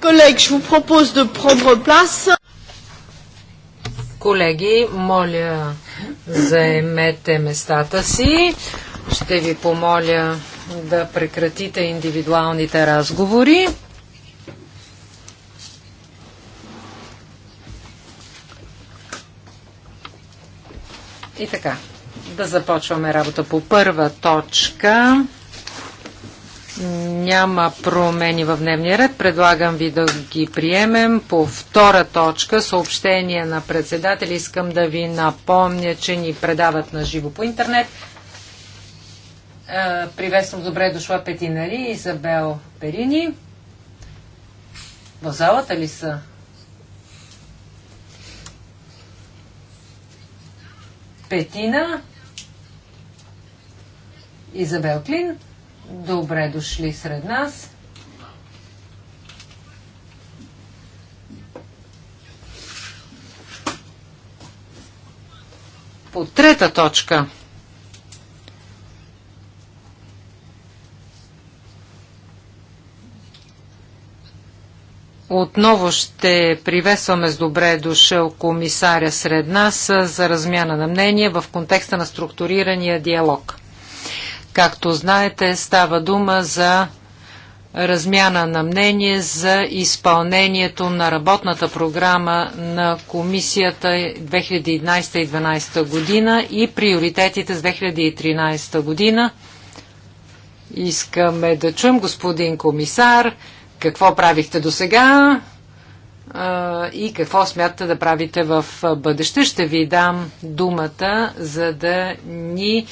Колеги, ще ви пропозвам да prendre place. Колеги, моля, заемете местата си. Ще ви помоля да прекратите индивидуалните разговори. И така, да започваме работа по първа точка. Няма промени в дневния ред. Предлагам ви да ги приемем. По втора точка, съобщение на председател, искам да ви напомня, че ни предават на живо по интернет. Е, приветствам добре дошла Петинари и Изабел Перини. В залата ли са? Петина. Изабел Клин. Добре дошли сред нас. По трета точка. Отново ще приветстваме с добре дошъл комисаря сред нас за размяна на мнение в контекста на структурирания диалог. Както знаете, става дума за размяна на мнение за изпълнението на работната програма на комисията 2011-2012 година и приоритетите с 2013 година. Искаме да чуем, господин комисар, какво правихте до сега и какво смятате да правите в бъдеще. Ще ви дам думата, за да ни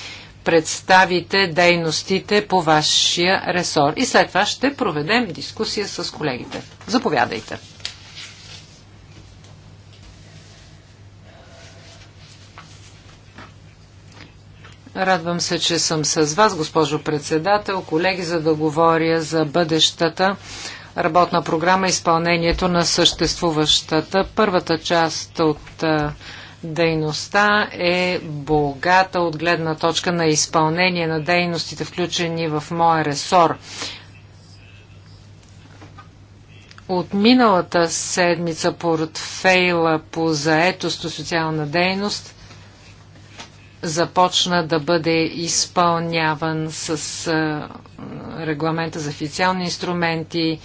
представите дейностите по вашия ресор. И след това ще проведем дискусия с колегите. Заповядайте. Радвам се, че съм с вас, госпожо председател, колеги, за да говоря за бъдещата работна програма, изпълнението на съществуващата. Първата част от дейността е богата от гледна точка на изпълнение на дейностите, включени в моя ресор. От миналата седмица портфейла по заетост социална дейност започна да бъде изпълняван с регламента за официални инструменти,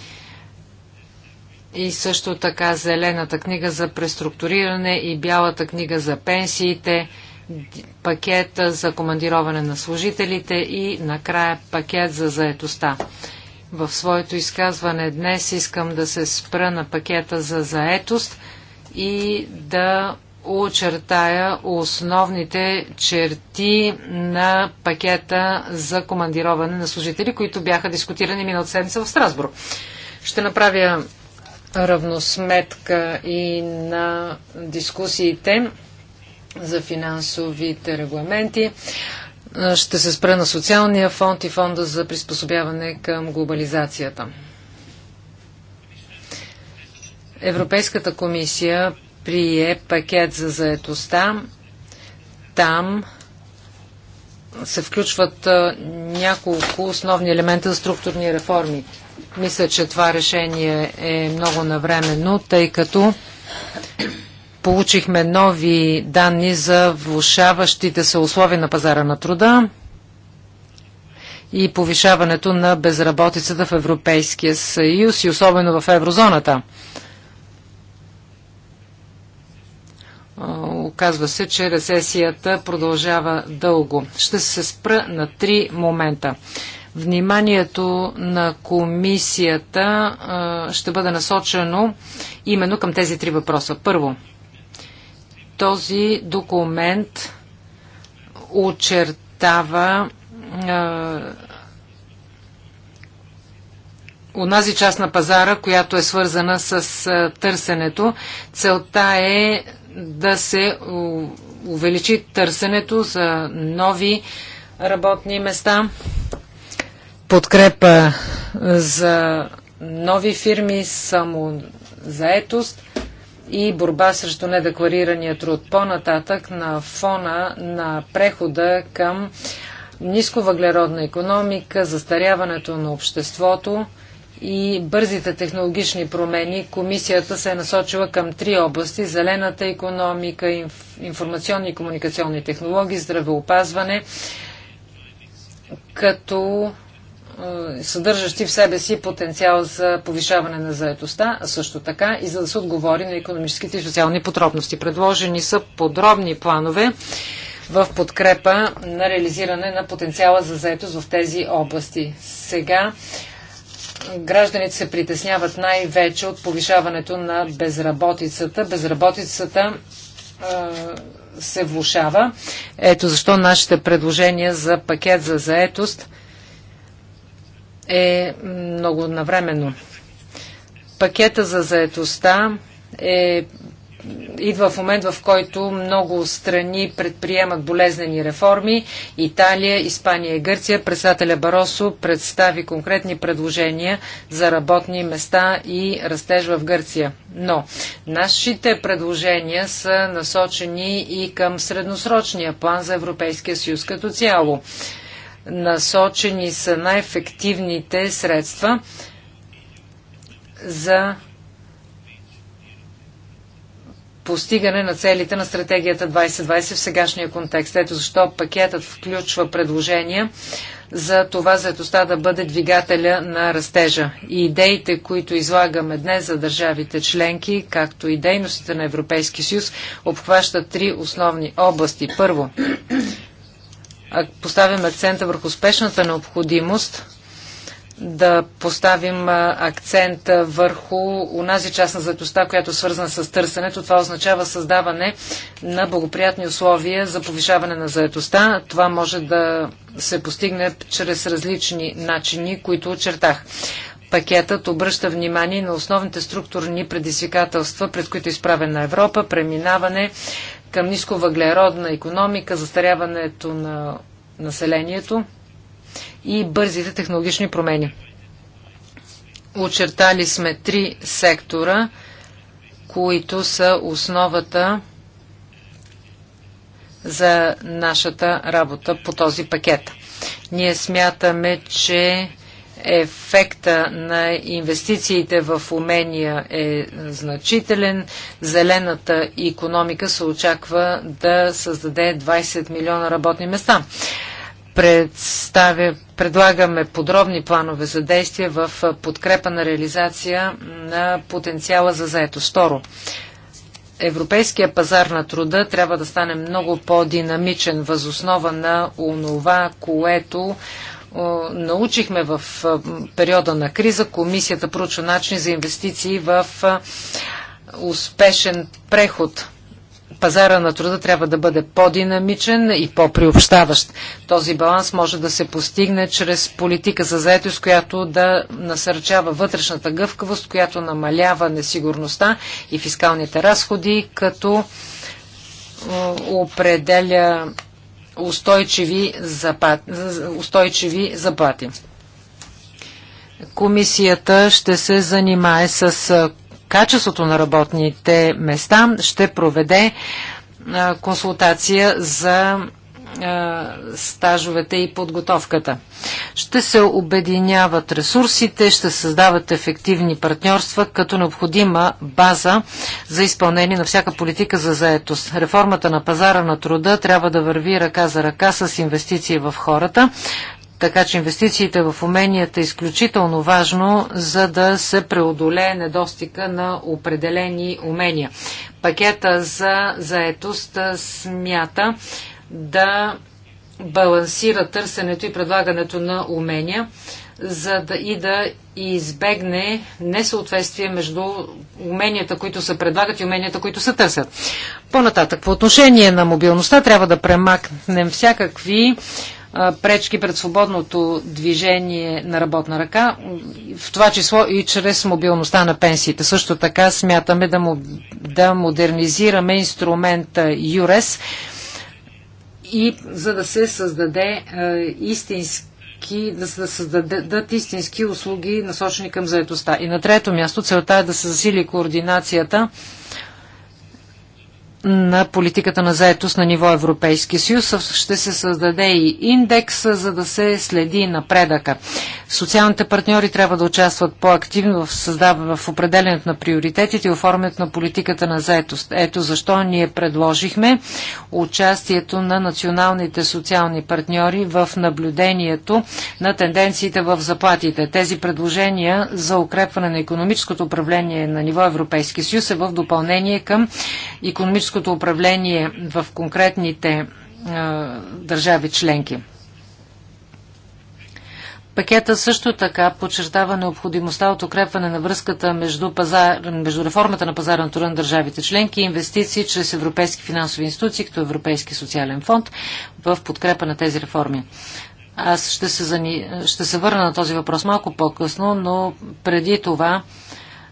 и също така Зелената книга за преструктуриране и Бялата книга за пенсиите, пакета за командироване на служителите и накрая пакет за заетостта. В своето изказване днес искам да се спра на пакета за заетост и да очертая основните черти на пакета за командироване на служители, които бяха дискутирани миналата седмица в Страсбург. Ще направя равносметка и на дискусиите за финансовите регламенти. Ще се спра на социалния фонд и фонда за приспособяване към глобализацията. Европейската комисия прие пакет за заетостта. Там се включват няколко основни елемента за структурни реформи. Мисля, че това решение е много навременно, тъй като получихме нови данни за влушаващите се условия на пазара на труда и повишаването на безработицата в Европейския съюз и особено в еврозоната. Оказва се, че рецесията продължава дълго. Ще се спра на три момента. Вниманието на комисията ще бъде насочено именно към тези три въпроса. Първо, този документ очертава онази част на пазара, която е свързана с търсенето. Целта е да се увеличи търсенето за нови работни места, подкрепа за нови фирми, само заетост и борба срещу недекларирания труд. По-нататък на фона на прехода към нисковъглеродна економика, застаряването на обществото и бързите технологични промени, комисията се е насочила към три области – зелената економика, информационни и комуникационни технологии, здравеопазване, като е, съдържащи в себе си потенциал за повишаване на заетостта, а също така и за да се отговори на економическите и социални подробности. Предложени са подробни планове в подкрепа на реализиране на потенциала за заетост в тези области. Сега е, гражданите се притесняват най-вече от повишаването на безработицата. Безработицата е, се влушава. Ето защо нашите предложения за пакет за заетост – е много навременно. Пакета за заетостта е, идва в момент, в който много страни предприемат болезнени реформи. Италия, Испания и Гърция. Председателя Баросо представи конкретни предложения за работни места и растеж в Гърция. Но нашите предложения са насочени и към средносрочния план за Европейския съюз като цяло насочени са най-ефективните средства за постигане на целите на стратегията 2020 в сегашния контекст. Ето защо пакетът включва предложения за това заедостта да бъде двигателя на растежа. И идеите, които излагаме днес за държавите членки, както и дейностите на Европейски съюз, обхващат три основни области. Първо, поставим акцента върху спешната необходимост да поставим акцент върху унази част на заедостта, която е свързана с търсенето. Това означава създаване на благоприятни условия за повишаване на заедостта. Това може да се постигне чрез различни начини, които очертах. Пакетът обръща внимание на основните структурни предизвикателства, пред които е изправена Европа, преминаване към нисковъглеродна економика, застаряването на населението и бързите технологични промени. Очертали сме три сектора, които са основата за нашата работа по този пакет. Ние смятаме, че ефекта на инвестициите в умения е значителен. Зелената економика се очаква да създаде 20 милиона работни места. Представя, предлагаме подробни планове за действие в подкрепа на реализация на потенциала за заето. Второ, Европейския пазар на труда трябва да стане много по-динамичен възоснова на онова, което научихме в периода на криза. Комисията проучва начини за инвестиции в успешен преход. Пазара на труда трябва да бъде по-динамичен и по-приобщаващ. Този баланс може да се постигне чрез политика за заетост, която да насърчава вътрешната гъвкавост, която намалява несигурността и фискалните разходи, като определя устойчиви заплати. Устойчиви заплати. Комисията ще се занимае с качеството на работните места, ще проведе консултация за стажовете и подготовката. Ще се обединяват ресурсите, ще създават ефективни партньорства като необходима база за изпълнение на всяка политика за заетост. Реформата на пазара на труда трябва да върви ръка за ръка с инвестиции в хората, така че инвестициите в уменията е изключително важно, за да се преодолее недостига на определени умения. Пакета за заетост смята, да балансира търсенето и предлагането на умения за да и да избегне несъответствие между уменията, които се предлагат и уменията, които се търсят. По-нататък, по отношение на мобилността, трябва да премахнем всякакви пречки пред свободното движение на работна ръка, в това число и чрез мобилността на пенсиите. Също така смятаме да, му, да модернизираме инструмента ЮРЕС, и за да се създаде е, истински да се създадат истински услуги, насочени към заедостта. И на трето място целта е да се засили координацията на политиката на заетост на ниво Европейски съюз. Ще се създаде и индекс, за да се следи напредъка. Социалните партньори трябва да участват по-активно в, създава, в определенето на приоритетите и оформянето на политиката на заетост. Ето защо ние предложихме участието на националните социални партньори в наблюдението на тенденциите в заплатите. Тези предложения за укрепване на економическото управление на ниво Европейски съюз е в допълнение към економическото политическото управление в конкретните държави членки. Пакета също така подчертава необходимостта от укрепване на връзката между, пазар, между реформата на пазара на труда на държавите членки и инвестиции чрез европейски финансови институции, като Европейски социален фонд, в подкрепа на тези реформи. Аз ще се, зани... ще се върна на този въпрос малко по-късно, но преди това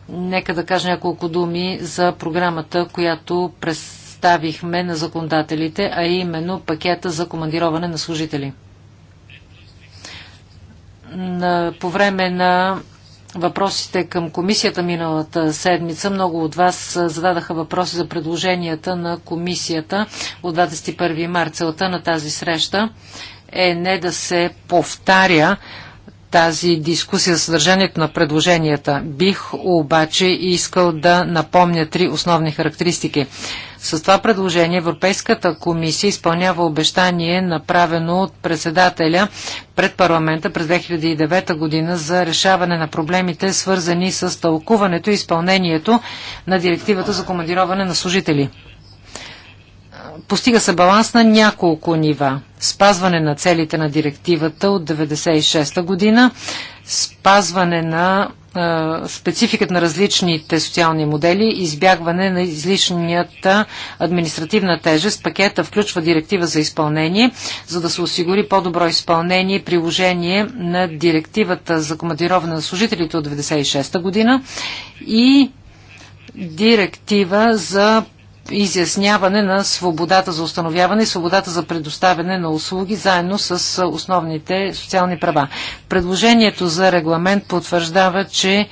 Нека да кажа няколко думи за програмата, която представихме на законодателите, а именно пакета за командироване на служители. На, по време на въпросите към комисията миналата седмица. Много от вас зададаха въпроси за предложенията на комисията от 21 марта. Целта на тази среща е не да се повтаря тази дискусия за съдържанието на предложенията. Бих обаче искал да напомня три основни характеристики. С това предложение Европейската комисия изпълнява обещание, направено от председателя пред парламента през 2009 година за решаване на проблемите, свързани с тълкуването и изпълнението на директивата за командироване на служители постига се баланс на няколко нива. Спазване на целите на директивата от 1996 година, спазване на е, спецификата на различните социални модели, избягване на излишнията административна тежест. Пакета включва директива за изпълнение, за да се осигури по-добро изпълнение и приложение на директивата за командироване на служителите от 1996 година и директива за изясняване на свободата за установяване и свободата за предоставяне на услуги заедно с основните социални права. Предложението за регламент потвърждава, че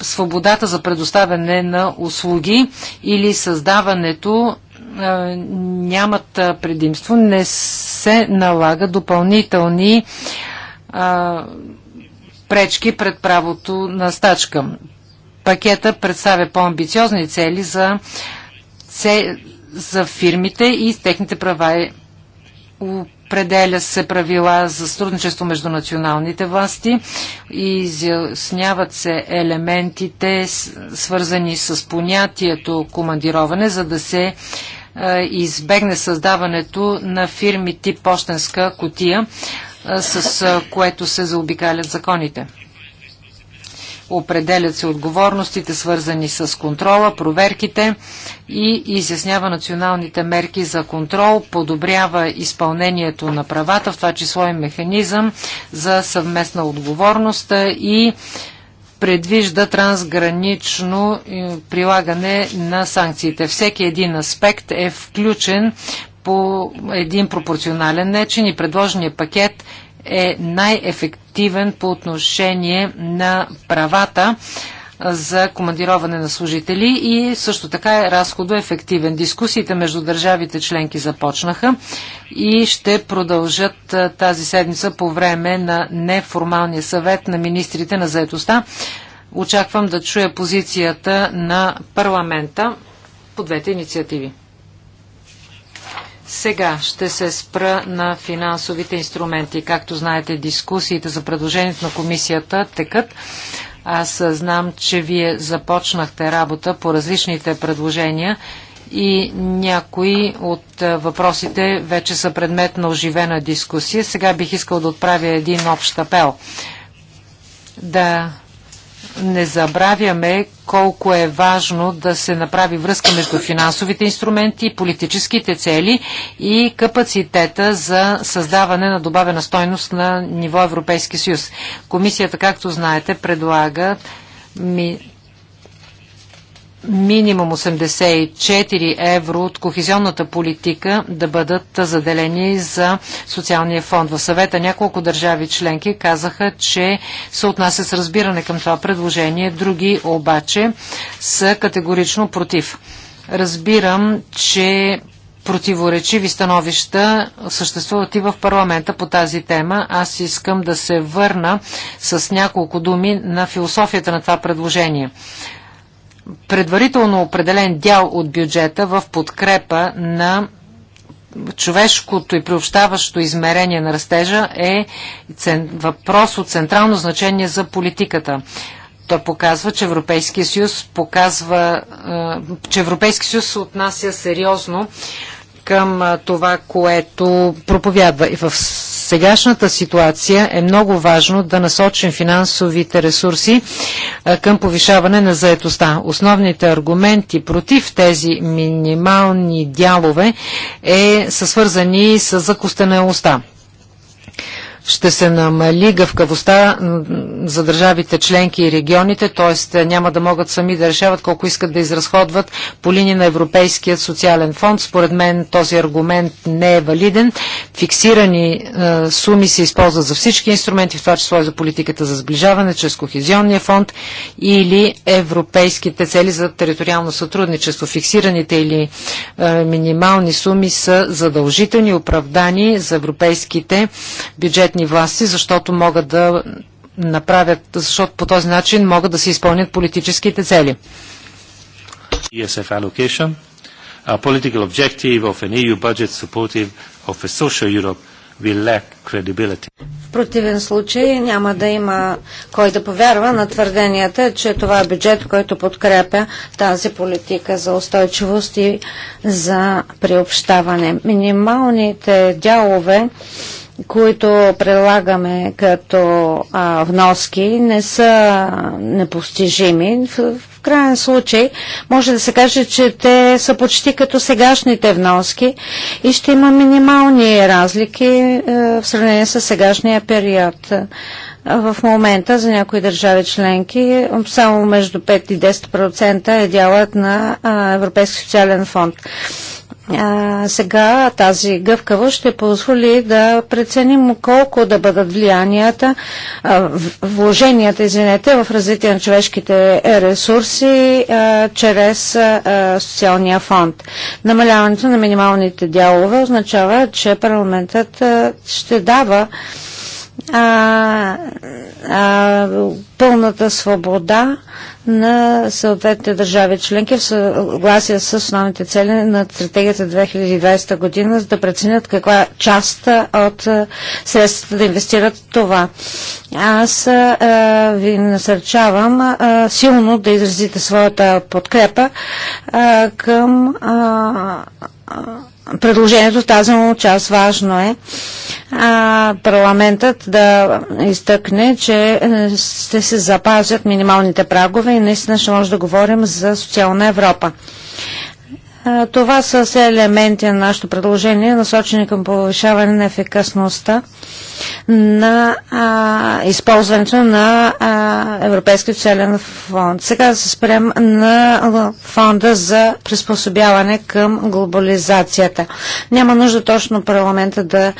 свободата за предоставяне на услуги или създаването нямат предимство, не се налага допълнителни пречки пред правото на стачка. Пакета представя по-амбициозни цели за, за фирмите и техните права. Определя се правила за сътрудничество между националните власти и изясняват се елементите, свързани с понятието командироване, за да се избегне създаването на фирми тип почтенска котия, с което се заобикалят законите. Определят се отговорностите, свързани с контрола, проверките и изяснява националните мерки за контрол, подобрява изпълнението на правата, в това число и механизъм за съвместна отговорност и предвижда трансгранично е, прилагане на санкциите. Всеки един аспект е включен по един пропорционален начин и предложения пакет е най-ефективен по отношение на правата за командироване на служители и също така е разходоефективен. Дискусиите между държавите членки започнаха и ще продължат тази седмица по време на неформалния съвет на министрите на заедостта. Очаквам да чуя позицията на парламента по двете инициативи. Сега ще се спра на финансовите инструменти. Както знаете, дискусиите за предложението на комисията текат. Аз знам, че вие започнахте работа по различните предложения и някои от въпросите вече са предмет на оживена дискусия. Сега бих искал да отправя един общ апел. Да не забравяме колко е важно да се направи връзка между финансовите инструменти, политическите цели и капацитета за създаване на добавена стойност на ниво Европейски съюз. Комисията, както знаете, предлага ми минимум 84 евро от кохезионната политика да бъдат заделени за социалния фонд. В съвета няколко държави членки казаха, че се отнася с разбиране към това предложение, други обаче са категорично против. Разбирам, че противоречиви становища съществуват и в парламента по тази тема. Аз искам да се върна с няколко думи на философията на това предложение предварително определен дял от бюджета в подкрепа на човешкото и приобщаващо измерение на растежа е въпрос от централно значение за политиката. Той показва, че Европейския съюз показва, е, че Европейския съюз се отнася сериозно към е, това, което проповядва. И в сегашната ситуация е много важно да насочим финансовите ресурси е, към повишаване на заетостта. Основните аргументи против тези минимални дялове е, са свързани с закостенелостта ще се намали гъвкавостта за държавите членки и регионите, т.е. няма да могат сами да решават колко искат да изразходват по линия на Европейският социален фонд. Според мен този аргумент не е валиден. Фиксирани е, суми се използват за всички инструменти, в това число и за политиката за сближаване, чрез Кохезионния фонд или европейските цели за териториално сътрудничество. Фиксираните или е, минимални суми са задължителни, оправдани за европейските бюджетни съответни власти, защото могат да направят, защото по този начин могат да се изпълнят политическите цели. ESF allocation, a political objective of an EU budget supportive of a social Europe will lack credibility. В противен случай няма да има кой да повярва на твърденията, че това е бюджет, който подкрепя тази политика за устойчивост и за приобщаване. Минималните дялове които прилагаме като а, вноски, не са непостижими. В, в крайен случай може да се каже, че те са почти като сегашните вноски и ще има минимални разлики а, е, в сравнение с сегашния период. в момента за някои държави членки само между 5 и 10% е дялът на Европейски социален фонд. А, а, сега тази гъвкавост ще позволи да преценим колко да бъдат влиянията, вложенията, извинете, в развитие на човешките ресурси а, чрез а, социалния фонд. Намаляването на минималните дялове означава, че парламентът а, ще дава а, а, а, пълната свобода на съответните държави членки в съгласие с основните цели на стратегията 2020 година, за да преценят каква част от средствата да инвестират в това. Аз а, ви насърчавам а, силно да изразите своята подкрепа а, към а, предложението в тази му част. Важно е а, парламентът да изтъкне, че е, ще се запазят минималните прагове и наистина ще може да говорим за социална Европа. Това са все елементи на нашето предложение, насочени към повишаване на ефикасността на а, използването на а, Европейския социален фонд. Сега да се спрем на фонда за приспособяване към глобализацията. Няма нужда точно парламента да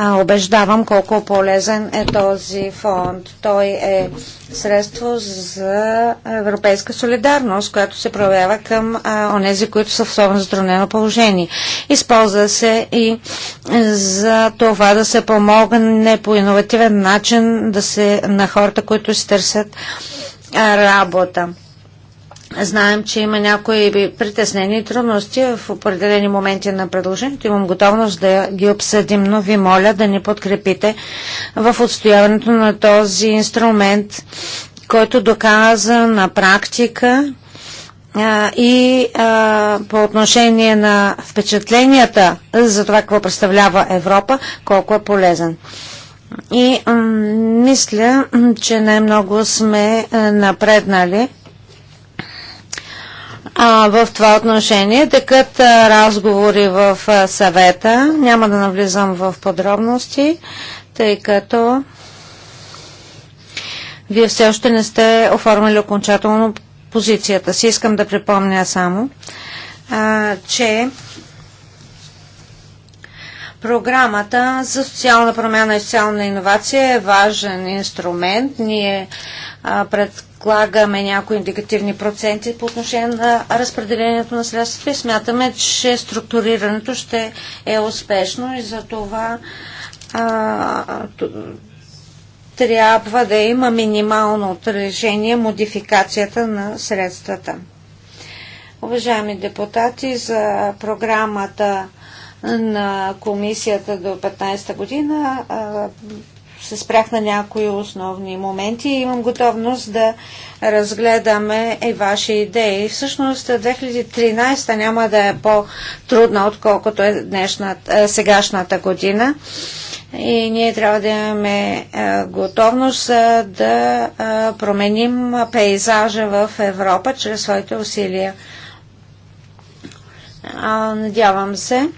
убеждавам колко полезен е този фонд. Той е средство за европейска солидарност, която се проявява към онези, които са в особено затруднено положение. Използва се и за това да се помогне по иновативен начин да се, на хората, които си търсят работа. Знаем, че има някои притеснени и трудности в определени моменти на предложението. Имам готовност да ги обсъдим, но ви моля да ни подкрепите в отстояването на този инструмент, който доказа на практика а, и а, по отношение на впечатленията за това какво представлява Европа, колко е полезен. И мисля, че най-много сме напреднали а, в това отношение текат разговори в а, съвета. Няма да навлизам в подробности, тъй като вие все още не сте оформили окончателно позицията си. Искам да припомня само, а, че Програмата за социална промяна и социална иновация е важен инструмент. Ние предлагаме някои индикативни проценти по отношение на разпределението на средствата и смятаме, че структурирането ще е успешно и за това а, трябва да има минимално отражение модификацията на средствата. Уважаеми депутати, за програмата на комисията до 15 та година се спрях на някои основни моменти и имам готовност да разгледаме и ваши идеи. Всъщност 2013 няма да е по-трудна, отколкото е днешната, е, сегашната година. И ние трябва да имаме е, готовност е, да променим пейзажа в Европа чрез своите усилия. Надявам се,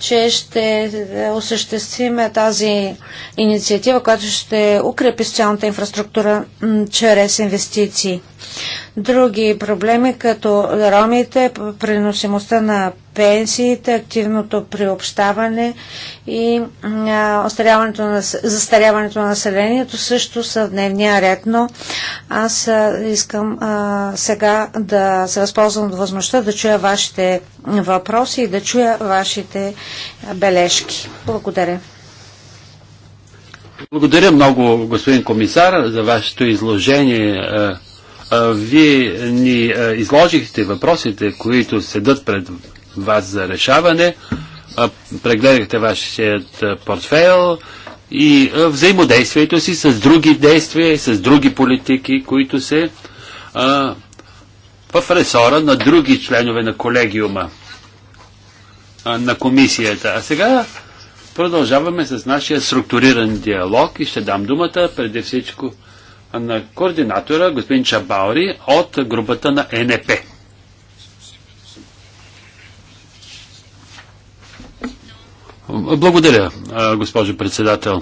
че ще е, осъществим тази инициатива, която ще укрепи социалната инфраструктура чрез инвестиции. Други проблеми, като ромите, преносимостта на пенсиите, активното приобщаване и на, застаряването на населението също са в дневния ред, но аз искам а, сега да се възползвам от възможността да чуя вашите въпроси и да чуя вашите бележки. Благодаря. Благодаря много, господин комисар, за вашето изложение. Вие ни изложихте въпросите, които седат пред вас за решаване, прегледахте вашият портфейл и взаимодействието си с други действия, с други политики, които се в ресора на други членове на колегиума на комисията. А сега продължаваме с нашия структуриран диалог и ще дам думата преди всичко на координатора господин Чабаури от групата на НП. Благодаря, госпожо председател.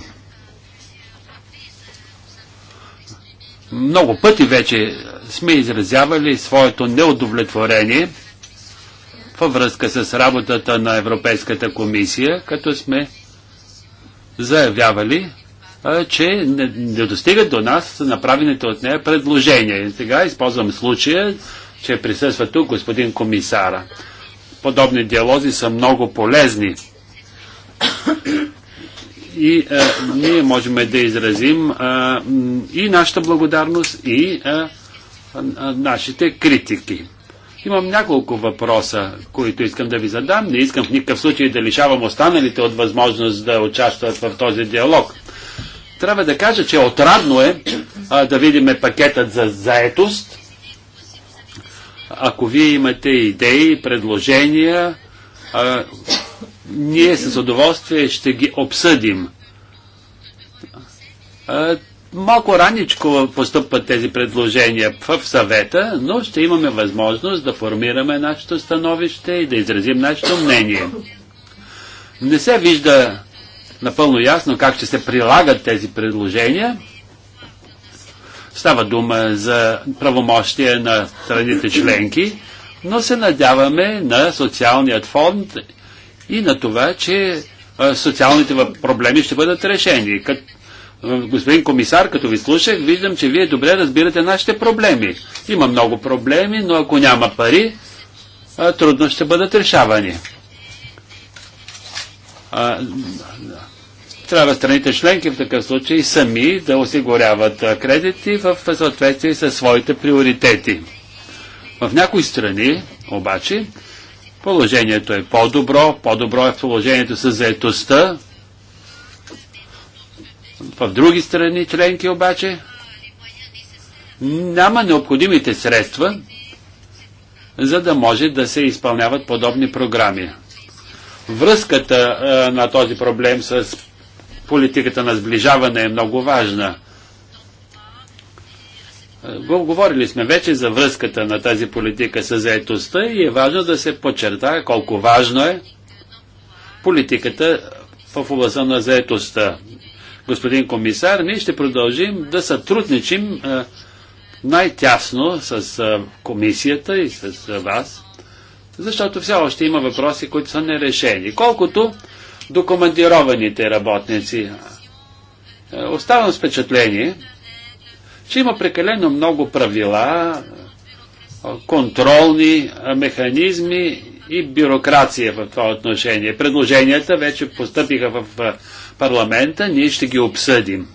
Много пъти вече сме изразявали своето неудовлетворение във връзка с работата на Европейската комисия, като сме заявявали, че не, не достигат до нас направените от нея предложения. И сега използвам случая, че присъства тук господин комисара. Подобни диалози са много полезни. И а, ние можем да изразим а, и нашата благодарност, и а, а, нашите критики. Имам няколко въпроса, които искам да ви задам. Не искам в никакъв случай да лишавам останалите от възможност да участват в този диалог. Трябва да кажа, че отрадно е а, да видим пакетът за заетост. Ако вие имате идеи, предложения, а, ние с удоволствие ще ги обсъдим. А, малко раничко постъпват тези предложения в съвета, но ще имаме възможност да формираме нашето становище и да изразим нашето мнение. Не се вижда напълно ясно как ще се прилагат тези предложения. Става дума за правомощие на страните членки, но се надяваме на социалният фонд и на това, че социалните проблеми ще бъдат решени. Кът, господин комисар, като ви слушах, виждам, че вие добре разбирате нашите проблеми. Има много проблеми, но ако няма пари, трудно ще бъдат решавани. Трябва страните членки в такъв случай сами да осигуряват кредити в съответствие с своите приоритети. В някои страни, обаче, положението е по-добро, по-добро е в положението с заетостта. В други страни членки обаче няма необходимите средства, за да може да се изпълняват подобни програми. Връзката а, на този проблем с политиката на сближаване е много важна. Е, говорили сме вече за връзката на тази политика с заетостта и е важно да се подчертая колко важно е политиката в областта на заетостта. Господин комисар, ние ще продължим да сътрудничим е, най-тясно с е, комисията и с вас, защото все още има въпроси, които са нерешени. Колкото докомандированите работници. Оставам с впечатление, че има прекалено много правила, контролни механизми и бюрокрация в това отношение. Предложенията вече постъпиха в парламента, ние ще ги обсъдим.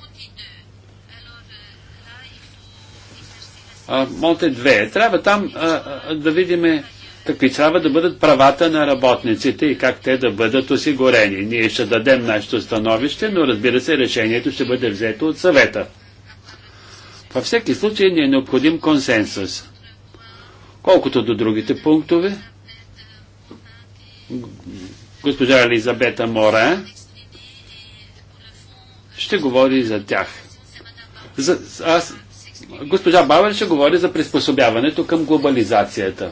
Монте 2. Трябва там а, а, да видим какви трябва да бъдат правата на работниците и как те да бъдат осигурени. Ние ще дадем нашето становище, но разбира се, решението ще бъде взето от съвета. Във всеки случай ни е необходим консенсус. Колкото до другите пунктове, госпожа Елизабета Море, ще говори за тях. За, аз, госпожа Бавер ще говори за приспособяването към глобализацията.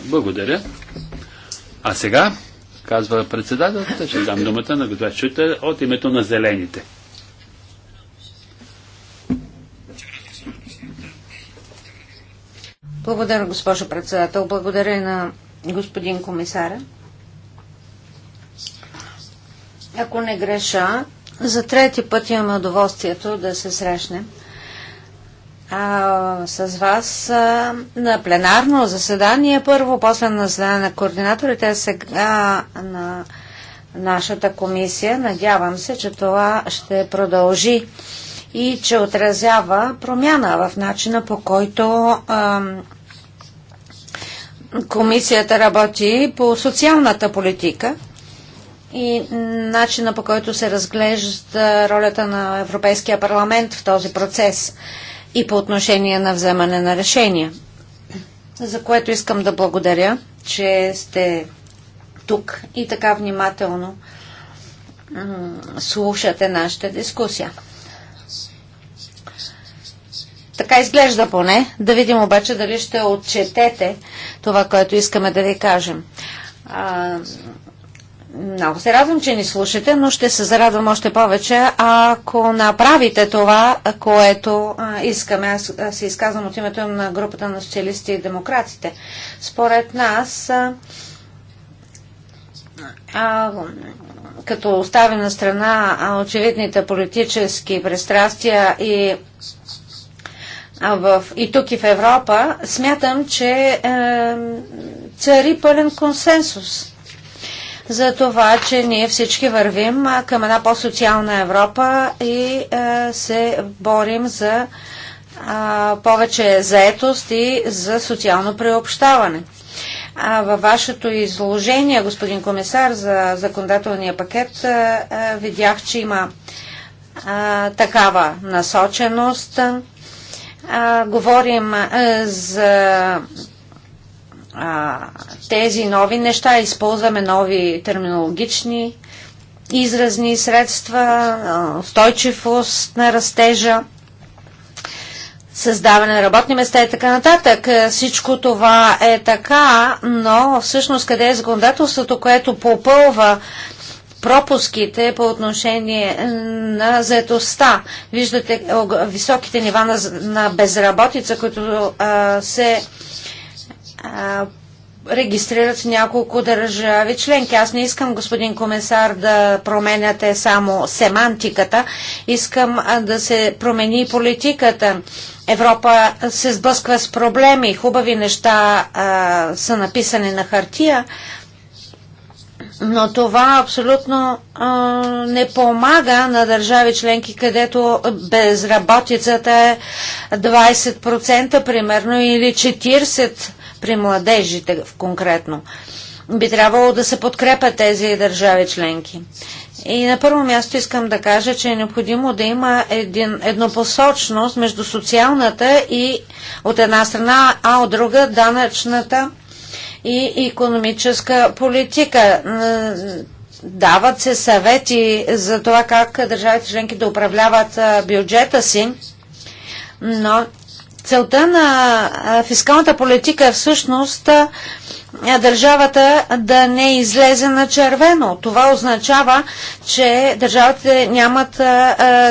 Благодаря. А сега, казва председателката, ще дам думата на господин чута от името на Зелените. Благодаря, госпожо председател. Благодаря на господин комисаря. Ако не греша, за трети път имаме удоволствието да се срещнем а, с вас а, на пленарно заседание първо, после на заседание на координаторите, сега на нашата комисия. Надявам се, че това ще продължи и че отразява промяна в начина по който а, комисията работи по социалната политика и начина по който се разглежда ролята на Европейския парламент в този процес и по отношение на вземане на решения. За което искам да благодаря, че сте тук и така внимателно слушате нашата дискусия. Така изглежда поне. Да видим обаче дали ще отчетете това, което искаме да ви кажем. Много се радвам, че ни слушате, но ще се зарадвам още повече, ако направите това, което искаме. Аз се изказвам от името на групата на социалисти и демократите. Според нас, а, като остави на страна очевидните политически пристрастия и в, и тук и в Европа, смятам, че е, цари пълен консенсус за това, че ние всички вървим към една по-социална Европа и е, се борим за е, повече заетост и за социално преобщаване. А във вашето изложение, господин комисар, за законодателния пакет е, видях, че има такава насоченост. говорим за а, тези нови неща, използваме нови терминологични изразни средства, устойчивост на растежа, създаване на работни места и така нататък. Всичко това е така, но всъщност къде е законодателството, което попълва пропуските по отношение на заедостта. Виждате високите нива на, на безработица, които а, се Регистрират регистрират няколко държави членки. Аз не искам, господин комисар, да променяте само семантиката. Искам да се промени политиката. Европа се сблъсква с проблеми. Хубави неща а, са написани на хартия, но това абсолютно а, не помага на държави членки, където безработицата е 20% примерно или 40% при младежите конкретно. Би трябвало да се подкрепят тези държави членки. И на първо място искам да кажа, че е необходимо да има един, еднопосочност между социалната и от една страна, а от друга данъчната и економическа политика. Дават се съвети за това как държавите членки да управляват бюджета си, но Целта на фискалната политика е всъщност е държавата да не излезе на червено. Това означава, че държавите нямат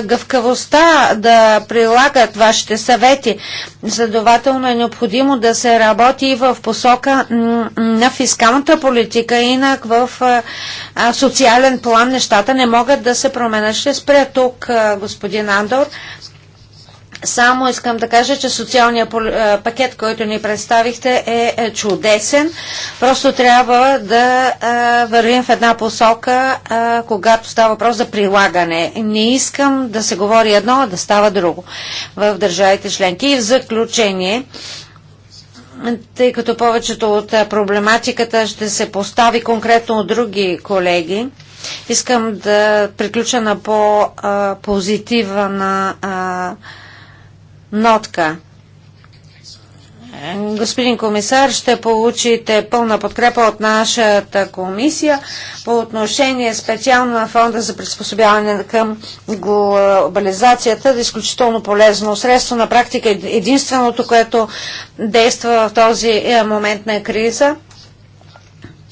гъвкавостта да прилагат вашите съвети. Следователно е необходимо да се работи и в посока на фискалната политика, инак в социален план нещата не могат да се променят. Ще спря тук, господин Андор. Само искам да кажа, че социалният пакет, който ни представихте е, е чудесен. Просто трябва да вървим в една посока, когато става въпрос за прилагане. Не искам да се говори едно, а да става друго в държавите членки. И в заключение, тъй като повечето от проблематиката ще се постави конкретно от други колеги, искам да приключа на по-позитива на нотка. Господин комисар, ще получите пълна подкрепа от нашата комисия по отношение специално на фонда за приспособяване към глобализацията. Да е изключително полезно средство. На практика е единственото, което действа в този е, момент на криза.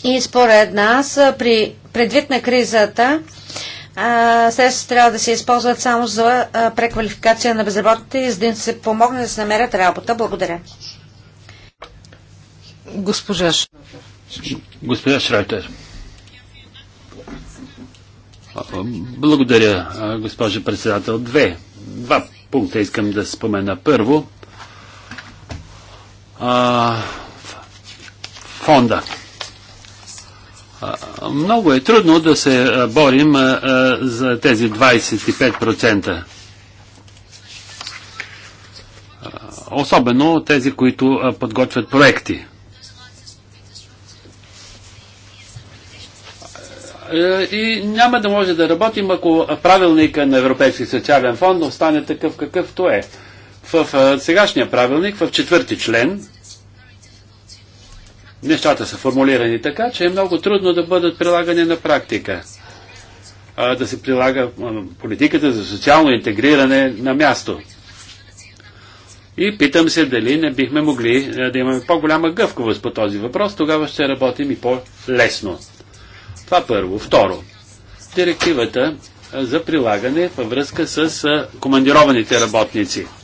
И според нас, при предвид на кризата, средствата трябва да се използват само за преквалификация на безработните, за да им се помогне да се намерят работа. Благодаря. Госпожа Госпожа Шрайтер. Благодаря, госпожа председател. Две. Два пункта искам да спомена. Първо, а, фонда. Много е трудно да се борим за тези 25%. Особено тези, които подготвят проекти. и няма да може да работим, ако правилника на Европейски социален фонд остане такъв какъвто е. В сегашния правилник, в четвърти член, нещата са формулирани така, че е много трудно да бъдат прилагани на практика. А, да се прилага политиката за социално интегриране на място. И питам се дали не бихме могли да имаме по-голяма гъвковост по този въпрос, тогава ще работим и по-лесно. Това първо. Второ. Директивата за прилагане във връзка с командированите работници –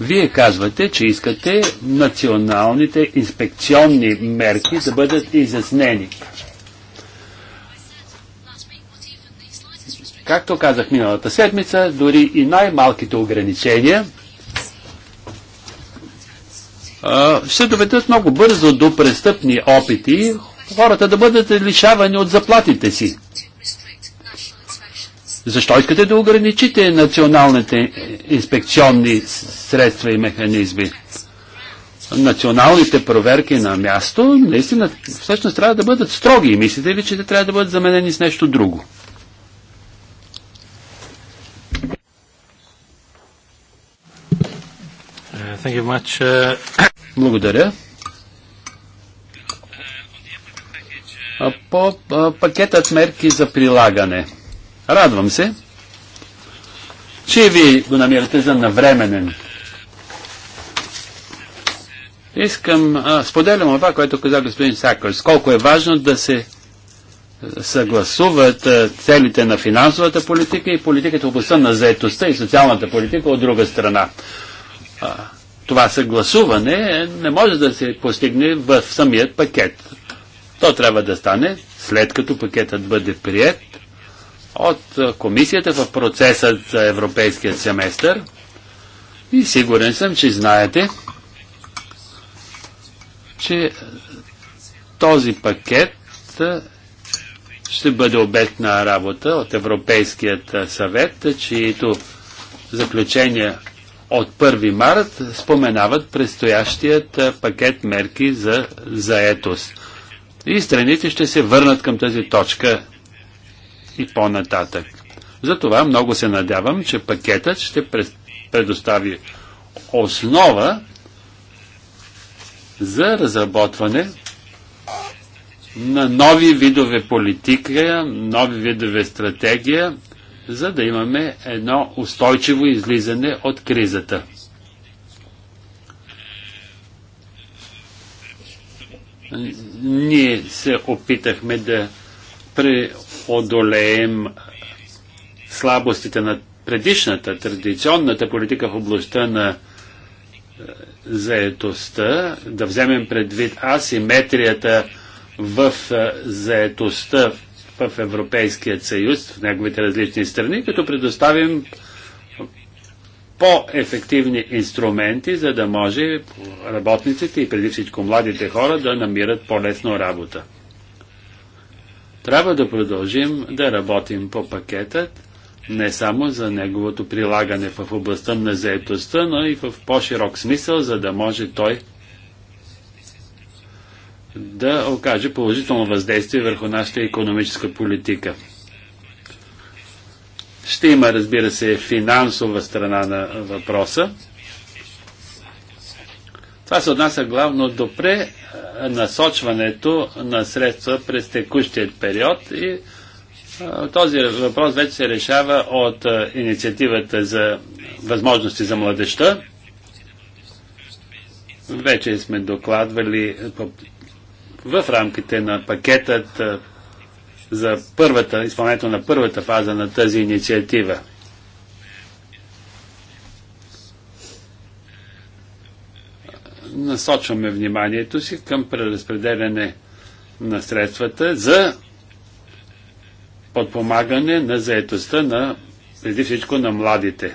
вие казвате, че искате националните инспекционни мерки да бъдат изяснени. Както казах миналата седмица, дори и най-малките ограничения ще доведат много бързо до престъпни опити хората да бъдат лишавани от заплатите си. Защо искате да ограничите националните инспекционни средства и механизми? Националните проверки на място наистина всъщност трябва да бъдат строги. Мислите ли, че те трябва да бъдат заменени с нещо друго? Uh, uh, Благодаря. По пакетът мерки за прилагане – Радвам се, че ви го намирате за навременен. Искам, а, споделям това, което каза господин Сакърс. Колко е важно да се съгласуват целите на финансовата политика и политиката областта на заетостта и социалната политика от друга страна. А, това съгласуване не може да се постигне в самият пакет. То трябва да стане след като пакетът бъде прият от комисията в процеса за европейския семестър и сигурен съм, че знаете, че този пакет ще бъде обект на работа от Европейският съвет, чието заключения от 1 март споменават предстоящият пакет мерки за заетост. И страните ще се върнат към тази точка и по-нататък. Затова много се надявам, че пакетът ще предостави основа за разработване на нови видове политика, нови видове стратегия, за да имаме едно устойчиво излизане от кризата. Ние се опитахме да одолеем слабостите на предишната, традиционната политика в областта на е, заетостта, да вземем предвид асиметрията в е, заетостта в Европейския съюз, в неговите различни страни, като предоставим по-ефективни инструменти, за да може работниците и преди всичко младите хора да намират по-лесно работа. Трябва да продължим да работим по пакетът, не само за неговото прилагане в областта на заетостта, но и в по-широк смисъл, за да може той да окаже положително въздействие върху нашата економическа политика. Ще има, разбира се, финансова страна на въпроса. Това се отнася главно до пренасочването на средства през текущия период и този въпрос вече се решава от инициативата за възможности за младеща. Вече сме докладвали в рамките на пакетът за първата, изпълнението на първата фаза на тази инициатива. насочваме вниманието си към преразпределяне на средствата за подпомагане на заетостта на преди всичко на младите.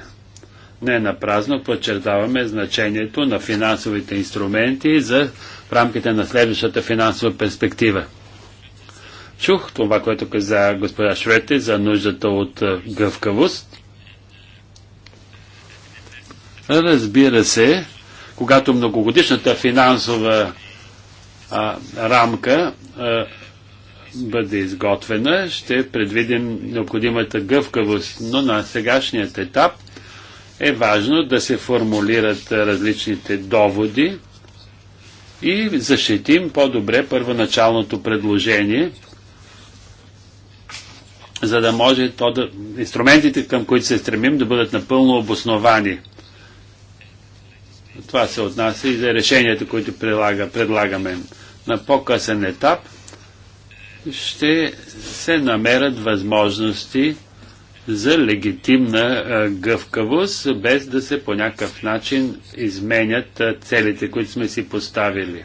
Не на празно подчертаваме значението на финансовите инструменти за в рамките на следващата финансова перспектива. Чух това, което каза госпожа Швете за нуждата от е, гъвкавост. Разбира се, когато многогодишната финансова а, рамка а, бъде изготвена, ще предвидим необходимата гъвкавост, но на сегашният етап е важно да се формулират различните доводи и защитим по-добре първоначалното предложение, за да може то да, инструментите, към които се стремим, да бъдат напълно обосновани – това се отнася и за решенията, които предлага, предлагаме на по-късен етап. Ще се намерят възможности за легитимна гъвкавост, без да се по някакъв начин изменят целите, които сме си поставили.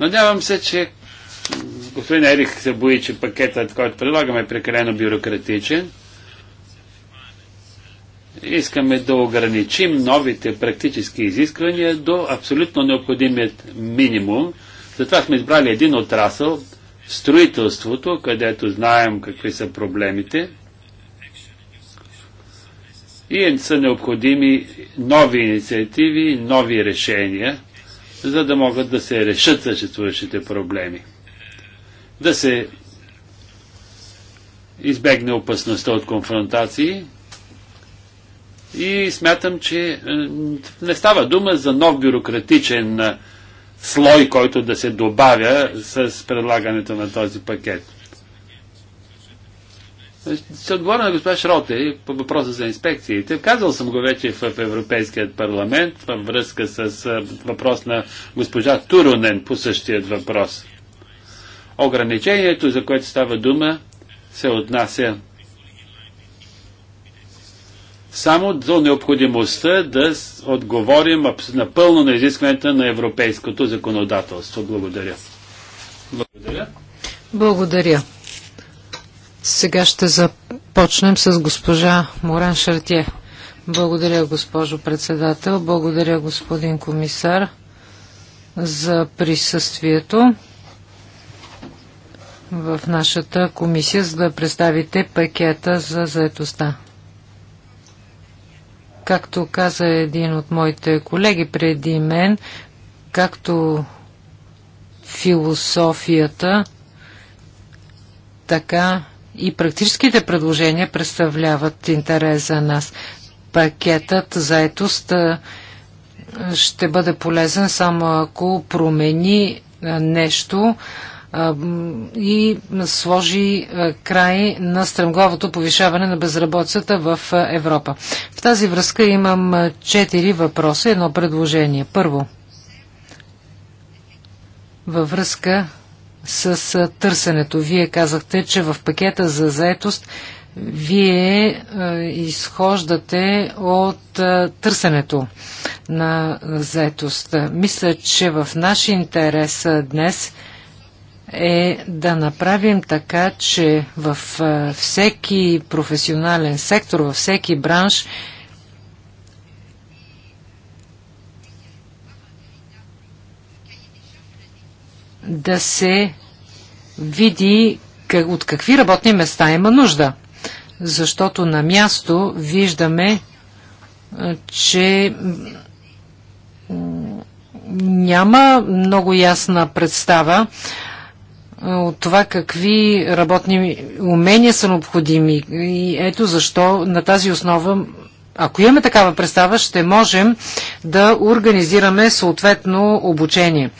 Надявам се, че господин Ерих се бои, че пакетът, който предлагаме е прекалено бюрократичен искаме да ограничим новите практически изисквания до абсолютно необходимият минимум. Затова сме избрали един отрасъл, строителството, където знаем какви са проблемите и са необходими нови инициативи, нови решения, за да могат да се решат съществуващите проблеми. Да се избегне опасността от конфронтации – и смятам, че е, не става дума за нов бюрократичен е, слой, който да се добавя с предлагането на този пакет. Се отговоря на госпожа Шроте по въпроса за инспекциите. Казал съм го вече в Европейският парламент във връзка с е, въпрос на госпожа Турунен по същият въпрос. Ограничението, за което става дума, се отнася само до необходимостта да отговорим напълно на изискването на европейското законодателство. Благодаря. Благодаря. Благодаря. Сега ще започнем с госпожа Моран Шартие. Благодаря, госпожо председател. Благодаря, господин комисар, за присъствието в нашата комисия, за да представите пакета за заетостта. Както каза един от моите колеги преди мен, както философията, така и практическите предложения представляват интерес за нас. Пакетът заетост ще бъде полезен само ако промени нещо, и сложи край на стремглавото повишаване на безработицата в Европа. В тази връзка имам четири въпроса, едно предложение. Първо, във връзка с търсенето. Вие казахте, че в пакета за заетост вие изхождате от търсенето на заетост. Мисля, че в наш интерес днес – е да направим така, че във всеки професионален сектор, във всеки бранш да се види от какви работни места има нужда. Защото на място виждаме, че няма много ясна представа от това какви работни умения са необходими. И ето защо на тази основа, ако имаме такава представа, ще можем да организираме съответно обучение.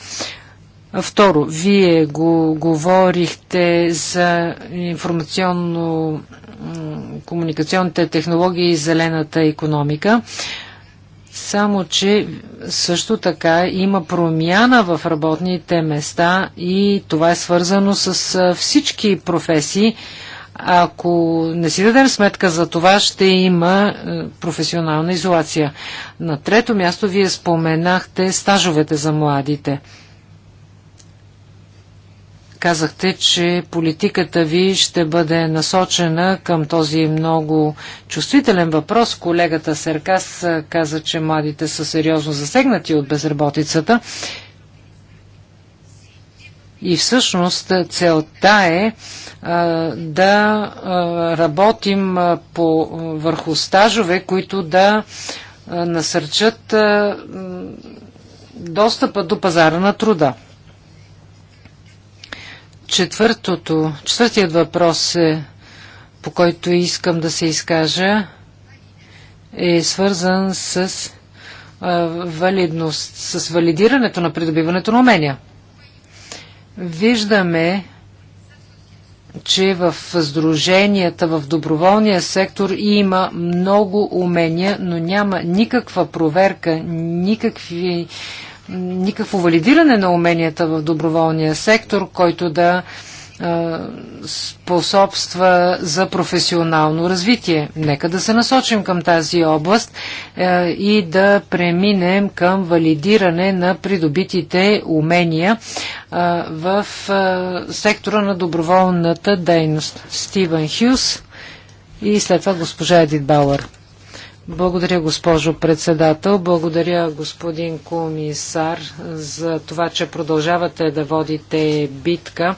Второ, вие го говорихте за информационно-комуникационните технологии и зелената економика. Само, че също така има промяна в работните места и това е свързано с всички професии. Ако не си дадем сметка за това, ще има професионална изолация. На трето място вие споменахте стажовете за младите. Казахте, че политиката ви ще бъде насочена към този много чувствителен въпрос. Колегата Серкас каза, че младите са сериозно засегнати от безработицата. И всъщност целта е а, да а, работим а, по, върху стажове, които да а, насърчат а, достъпа до пазара на труда. Четвъртото, четвъртият въпрос, е, по който искам да се изкажа, е свързан с а, валидност, с валидирането на придобиването на умения. Виждаме, че в сдруженията, в доброволния сектор има много умения, но няма никаква проверка, никакви никакво валидиране на уменията в доброволния сектор, който да способства за професионално развитие. Нека да се насочим към тази област и да преминем към валидиране на придобитите умения в сектора на доброволната дейност. Стивен Хюс и след това госпожа Едит Бауър. Благодаря, госпожо председател. Благодаря, господин комисар, за това, че продължавате да водите битка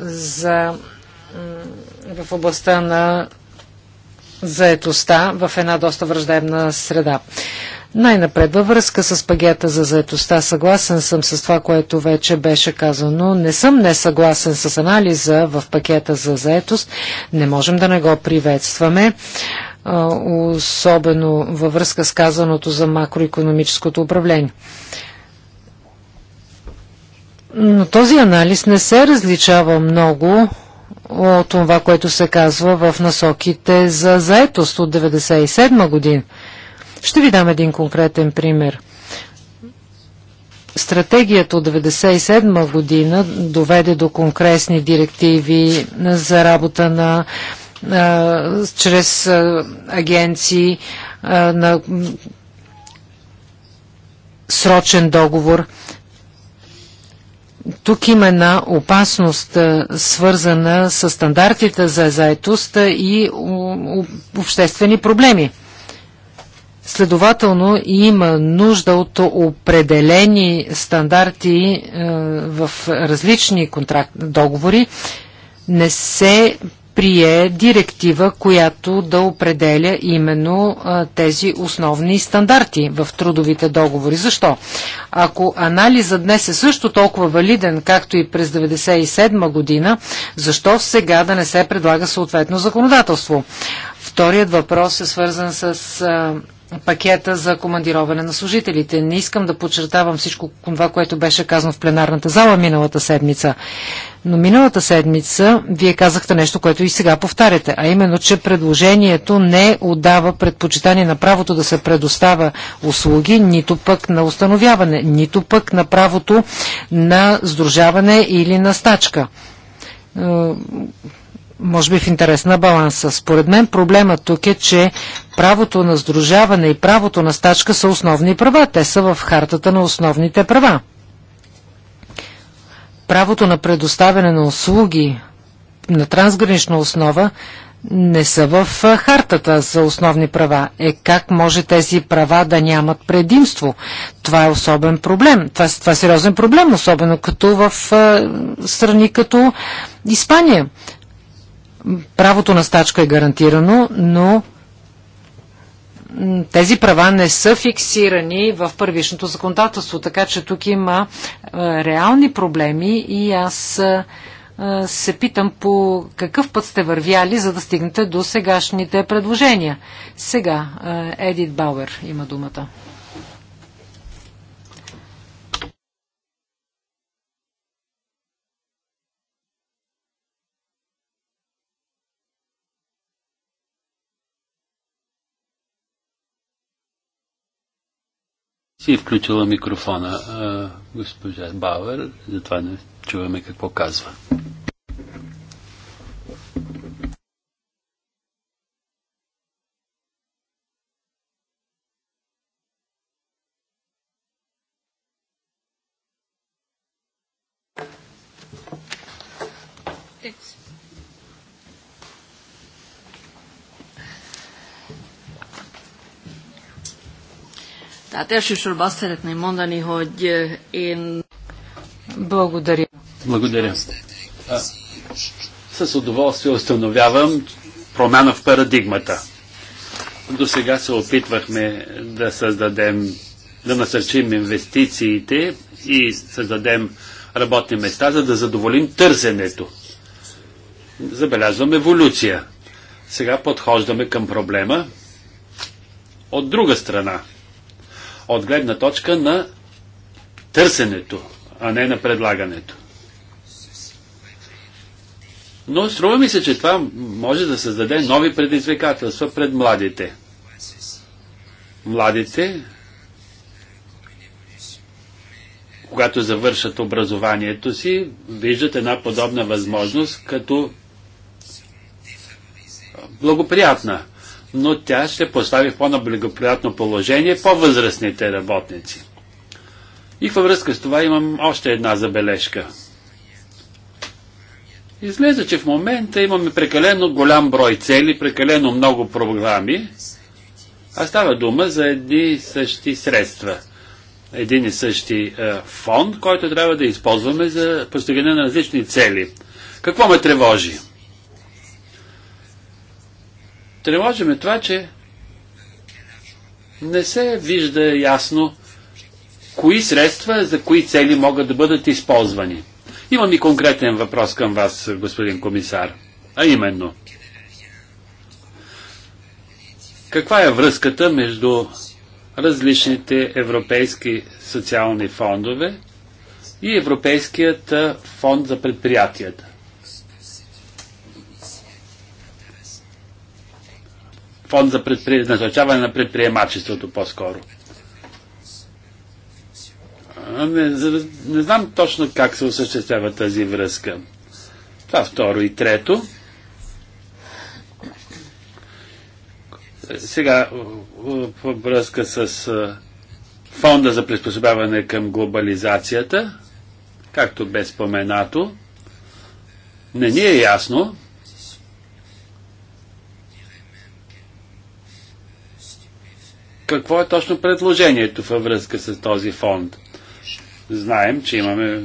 за, в областта на заетостта в една доста враждебна среда. Най-напред във връзка с пагета за заетостта съгласен съм с това, което вече беше казано. Не съм несъгласен с анализа в пакета за заетост. Не можем да не го приветстваме особено във връзка с казаното за макроекономическото управление. Но този анализ не се различава много от това, което се казва в насоките за заетост от 1997 година. Ще ви дам един конкретен пример. Стратегията от 1997 година доведе до конкретни директиви за работа на чрез агенции на срочен договор. Тук има една опасност, свързана с стандартите за заетост и обществени проблеми. Следователно има нужда от определени стандарти в различни контракт, договори. Не се прие директива, която да определя именно а, тези основни стандарти в трудовите договори. Защо? Ако анализа днес е също толкова валиден, както и през 1997 година, защо сега да не се предлага съответно законодателство? Вторият въпрос е свързан с а, пакета за командироване на служителите. Не искам да подчертавам всичко това, което беше казано в пленарната зала миналата седмица. Но миналата седмица вие казахте нещо, което и сега повтаряте, а именно, че предложението не отдава предпочитание на правото да се предоставя услуги, нито пък на установяване, нито пък на правото на сдружаване или на стачка е, може би в интерес на баланса. Според мен проблема тук е, че правото на сдружаване и правото на стачка са основни права. Те са в хартата на основните права. Правото на предоставяне на услуги на трансгранична основа не са в хартата за основни права. Е как може тези права да нямат предимство? Това е особен проблем. Това, това е сериозен проблем, особено като в е, страни като Испания правото на стачка е гарантирано, но тези права не са фиксирани в първишното законодателство, така че тук има е, реални проблеми и аз е, е, се питам по какъв път сте вървяли, за да стигнете до сегашните предложения. Сега Едит Бауер има думата. Си е включила микрофона госпожа Бауер, затова не чуваме какво казва. Tehát elsősorban azt szeretném mondani, hogy én... Благодаря. Благодаря. с удоволствие установявам промяна в парадигмата. До сега се опитвахме да създадем, да насърчим инвестициите и създадем работни места, за да задоволим търсенето. Забелязвам еволюция. Сега подхождаме към проблема от друга страна – от гледна точка на търсенето, а не на предлагането. Но струва ми се, че това може да създаде нови предизвикателства пред младите. Младите, когато завършат образованието си, виждат една подобна възможност като благоприятна но тя ще постави в по-наблагоприятно положение по-възрастните работници. И във връзка с това имам още една забележка. Изглежда, че в момента имаме прекалено голям брой цели, прекалено много програми, а става дума за едни и същи средства. Един и същи е, фонд, който трябва да използваме за постигане на различни цели. Какво ме тревожи? ме това, че не се вижда ясно кои средства за кои цели могат да бъдат използвани. Имам и конкретен въпрос към вас, господин комисар. А именно, каква е връзката между различните европейски социални фондове и Европейският фонд за предприятията? фонд за предпри... назначаване на предприемачеството по-скоро. Не, не знам точно как се осъществява тази връзка. Това второ и трето. Сега, във връзка с фонда за приспособяване към глобализацията, както бе споменато, не ни е ясно какво е точно предложението във връзка с този фонд. Знаем, че имаме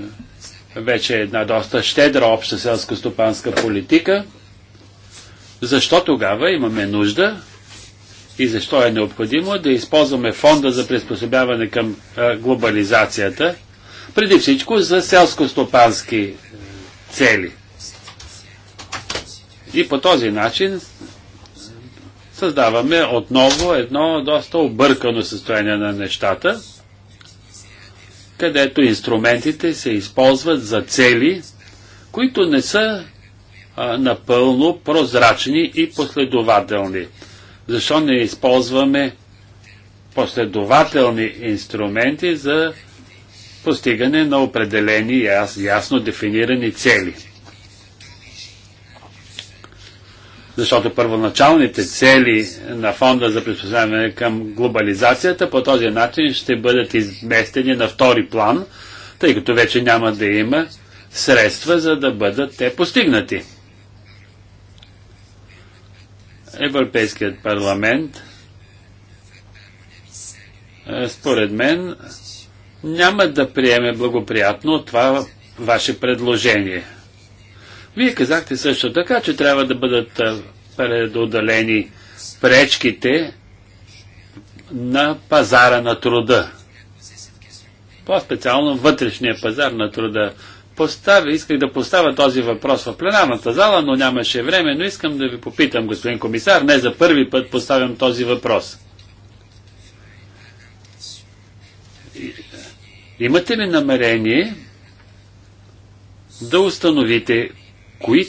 вече една доста щедра обща селско-стопанска политика. Защо тогава имаме нужда и защо е необходимо да използваме фонда за приспособяване към глобализацията, преди всичко за селско-стопански е, цели. И по този начин създаваме отново едно доста объркано състояние на нещата, където инструментите се използват за цели, които не са а, напълно прозрачни и последователни. Защо не използваме последователни инструменти за постигане на определени яс, ясно дефинирани цели? защото първоначалните цели на фонда за приспособяване към глобализацията по този начин ще бъдат изместени на втори план, тъй като вече няма да има средства, за да бъдат те постигнати. Европейският парламент, е, според мен, няма да приеме благоприятно това ваше предложение – вие казахте също така, че трябва да бъдат предодалени пречките на пазара на труда. По-специално вътрешния пазар на труда. Поставя, исках да поставя този въпрос в пленарната зала, но нямаше време, но искам да ви попитам, господин комисар, не за първи път поставям този въпрос. Имате ли намерение да установите кои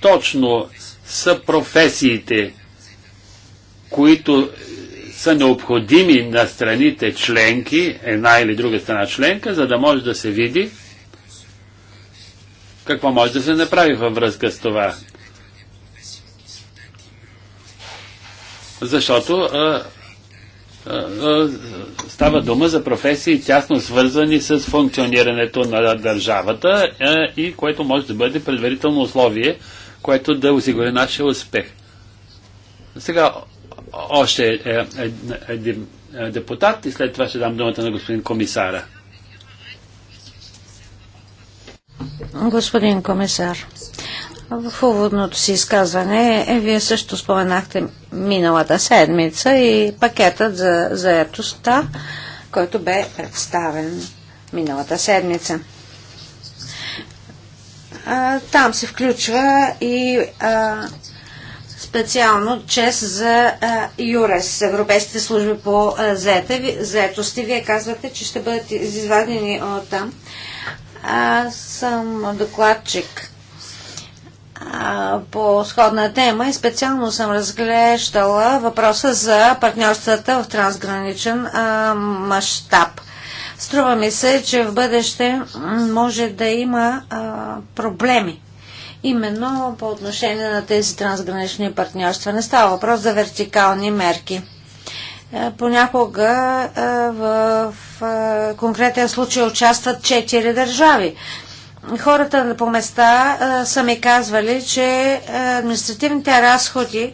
точно са професиите, които са необходими на страните членки, една или друга страна членка, за да може да се види какво може да се направи във връзка с това. Защото а, става дума за професии тясно свързани с функционирането на държавата и което може да бъде предварително условие, което да осигури нашия успех. Сега още е, е, един е, депутат и след това ще дам думата на господин комисара. Господин комисар, в уводното си изказване е, вие също споменахте миналата седмица и пакетът за заетостта, който бе представен миналата седмица. А, там се включва и а, специално чест за ЮРЕС, Европейските служби по заетости. Вие казвате, че ще бъдат извадени от там. Аз съм докладчик по сходна тема и специално съм разглеждала въпроса за партньорствата в трансграничен мащаб. Струва ми се, че в бъдеще може да има а, проблеми. Именно по отношение на тези трансгранични партньорства. Не става въпрос за вертикални мерки. А, е, понякога а, е, в, а, е, конкретен случай участват четири държави хората по места а, са ми казвали, че административните разходи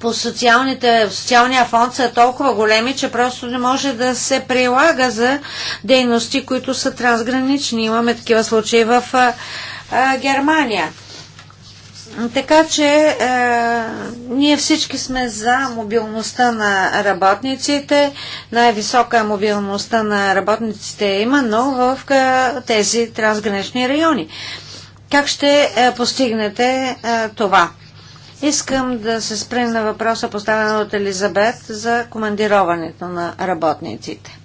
по социалния фонд са толкова големи, че просто не може да се прилага за дейности, които са трансгранични. Имаме такива случаи в а, а, Германия. Така че е, ние всички сме за мобилността на работниците. Най-висока мобилността на работниците има, но в е, тези трансгранични райони. Как ще е, постигнете е, това? Искам да се спре на въпроса, поставен от Елизабет, за командироването на работниците.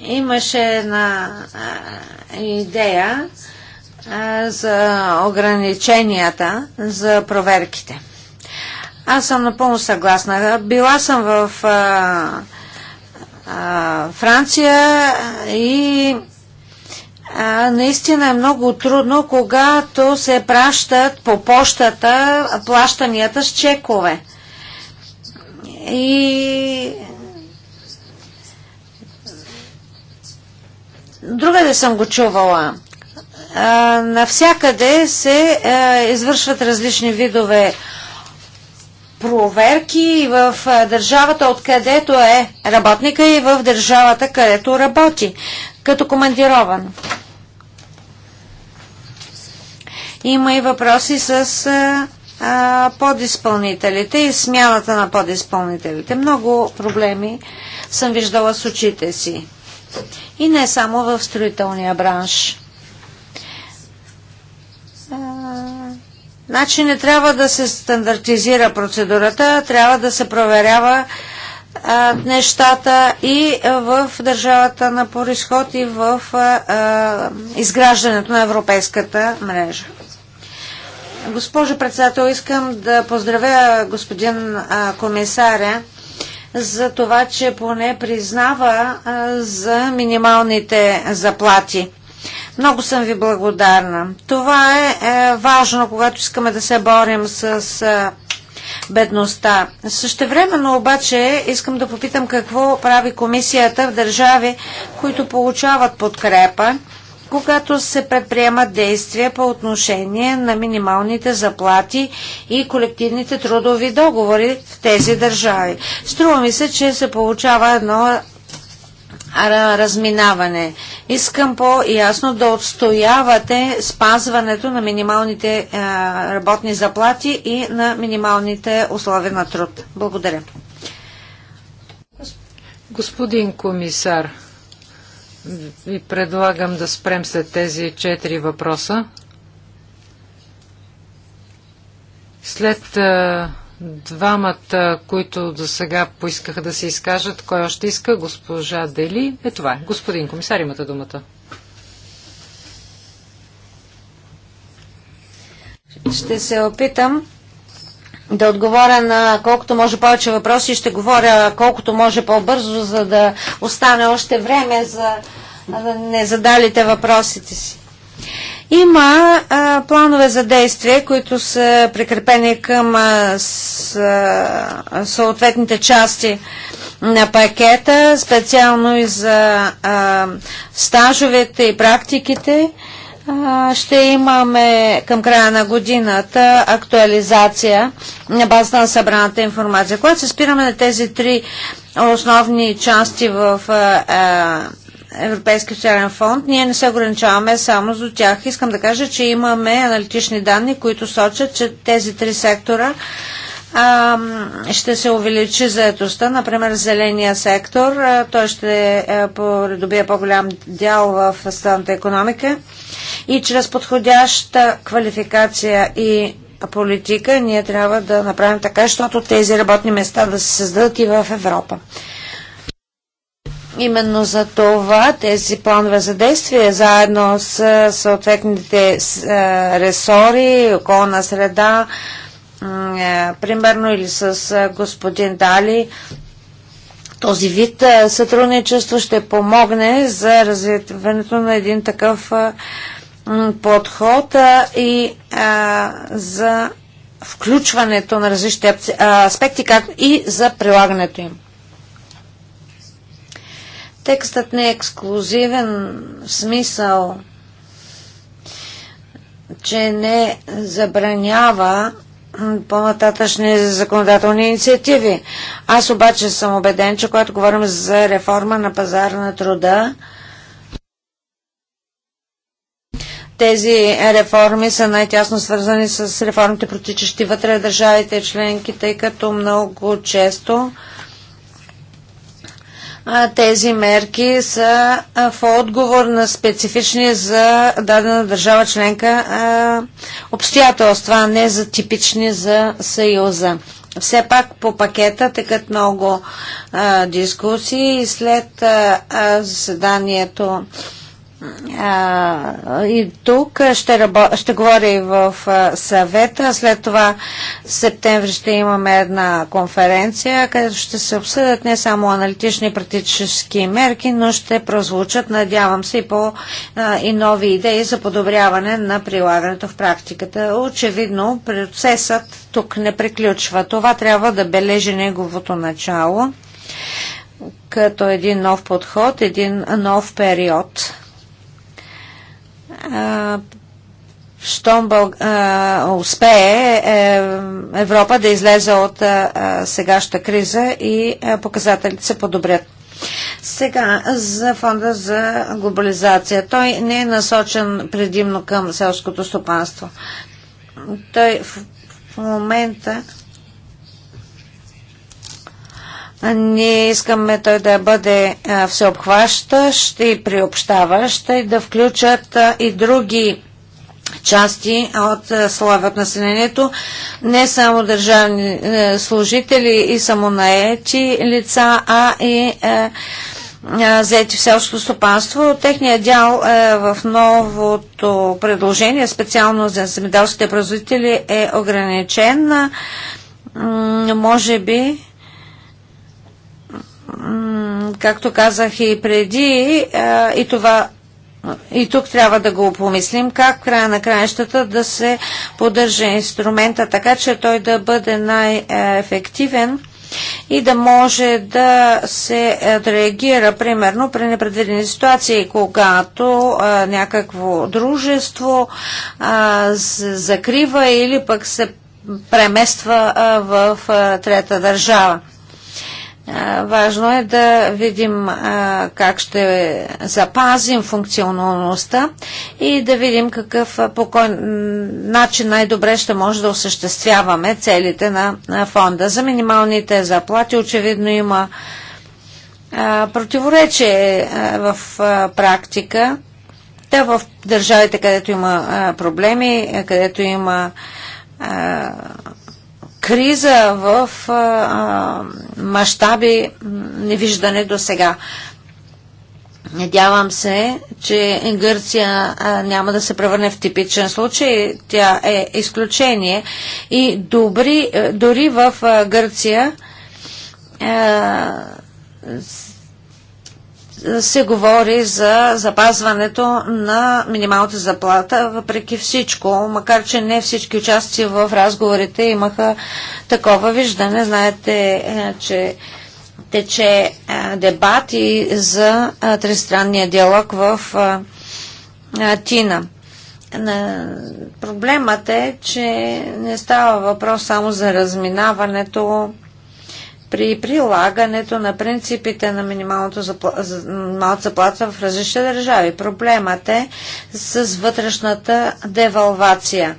Имаше една е, идея за ограниченията за проверките. Аз съм напълно съгласна. Била съм в а, а, Франция и а, наистина е много трудно, когато се пращат по почтата плащанията с чекове. И другаде съм го чувала навсякъде се извършват различни видове проверки и в държавата, откъдето е работника и в държавата, където работи, като командирован. Има и въпроси с подиспълнителите и смяната на подиспълнителите. Много проблеми съм виждала с очите си. И не само в строителния бранш. Значи не трябва да се стандартизира процедурата, трябва да се проверява а, нещата и в държавата на происход и в а, а, изграждането на европейската мрежа. Госпожо председател, искам да поздравя господин а, комисаря за това, че поне признава а, за минималните заплати. Много съм ви благодарна. Това е, е важно, когато искаме да се борим с, с е, бедността. Същевременно обаче искам да попитам какво прави комисията в държави, които получават подкрепа, когато се предприемат действия по отношение на минималните заплати и колективните трудови договори в тези държави. Струва ми се, че се получава едно разминаване. Искам по-ясно да отстоявате спазването на минималните е, работни заплати и на минималните условия на труд. Благодаря. Господин комисар, ви предлагам да спрем след тези четири въпроса. След е, двамата, които до сега поискаха да се изкажат. Кой още иска? Госпожа Дели. Е това е. Господин комисар, имате думата. Ще се опитам да отговоря на колкото може повече въпроси и ще говоря колкото може по-бързо, за да остане още време за незадалите въпросите си. Има а, планове за действие, които са прикрепени към а, с, а, съответните части на пакета, специално и за а, стажовете и практиките. А, ще имаме към края на годината актуализация на база на събраната информация. Когато се спираме на тези три основни части в а, а Европейски социален фонд, ние не се ограничаваме само за тях. Искам да кажа, че имаме аналитични данни, които сочат, че тези три сектора а, ще се увеличи заетостта. Например, зеления сектор, а, той ще а, е, придобие по-голям дял в страната економика и чрез подходяща квалификация и политика ние трябва да направим така, защото тези работни места да се създадат и в Европа. Именно за това тези планове за действие, заедно с съответните ресори, околна среда, е, примерно или с господин Дали, този вид сътрудничество ще помогне за развитването на един такъв подход и за включването на различни аспекти, както и за прилагането им. Текстът не е ексклюзивен в смисъл, че не забранява по-нататъчни законодателни инициативи. Аз обаче съм убеден, че когато говорим за реформа на пазара на труда, тези реформи са най-тясно свързани с реформите, протичащи вътре държавите членки, тъй като много често тези мерки са в отговор на специфични за дадена държава членка обстоятелства, а не за типични за Съюза. Все пак по пакета текат много дискусии и след а, заседанието и тук ще, рабо, ще говоря и в а, съвета. След това в септември ще имаме една конференция, където ще се обсъдят не само аналитични и практически мерки, но ще прозвучат, надявам се, и, по, а, и нови идеи за подобряване на прилагането в практиката. Очевидно, процесът тук не приключва. Това трябва да бележи неговото начало като един нов подход, един нов период щом Бълг... успее е, Европа да излезе от сегашната криза и показателите се подобрят. Сега за фонда за глобализация. Той не е насочен предимно към селското стопанство. Той в, в момента ние искаме той да бъде всеобхващащ и приобщаващ и да включат и други части от слава от населението, не само държавни служители и самонаети лица, а и заети в селското стопанство. Техният дял е, в новото предложение, специално за земеделските производители, е ограничен. Може би както казах и преди, и това и тук трябва да го помислим, как края на краищата да се поддържа инструмента, така че той да бъде най-ефективен и да може да се реагира, примерно, при непредвидени ситуации, когато а, някакво дружество а, се закрива или пък се премества а, в а, трета държава. Важно е да видим как ще запазим функционалността и да видим какъв по кой начин най-добре ще може да осъществяваме целите на, фонда. За минималните заплати очевидно има противоречие в практика. да, в държавите, където има проблеми, където има криза в мащаби невиждане до сега. Надявам се, че Гърция няма да се превърне в типичен случай. Тя е изключение. И добри, дори в Гърция се говори за запазването на минималната заплата, въпреки всичко, макар че не всички участници в разговорите имаха такова виждане. Знаете, е, че тече е, дебат и за е, тристранния диалог в Тина. Проблемът е, че не става въпрос само за разминаването при прилагането на принципите на минималната запла... заплата в различни държави. Проблемът е с вътрешната девалвация.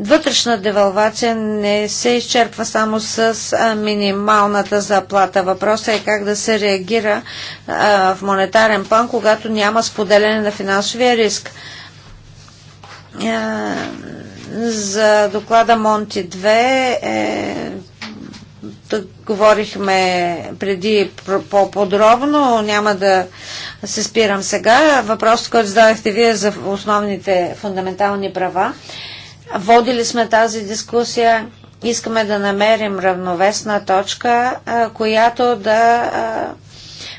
Вътрешна девалвация не се изчерпва само с минималната заплата. Въпросът е как да се реагира в монетарен план, когато няма споделяне на финансовия риск. за доклада Монти 2 е говорихме преди по-подробно, няма да се спирам сега. Въпросът, който задавахте вие за основните фундаментални права. Водили сме тази дискусия. Искаме да намерим равновесна точка, която да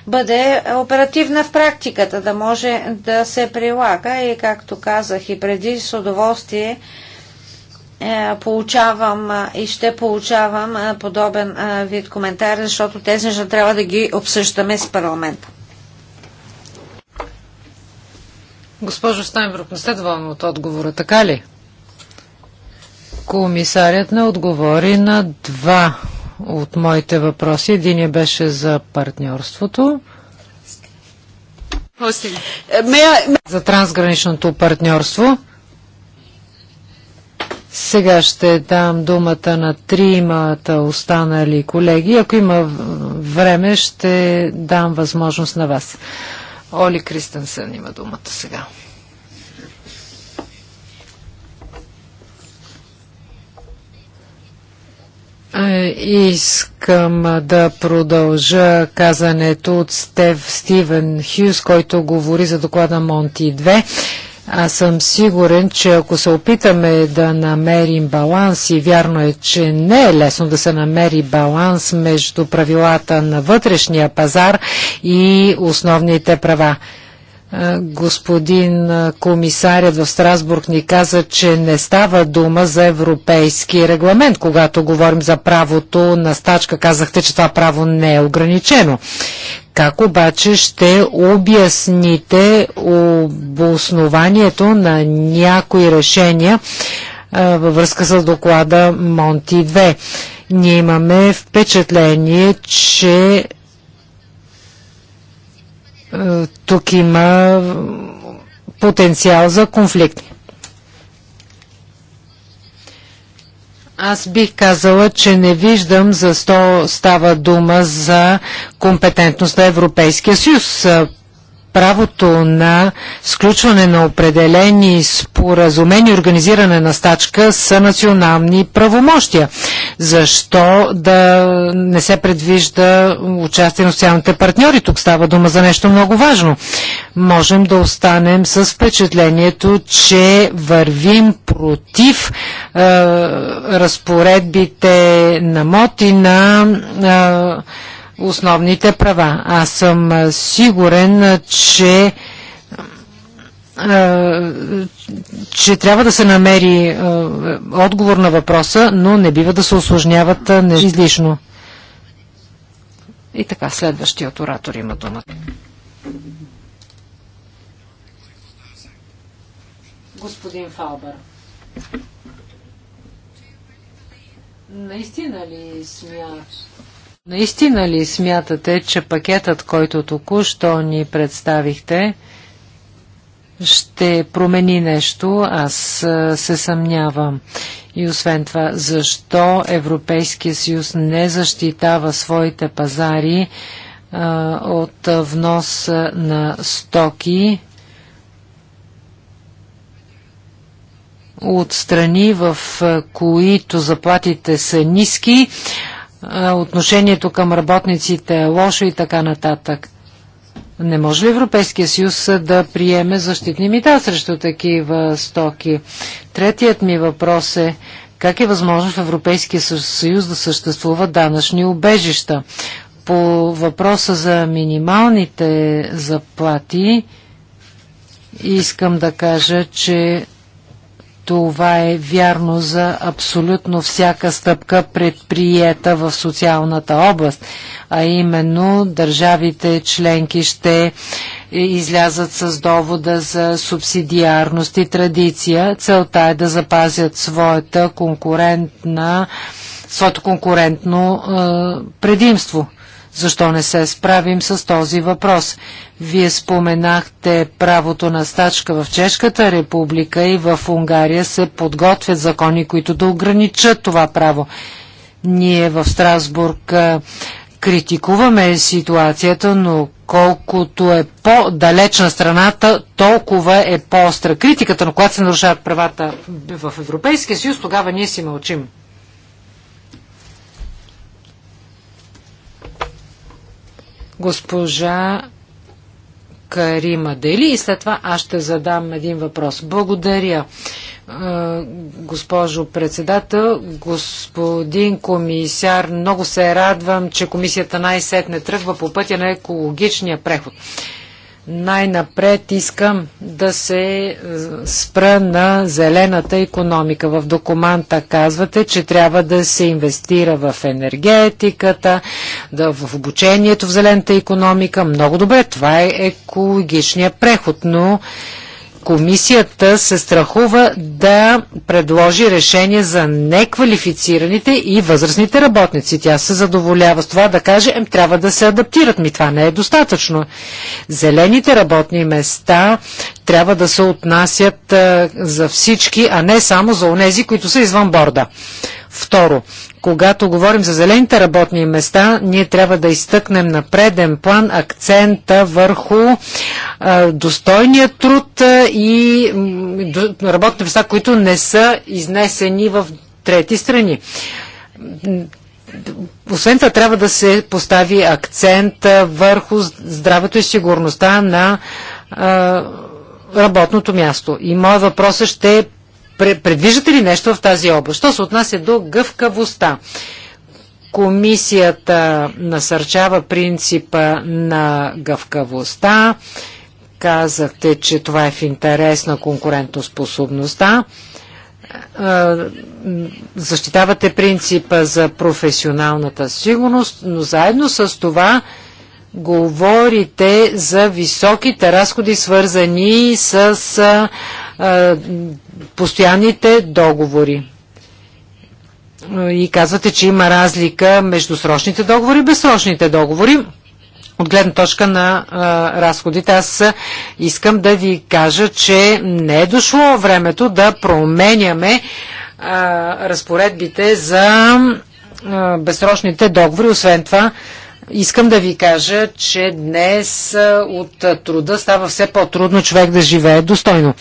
бъде оперативна в практиката, да може да се прилага и, както казах и преди, с удоволствие е, получавам е, и ще получавам е, подобен вид коментар, защото тези неща трябва да ги обсъждаме с парламента. Госпожо Стайнбрук, не сте доволна от отговора, така ли? Комисарят не отговори на два от моите въпроси. е беше за партньорството. За трансграничното партньорство. Сега ще дам думата на тримата останали колеги. Ако има време, ще дам възможност на вас. Оли Кристенсен има думата сега. Е, искам да продължа казането от Стив, Стивен Хюс, който говори за доклада Монти 2. Аз съм сигурен, че ако се опитаме да намерим баланс и вярно е, че не е лесно да се намери баланс между правилата на вътрешния пазар и основните права. Господин комисарят в Страсбург ни каза, че не става дума за европейски регламент. Когато говорим за правото на стачка, казахте, че това право не е ограничено. Как обаче ще обясните обоснованието на някои решения във връзка с доклада Монти 2? Ние имаме впечатление, че е, тук има потенциал за конфликт. Аз бих казала, че не виждам защо става дума за компетентност на Европейския съюз е, правото на сключване на определени споразумени и организиране на стачка са национални правомощия. Защо да не се предвижда участие на социалните партньори? Тук става дума за нещо много важно. Можем да останем с впечатлението, че вървим против е, разпоредбите на МОТ и на е, основните права. Аз съм сигурен, че че трябва да се намери отговор на въпроса, но не бива да се осложняват излишно. И така, следващият оратор има думата. Господин Фалбър. Наистина ли смяташ? Наистина ли смятате, че пакетът, който току-що ни представихте, ще промени нещо? Аз се съмнявам. И освен това, защо Европейския съюз не защитава своите пазари а, от внос на стоки от страни, в които заплатите са ниски? отношението към работниците е лошо и така нататък. Не може ли Европейския съюз да приеме защитни мита срещу такива стоки? Третият ми въпрос е как е възможно в Европейския съюз да съществуват данъчни убежища? По въпроса за минималните заплати искам да кажа, че това е вярно за абсолютно всяка стъпка предприета в социалната област, а именно държавите членки ще излязат с довода за субсидиарност и традиция. Целта е да запазят своята конкурентна, своето конкурентно е, предимство. Защо не се справим с този въпрос? Вие споменахте правото на стачка в Чешката република и в Унгария се подготвят закони, които да ограничат това право. Ние в Страсбург критикуваме ситуацията, но колкото е по-далечна страната, толкова е по-остра критиката, но когато се нарушават правата в Европейския съюз, тогава ние си мълчим. госпожа Карима Дели и след това аз ще задам един въпрос. Благодаря, е, госпожо председател, господин комисар. Много се радвам, че комисията най-сетне тръгва по пътя на екологичния преход. Най-напред искам да се е, спра на зелената економика. В документа казвате, че трябва да се инвестира в енергетиката, да, в обучението в зелената економика. Много добре, това е екологичния преход, но комисията се страхува да предложи решение за неквалифицираните и възрастните работници. Тя се задоволява с това да каже, ем, трябва да се адаптират. Ми това не е достатъчно. Зелените работни места трябва да се отнасят а, за всички, а не само за онези, които са извън борда. Второ, когато говорим за зелените работни места, ние трябва да изтъкнем на преден план акцента върху а, достойния труд и работни места, които не са изнесени в трети страни. Освен това трябва да се постави акцент върху здравето и сигурността на а, работното място. И моят въпрос ще предвиждате ли нещо в тази област? Що се отнася до гъвкавостта? Комисията насърчава принципа на гъвкавостта. Казахте, че това е в интерес на конкурентоспособността. Защитавате принципа за професионалната сигурност, но заедно с това говорите за високите разходи, свързани с постоянните договори. И казвате, че има разлика между срочните договори и безсрочните договори от гледна точка на а, разходите. Аз искам да ви кажа, че не е дошло времето да променяме а, разпоредбите за а, безсрочните договори. Освен това, Искам да ви кажа, че днес от труда става все по-трудно човек да живее достойно.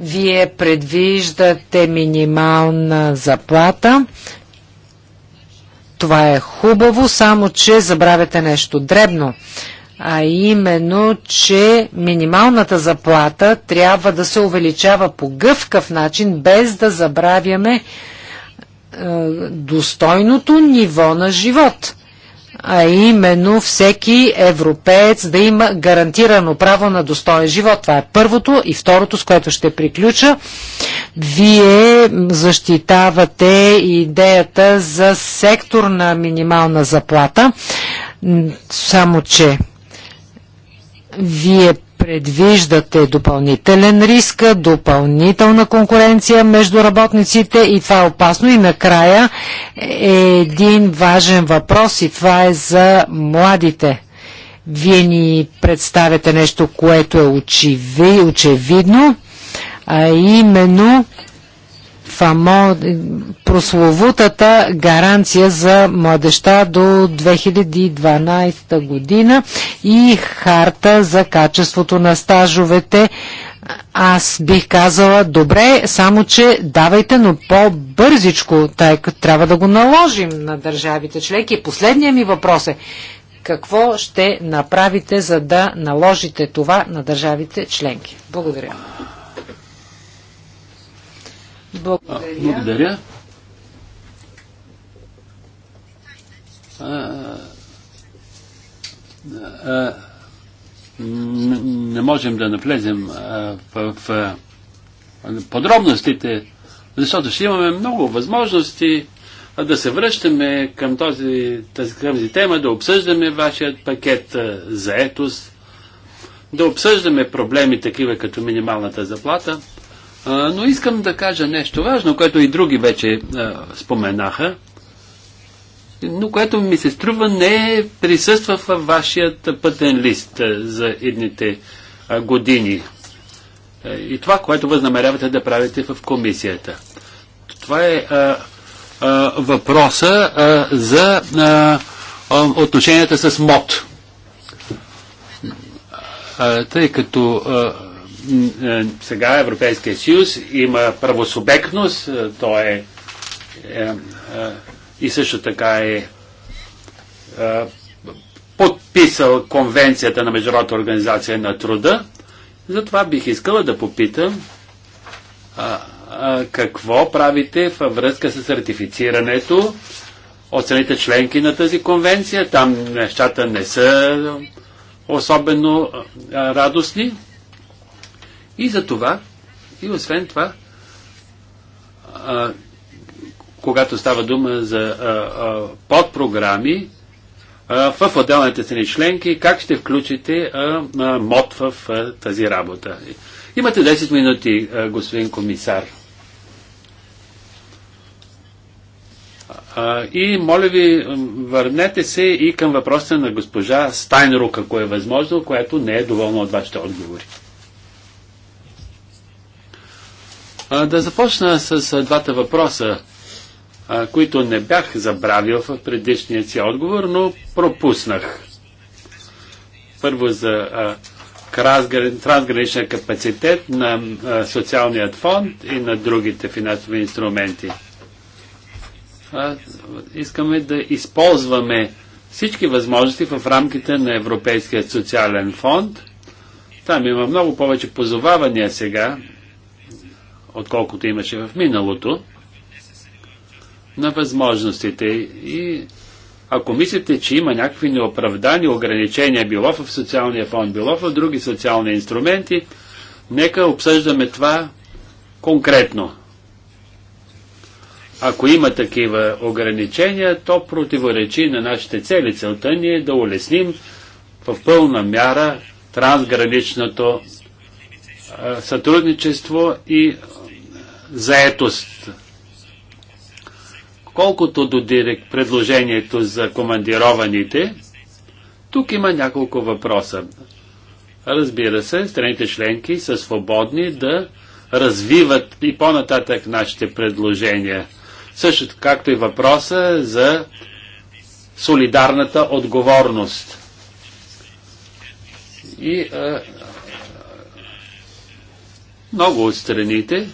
Вие предвиждате минимална заплата. Това е хубаво, само че забравяте нещо дребно а именно, че минималната заплата трябва да се увеличава по гъвкав начин, без да забравяме достойното ниво на живот а именно всеки европеец да има гарантирано право на достоен живот. Това е първото и второто, с което ще приключа. Вие защитавате идеята за сектор на минимална заплата, само че вие предвиждате допълнителен риск, допълнителна конкуренция между работниците и това е опасно. И накрая е един важен въпрос и това е за младите. Вие ни представяте нещо, което е очевидно, а именно ФАМО, прословутата гаранция за младеща до 2012 година и харта за качеството на стажовете. Аз бих казала, добре, само че давайте, но по-бързичко, тъй като трябва да го наложим на държавите членки. Последният ми въпрос е, какво ще направите, за да наложите това на държавите членки? Благодаря. Благодаря. Благодаря. А, а, не, можем да навлезем а, в, в подробностите, защото ще имаме много възможности да се връщаме към този, тази, към тема, да обсъждаме вашият пакет за етост, да обсъждаме проблеми такива като минималната заплата. Но искам да кажа нещо важно, което и други вече споменаха, но което ми се струва не присъства във вашият пътен лист за едните години. И това, което възнамерявате да правите в комисията. Това е въпроса за отношенията с МОД. тъй като а, е, сега Европейския съюз има правосубектност, е, то е, е, е и също така е, е подписал конвенцията на Международната организация на труда. Затова бих искала да попитам а, а, какво правите във връзка с ратифицирането от страните членки на тази конвенция. Там нещата не са особено радостни. И за това, и освен това, а, когато става дума за а, а, подпрограми, а, в отделните страни членки, как ще включите а, а, МОД в а, тази работа? Имате 10 минути, а, господин комисар. А, и моля ви, върнете се и към въпроса на госпожа Стайнрук, ако е възможно, която не е доволна от вашите отговори. Да започна с двата въпроса, които не бях забравил в предишния си отговор, но пропуснах. Първо за трансграничен капацитет на социалният фонд и на другите финансови инструменти. Искаме да използваме всички възможности в рамките на Европейския социален фонд. Там има много повече позовавания сега отколкото имаше в миналото, на възможностите. И ако мислите, че има някакви неоправдани ограничения, било в социалния фонд, било в други социални инструменти, нека обсъждаме това конкретно. Ако има такива ограничения, то противоречи на нашите цели. Целта ни е да улесним в пълна мяра трансграничното сътрудничество и заетост. Колкото до директ предложението за командированите, тук има няколко въпроса. Разбира се, страните членки са свободни да развиват и по-нататък нашите предложения. Също както и въпроса за солидарната отговорност. И а, много от страните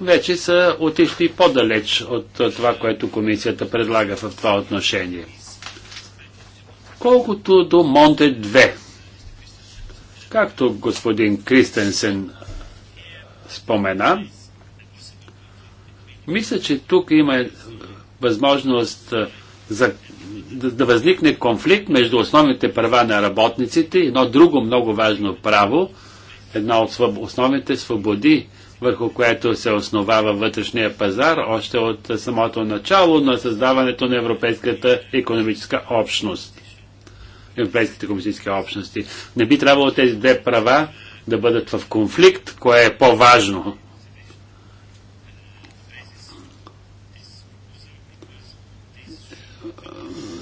вече са отишли по-далеч от това, което комисията предлага в това отношение. Колкото до Монте 2, както господин Кристенсен спомена, мисля, че тук има възможност за, да, да възникне конфликт между основните права на работниците и едно друго много важно право, една от основните свободи върху което се основава вътрешния пазар още от самото начало на създаването на Европейската економическа общност. Европейските комунистически общности. Не би трябвало тези две права да бъдат в конфликт, кое е по-важно.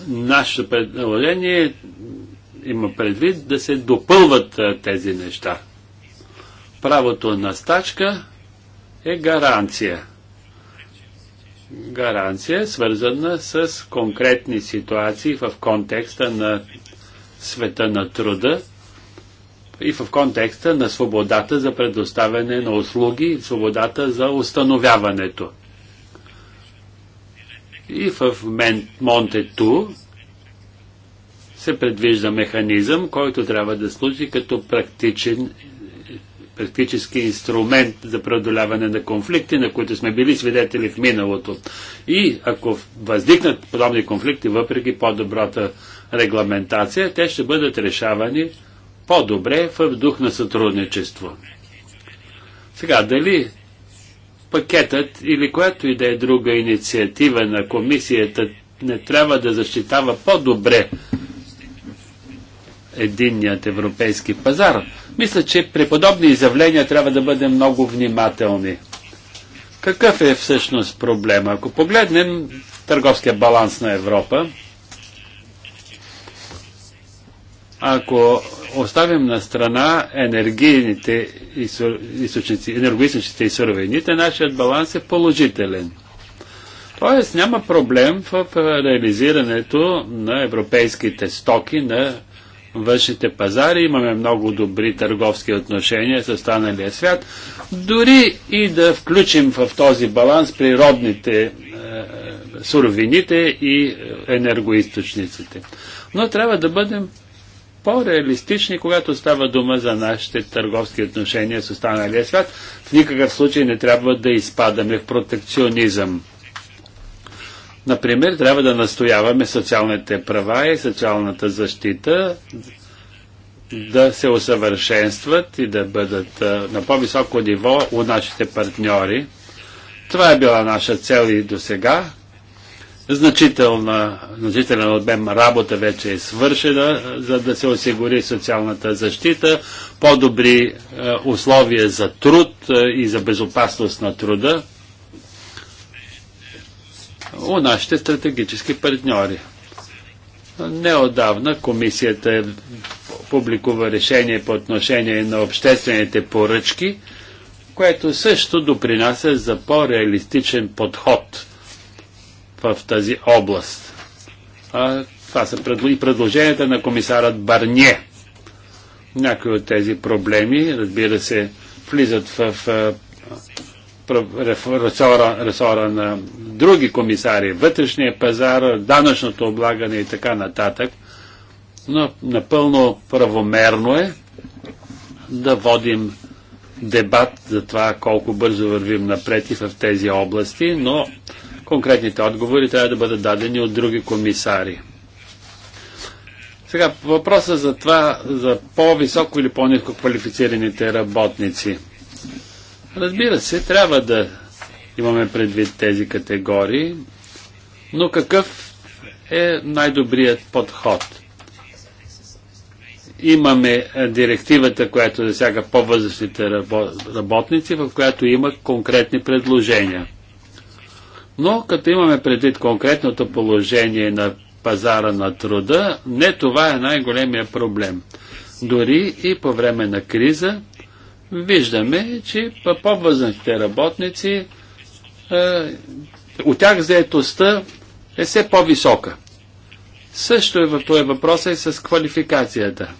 Нашето предложение има предвид да се допълват тези неща правото на стачка е гаранция. Гаранция, свързана с конкретни ситуации в контекста на света на труда и в контекста на свободата за предоставяне на услуги, и свободата за установяването. И в Монтету се предвижда механизъм, който трябва да служи като практичен практически инструмент за преодоляване на конфликти, на които сме били свидетели в миналото. И ако възникнат подобни конфликти, въпреки по-добрата регламентация, те ще бъдат решавани по-добре в дух на сътрудничество. Сега, дали пакетът или която и да е друга инициатива на комисията не трябва да защитава по-добре единният европейски пазар. Мисля, че при подобни изявления трябва да бъдем много внимателни. Какъв е всъщност проблема? Ако погледнем търговския баланс на Европа, ако оставим на страна енергийните източници, енергоисточните и суровините, нашият баланс е положителен. Тоест няма проблем в реализирането на европейските стоки на външните пазари, имаме много добри търговски отношения с останалия свят. Дори и да включим в този баланс природните е, суровините и енергоисточниците. Но трябва да бъдем по-реалистични, когато става дума за нашите търговски отношения с останалия свят. В никакъв случай не трябва да изпадаме в протекционизъм. Например, трябва да настояваме социалните права и социалната защита да се усъвършенстват и да бъдат на по-високо ниво от нашите партньори. Това е била наша цел и до сега. Значителна, значителен обем работа вече е свършена, за да се осигури социалната защита, по-добри условия за труд и за безопасност на труда у нашите стратегически партньори. Неодавна комисията е публикува решение по отношение на обществените поръчки, което също допринася за по-реалистичен подход в тази област. А, това са и предложенията на комисарът Барние. Някои от тези проблеми, разбира се, влизат в ресора, ресора на други комисари, вътрешния пазар, данъчното облагане и така нататък, но напълно правомерно е да водим дебат за това колко бързо вървим напред и в тези области, но конкретните отговори трябва да бъдат дадени от други комисари. Сега, въпроса за това, за по-високо или по-низко квалифицираните работници. Разбира се, трябва да имаме предвид тези категории, но какъв е най-добрият подход? Имаме директивата, която засяга по-възрастните работници, в която има конкретни предложения. Но като имаме предвид конкретното положение на пазара на труда, не това е най-големия проблем. Дори и по време на криза виждаме, че по-възрастните работници, от тях заетостта е все по-висока. Също е в е въпрос и с квалификацията.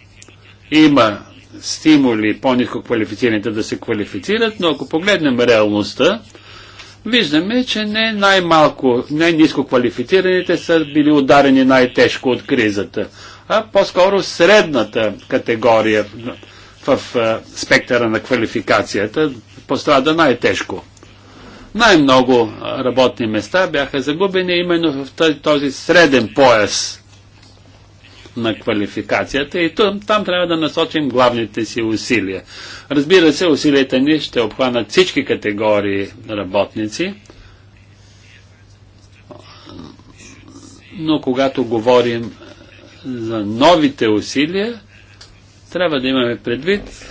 Има стимули по-низко квалифицираните да се квалифицират, но ако погледнем реалността, виждаме, че не най-малко, най-низко квалифицираните са били ударени най-тежко от кризата, а по-скоро средната категория в спектъра на квалификацията пострада най-тежко. Най-много работни места бяха загубени именно в този, този среден пояс на квалификацията и там, там трябва да насочим главните си усилия. Разбира се, усилията ни ще обхванат всички категории работници, но когато говорим за новите усилия, трябва да имаме предвид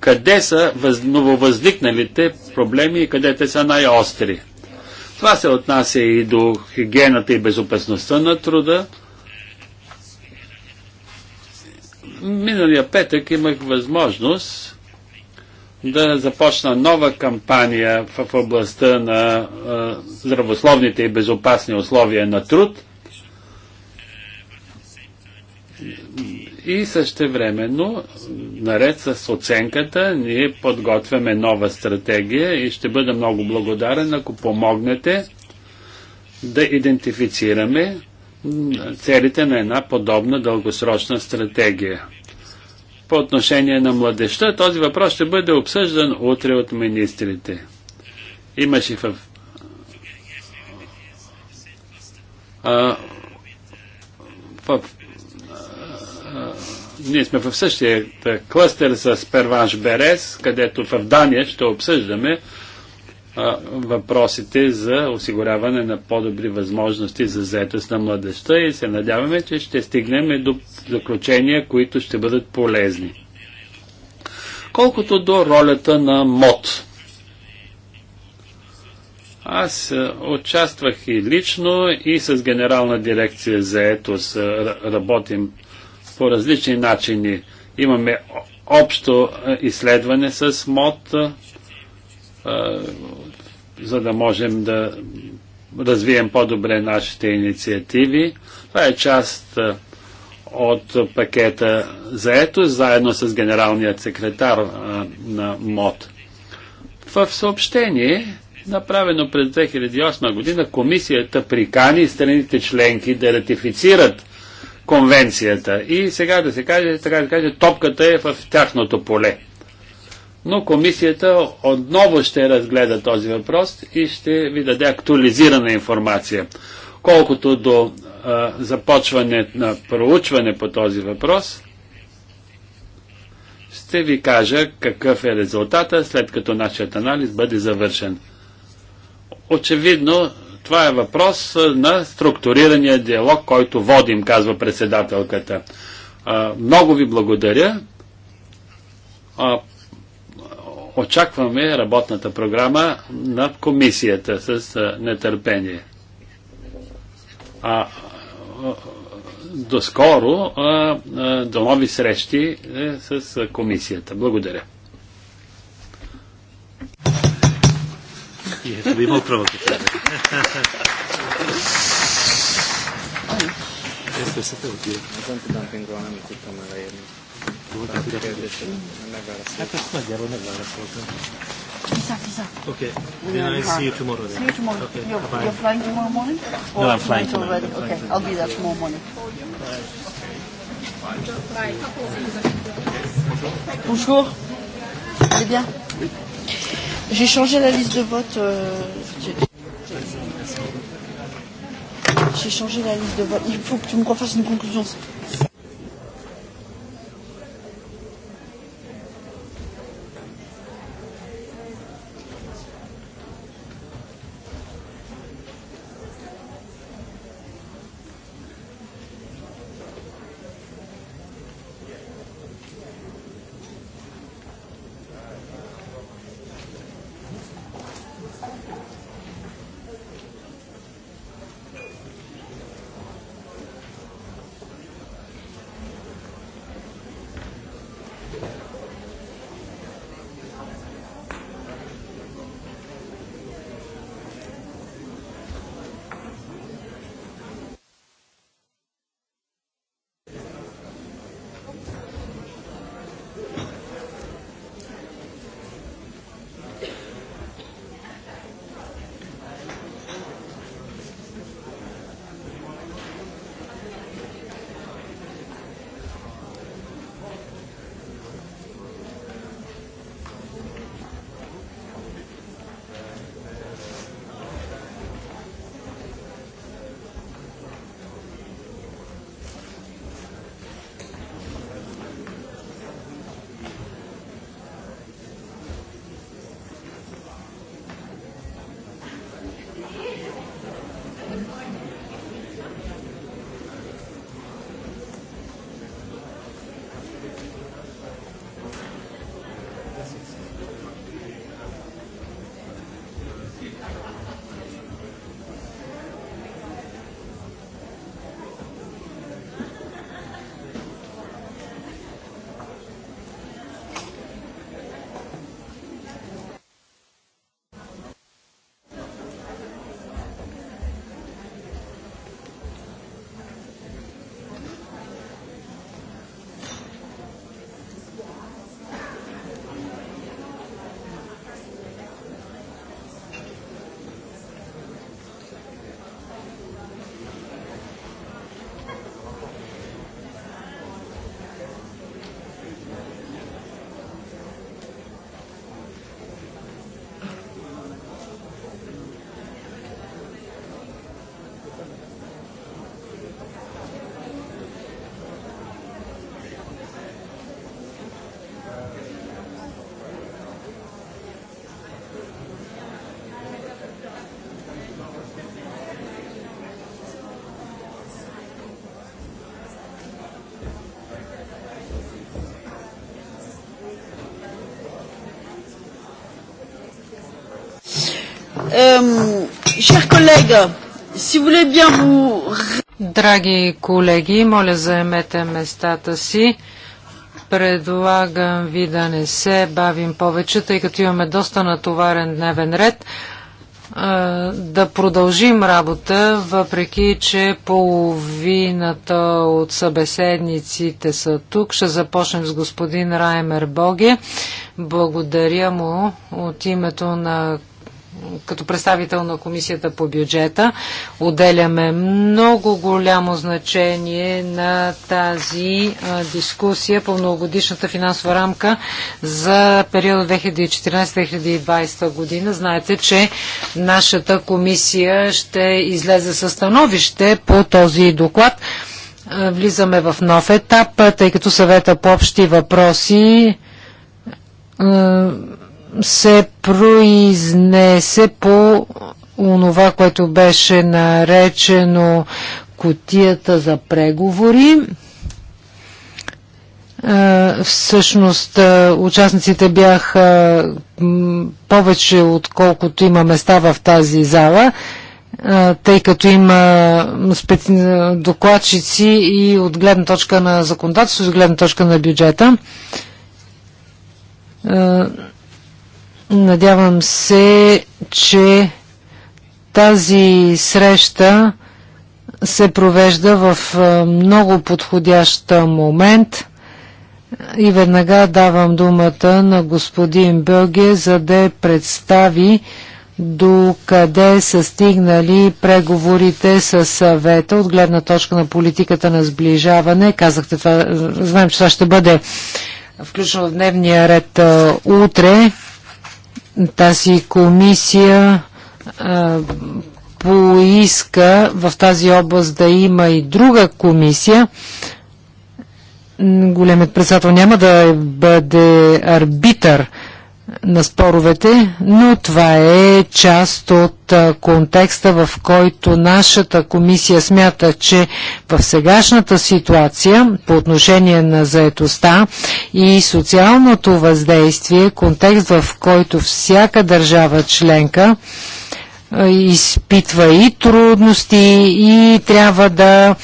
къде са нововъзникналите проблеми и къде те са най-остри. Това се отнася и до хигиената и безопасността на труда. Миналия петък имах възможност да започна нова кампания в областта на здравословните и безопасни условия на труд – И същевременно, наред с оценката, ние подготвяме нова стратегия и ще бъда много благодарен, ако помогнете да идентифицираме целите на една подобна дългосрочна стратегия. По отношение на младеща, този въпрос ще бъде обсъждан утре от министрите. Имаше в а, в ние сме в същия е, клъстер с Перванш Берес, където в Дания ще обсъждаме а, въпросите за осигуряване на по-добри възможности за заетост на младеща и се надяваме, че ще стигнем до заключения, които ще бъдат полезни. Колкото до ролята на МОД. Аз е, участвах и лично, и с Генерална дирекция за етос е, работим по различни начини. Имаме общо изследване с МОД, за да можем да развием по-добре нашите инициативи. Това е част от пакета заето, заедно с генералният секретар на МОД. В съобщение, направено през 2008 година, комисията прикани страните членки да ратифицират конвенцията. И сега да се каже, така да се каже, топката е в тяхното поле. Но комисията отново ще разгледа този въпрос и ще ви даде актуализирана информация. Колкото до а, започване на проучване по този въпрос, ще ви кажа какъв е резултата след като нашият анализ бъде завършен. Очевидно, това е въпрос на структурирания диалог, който водим, казва председателката. Много ви благодаря. Очакваме работната програма на комисията с нетърпение. А, доскоро, до нови срещи е, с комисията. Благодаря you have to be more provocative. Questo è stato utile. Exactly, Okay. Then I see you tomorrow. Then. See you tomorrow. Okay. You're, Bye. you're flying tomorrow morning? Or no, I'm flying tomorrow. Already? okay, I'll be there tomorrow morning. Bye. Bonjour. Allez bien. Oui. J'ai changé la liste de vote. Euh, J'ai changé la liste de vote. Il faut que tu me refasses une conclusion. Euh, Драги колеги, моля заемете местата си. Предлагам ви да не се бавим повече, тъй като имаме доста натоварен дневен ред. Е, да продължим работа, въпреки че половината от събеседниците са тук. Ще започнем с господин Раймер Боге. Благодаря му от името на като представител на Комисията по бюджета отделяме много голямо значение на тази дискусия по многогодишната финансова рамка за период 2014-2020 година. Знаете, че нашата комисия ще излезе със становище по този доклад. Влизаме в нов етап, тъй като съвета по общи въпроси се произнесе по онова, което беше наречено котията за преговори. Всъщност участниците бяха повече отколкото има места в тази зала, тъй като има специ... докладчици и от гледна точка на законодателство, от гледна точка на бюджета Надявам се, че тази среща се провежда в много подходящ момент и веднага давам думата на господин Бълге, за да представи до къде са стигнали преговорите с съвета от гледна точка на политиката на сближаване. Казахте това, знаем, че това ще бъде включено в дневния ред утре. Тази комисия а, поиска в тази област да има и друга комисия. Големият председател няма да бъде арбитър на споровете, но това е част от контекста, в който нашата комисия смята, че в сегашната ситуация по отношение на заетостта и социалното въздействие, контекст в който всяка държава членка изпитва и трудности и трябва да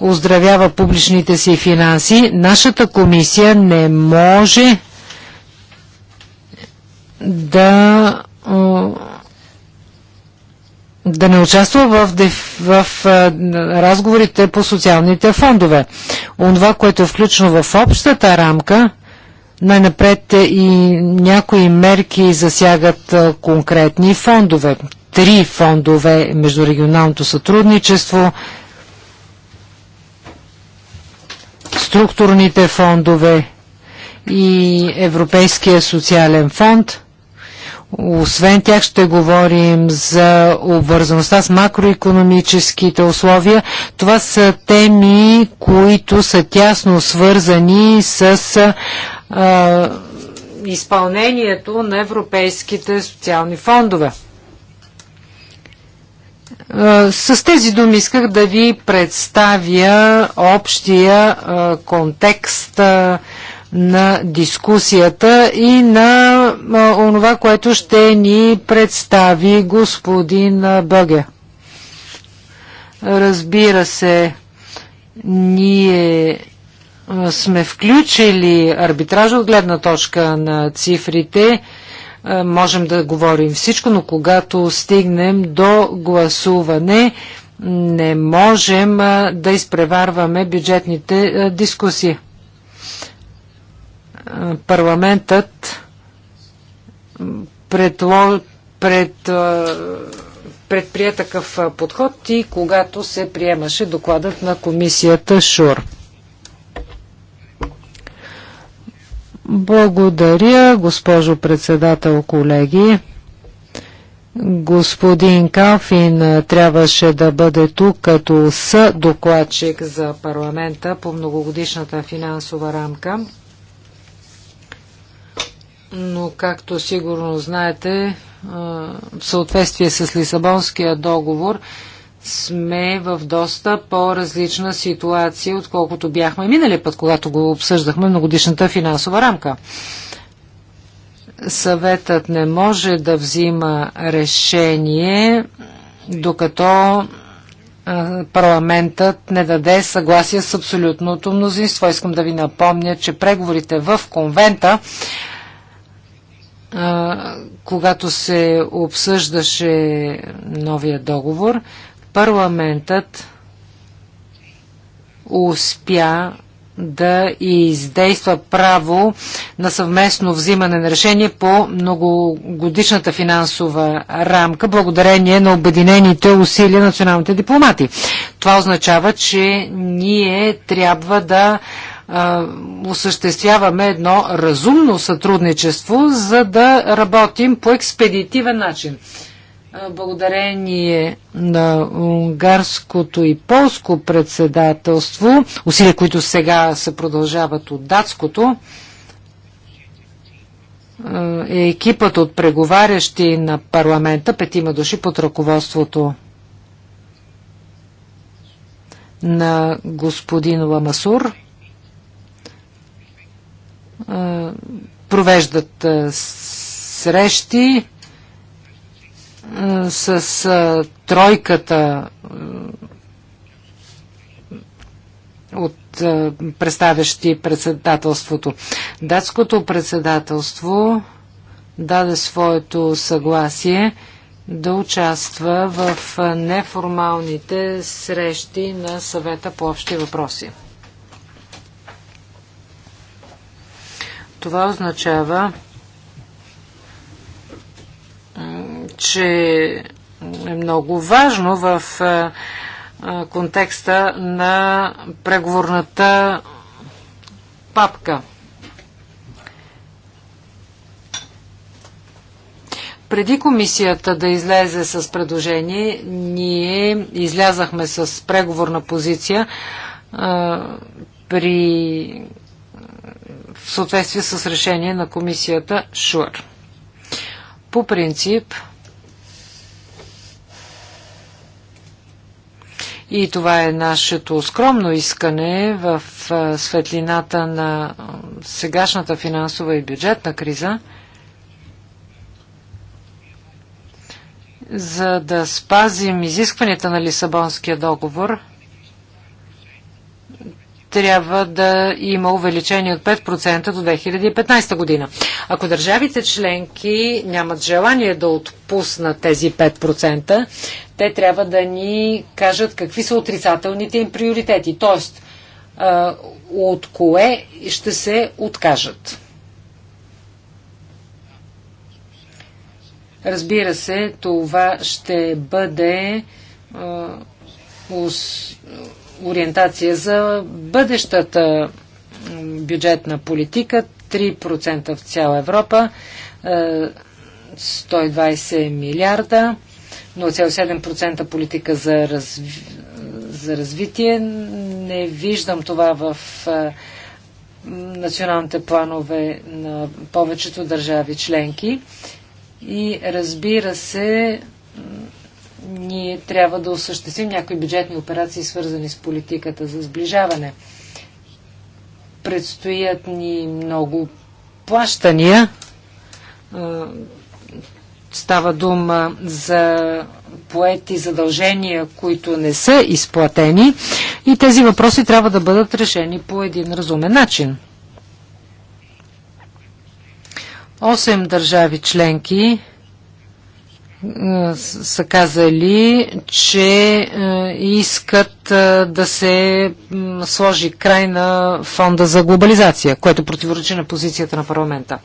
оздравява публичните си финанси, нашата комисия не може да да не участва в, в, в разговорите по социалните фондове. Онова, което е включено в общата рамка, най-напред е и някои мерки засягат конкретни фондове. Три фондове между регионалното сътрудничество, структурните фондове и Европейския социален фонд – освен тях ще говорим за обвързаността с макроекономическите условия. Това са теми, които са тясно свързани с а, изпълнението на европейските социални фондове. С тези думи исках да ви представя общия контекст, на дискусията и на онова, което ще ни представи господин Бъге. Разбира се, ние сме включили арбитраж от гледна точка на цифрите. Можем да говорим всичко, но когато стигнем до гласуване, не можем да изпреварваме бюджетните дискусии парламентът предло, пред, предприе такъв подход и когато се приемаше докладът на комисията ШУР. Благодаря, госпожо председател, колеги. Господин Калфин трябваше да бъде тук като съдокладчик за парламента по многогодишната финансова рамка но както сигурно знаете, в съответствие с Лисабонския договор сме в доста по-различна ситуация, отколкото бяхме минали път, когато го обсъждахме многодишната финансова рамка. Съветът не може да взима решение, докато парламентът не даде съгласие с абсолютното мнозинство. Искам да ви напомня, че преговорите в конвента когато се обсъждаше новия договор, парламентът успя да издейства право на съвместно взимане на решение по многогодишната финансова рамка, благодарение на обединените усилия на националните дипломати. Това означава, че ние трябва да осъществяваме едно разумно сътрудничество, за да работим по експедитивен начин благодарение на унгарското и полско председателство, усилия, които сега се продължават от датското, е екипът от преговарящи на парламента, петима души под ръководството на господин Ламасур, провеждат срещи, с тройката от представящи председателството. Датското председателство даде своето съгласие да участва в неформалните срещи на съвета по общи въпроси. Това означава, че е много важно в контекста на преговорната папка. Преди комисията да излезе с предложение, ние излязахме с преговорна позиция а, при в съответствие с решение на комисията ШУР. По принцип, и това е нашето скромно искане в светлината на сегашната финансова и бюджетна криза, за да спазим изискванията на Лисабонския договор – трябва да има увеличение от 5% до 2015 година. Ако държавите членки нямат желание да отпуснат тези 5%, те трябва да ни кажат какви са отрицателните им приоритети, т.е. от кое ще се откажат. Разбира се, това ще бъде ориентация за бъдещата бюджетна политика 3% в цяла Европа, 120 е, милиарда, 0,7% политика за, разви... за развитие. Не виждам това в е, националните планове на повечето държави членки. И разбира се, ние трябва да осъществим някои бюджетни операции, свързани с политиката за сближаване. Предстоят ни много плащания. Става дума за поети задължения, които не са изплатени и тези въпроси трябва да бъдат решени по един разумен начин. Осем държави членки са казали, че е, искат е, да се сложи край на фонда за глобализация, което противоречи на позицията на парламента.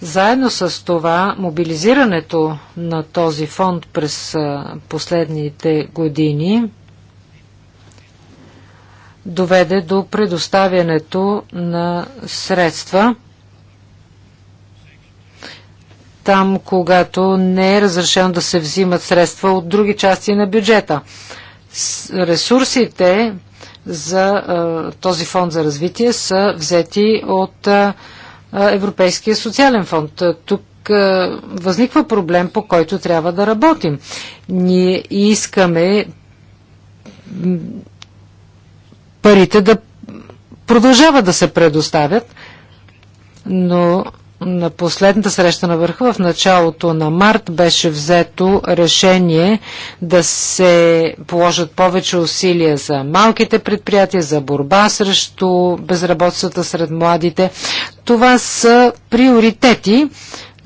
Заедно с това, мобилизирането на този фонд през е, последните години доведе до предоставянето на средства – там, когато не е разрешено да се взимат средства от други части на бюджета. ресурсите за този фонд за развитие са взети от Европейския социален фонд. Тук възниква проблем, по който трябва да работим. Ние искаме парите да продължават да се предоставят, но на последната среща на върха в началото на март беше взето решение да се положат повече усилия за малките предприятия, за борба срещу безработицата сред младите. Това са приоритети.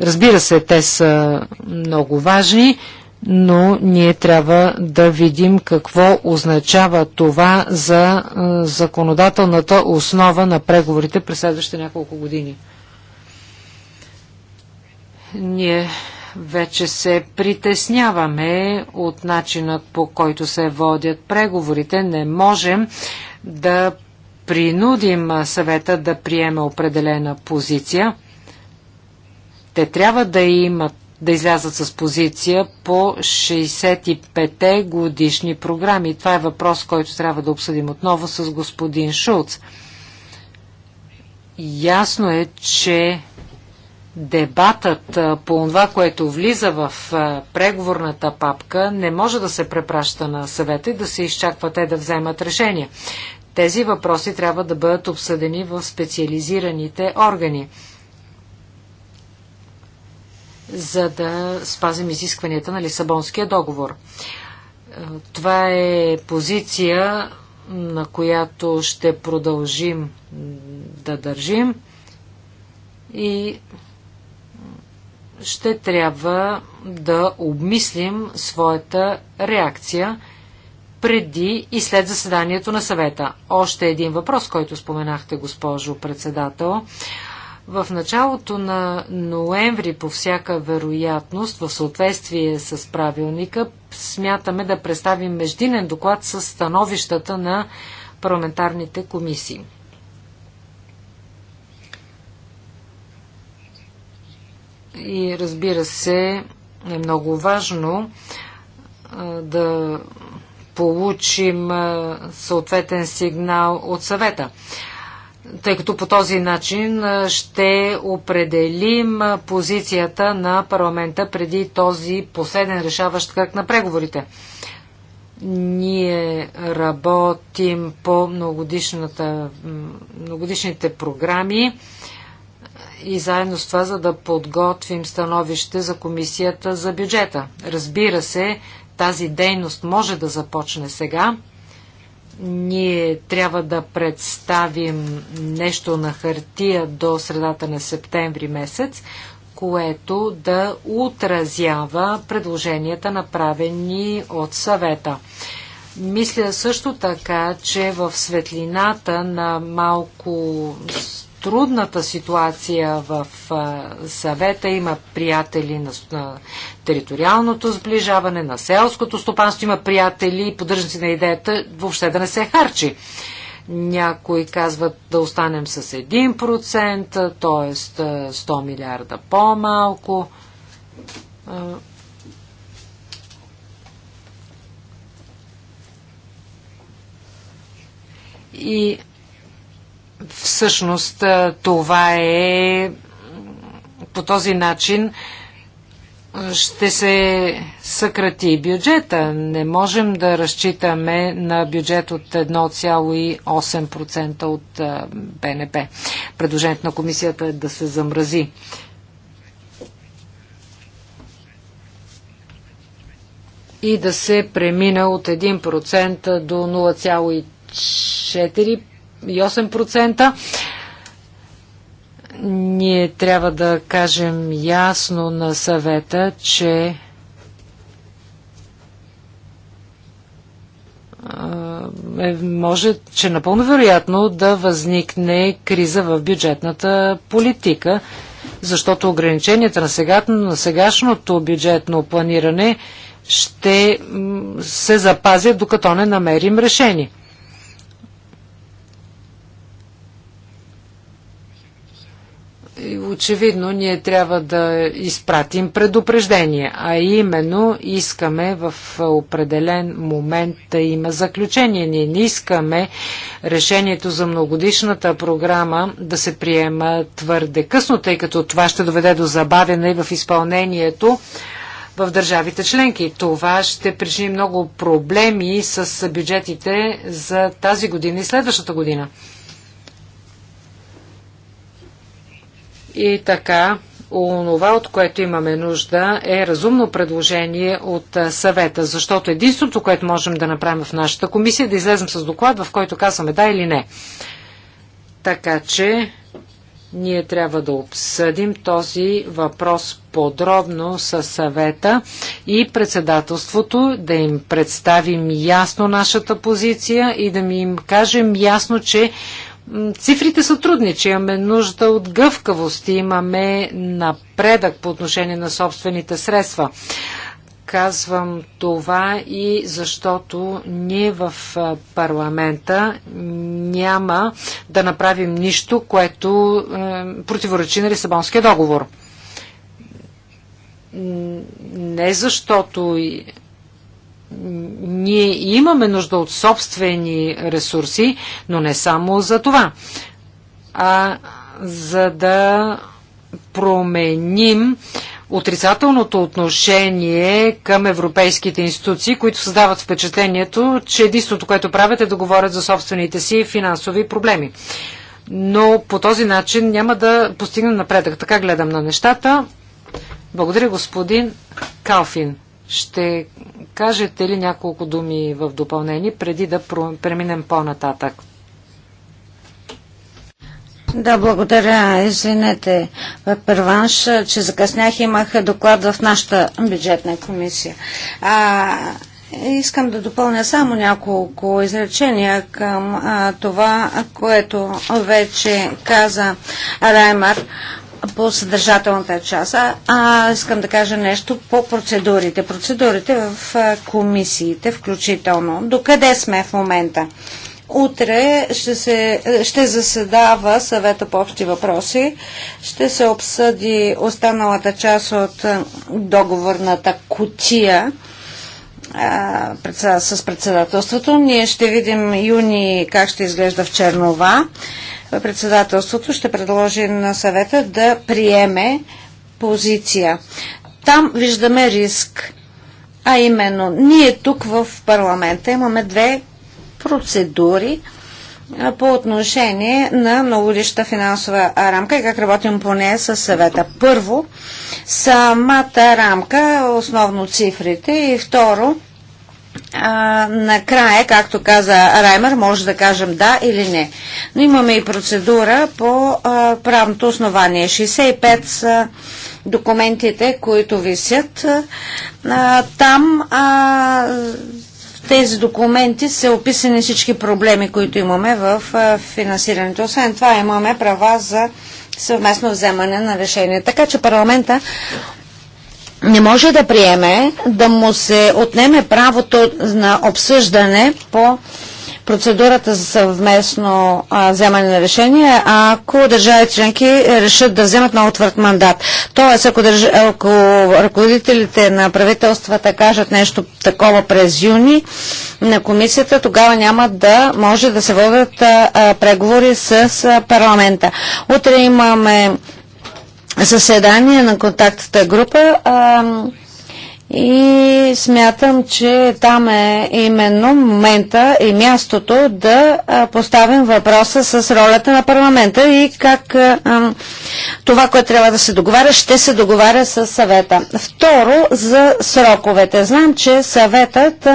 Разбира се, те са много важни, но ние трябва да видим какво означава това за законодателната основа на преговорите през следващите няколко години. Ние вече се притесняваме от начинът по който се водят преговорите. Не можем да принудим съвета да приеме определена позиция. Те трябва да имат да излязат с позиция по 65-те годишни програми. Това е въпрос, който трябва да обсъдим отново с господин Шулц. Ясно е, че дебатът по това, което влиза в преговорната папка, не може да се препраща на съвета и да се изчаква те да вземат решение. Тези въпроси трябва да бъдат обсъдени в специализираните органи, за да спазим изискванията на Лисабонския договор. Това е позиция, на която ще продължим да държим и ще трябва да обмислим своята реакция преди и след заседанието на съвета. Още един въпрос, който споменахте, госпожо председател. В началото на ноември, по всяка вероятност, в съответствие с правилника, смятаме да представим междинен доклад с становищата на парламентарните комисии. И разбира се, е много важно да получим съответен сигнал от съвета тъй като по този начин ще определим позицията на парламента преди този последен решаващ кръг на преговорите. Ние работим по многодишните програми и заедно с това, за да подготвим становище за комисията за бюджета. Разбира се, тази дейност може да започне сега. Ние трябва да представим нещо на хартия до средата на септември месец, което да отразява предложенията направени от съвета. Мисля също така, че в светлината на малко трудната ситуация в съвета. Има приятели на, на териториалното сближаване, на селското стопанство, има приятели и поддържници на идеята въобще да не се харчи. Някои казват да останем с 1%, т.е. 100 милиарда по-малко. И всъщност това е по този начин ще се съкрати бюджета. Не можем да разчитаме на бюджет от 1,8% от БНП. Предложението на комисията е да се замрази. и да се премина от 1% до 0,4% 8%. Ние трябва да кажем ясно на съвета, че е, може, че напълно вероятно да възникне криза в бюджетната политика, защото ограниченията на, сега, на сегашното бюджетно планиране ще се запазят, докато не намерим решение. очевидно ние трябва да изпратим предупреждение, а именно искаме в определен момент да има заключение. Ние не искаме решението за многодишната програма да се приема твърде късно, тъй като това ще доведе до забавяне в изпълнението в държавите членки. Това ще причини много проблеми с бюджетите за тази година и следващата година. И така, онова, от което имаме нужда, е разумно предложение от съвета, защото единството, което можем да направим в нашата комисия, е да излезем с доклад, в който казваме да или не. Така че ние трябва да обсъдим този въпрос подробно със съвета и председателството, да им представим ясно нашата позиция и да ми им кажем ясно, че Цифрите са трудни, че имаме нужда от гъвкавост, и имаме напредък по отношение на собствените средства. Казвам това и защото ние в парламента няма да направим нищо, което е, противоречи на Лисабонския договор. Не защото ние имаме нужда от собствени ресурси, но не само за това, а за да променим отрицателното отношение към европейските институции, които създават впечатлението, че единството, което правят е да говорят за собствените си финансови проблеми. Но по този начин няма да постигнем напредък. Така гледам на нещата. Благодаря, господин Калфин. Ще кажете ли няколко думи в допълнение, преди да преминем по-нататък? Да, благодаря. Извинете, първанш, че закъснях. Имах доклад в нашата бюджетна комисия. А, Искам да допълня само няколко изречения към а, това, което вече каза Раймар по съдържателната част. А, а искам да кажа нещо по процедурите. Процедурите в а, комисиите, включително. Докъде сме в момента? Утре ще, се, ще заседава съвета по общи въпроси. Ще се обсъди останалата част от договорната кутия а, с председателството. Ние ще видим юни как ще изглежда в Чернова председателството ще предложи на съвета да приеме позиция. Там виждаме риск. А именно, ние тук в парламента имаме две процедури по отношение на многолища финансова рамка и как работим по нея с съвета. Първо, самата рамка, основно цифрите и второ, накрая, както каза Раймер, може да кажем да или не. Но имаме и процедура по а, правното основание. 65 са документите, които висят. А, там а, в тези документи са описани всички проблеми, които имаме в а, финансирането. Освен това имаме права за съвместно вземане на решение. Така че парламента не може да приеме да му се отнеме правото на обсъждане по процедурата за съвместно вземане на решение, ако държавите членки решат да вземат много твърд мандат. Тоест, ако, държ... ако ръководителите на правителствата кажат нещо такова през юни на комисията, тогава няма да може да се водят а, а, преговори с а, парламента. Утре имаме заседание на контактната група. И смятам, че там е именно момента и мястото да поставим въпроса с ролята на парламента и как това, което трябва да се договаря, ще се договаря с съвета. Второ, за сроковете. Знам, че съветът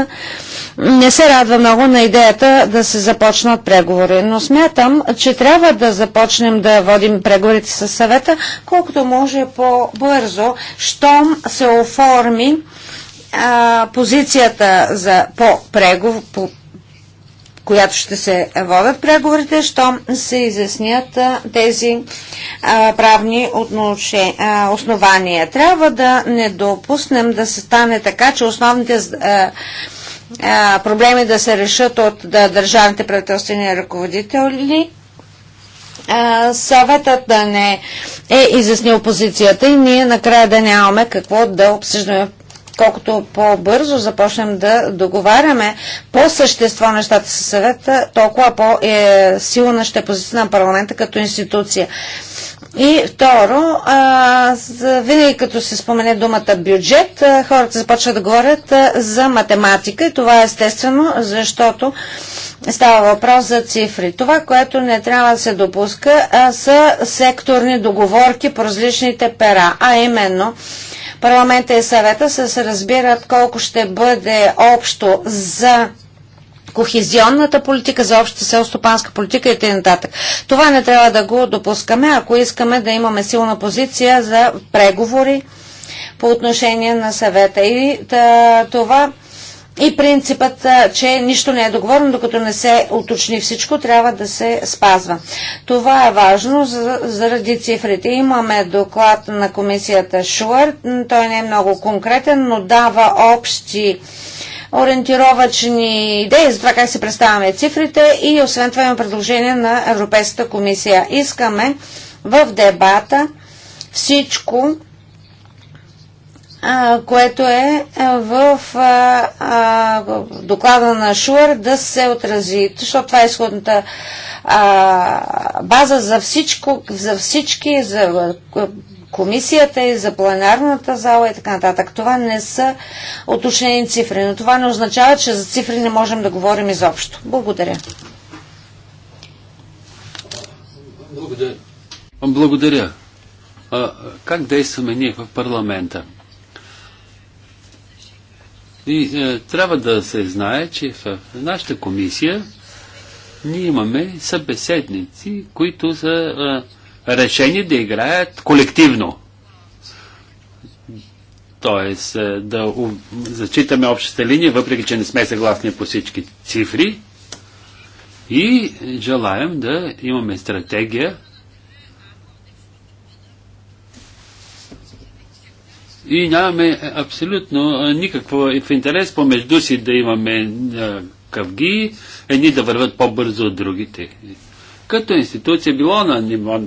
не се радва много на идеята да се започнат преговори, но смятам, че трябва да започнем да водим преговорите с съвета колкото може по-бързо, щом се оформи а, позицията за по преговор, по, която ще се водят преговорите, щом се изяснят а, тези а, правни отноше, а, основания. Трябва да не допуснем да се стане така, че основните а, а, проблеми да се решат от да, държавните правителствени ръководители съветът да не е изяснил позицията и ние накрая да нямаме какво да обсъждаме колкото по-бързо започнем да договаряме по същество нещата със съвета, толкова по-силна ще е позиция на парламента като институция. И второ, а, винаги като се спомене думата бюджет, а, хората започват да говорят а, за математика и това е естествено, защото става въпрос за цифри. Това, което не трябва да се допуска, а, са секторни договорки по различните пера, а именно парламента и съвета се разбират колко ще бъде общо за кохезионната политика, за общата селстопанска политика и т.н. Това не трябва да го допускаме, ако искаме да имаме силна позиция за преговори по отношение на съвета. И да, това и принципът, че нищо не е договорено, докато не се уточни всичко, трябва да се спазва. Това е важно заради цифрите. Имаме доклад на комисията Шуър. Той не е много конкретен, но дава общи ориентировачни идеи за това как се представяме цифрите и освен това има предложение на Европейската комисия. Искаме в дебата всичко което е, е в доклада на Шуър да се отрази, защото това е изходната база за, всичко, за всички, за комисията и за пленарната зала и така нататък. Това не са уточнени цифри, но това не означава, че за цифри не можем да говорим изобщо. Благодаря. Благодаря. Благодаря. А, как действаме ние в парламента? И е, трябва да се знае, че в нашата комисия ние имаме събеседници, които са е, решени да играят колективно. Тоест е, да у, зачитаме общата линия, въпреки че не сме съгласни по всички цифри. И желаем да имаме стратегия, И нямаме е, абсолютно е, никакво е, в интерес помежду си да имаме къвги, едни да върват по-бързо от другите. Като институция, било на ниво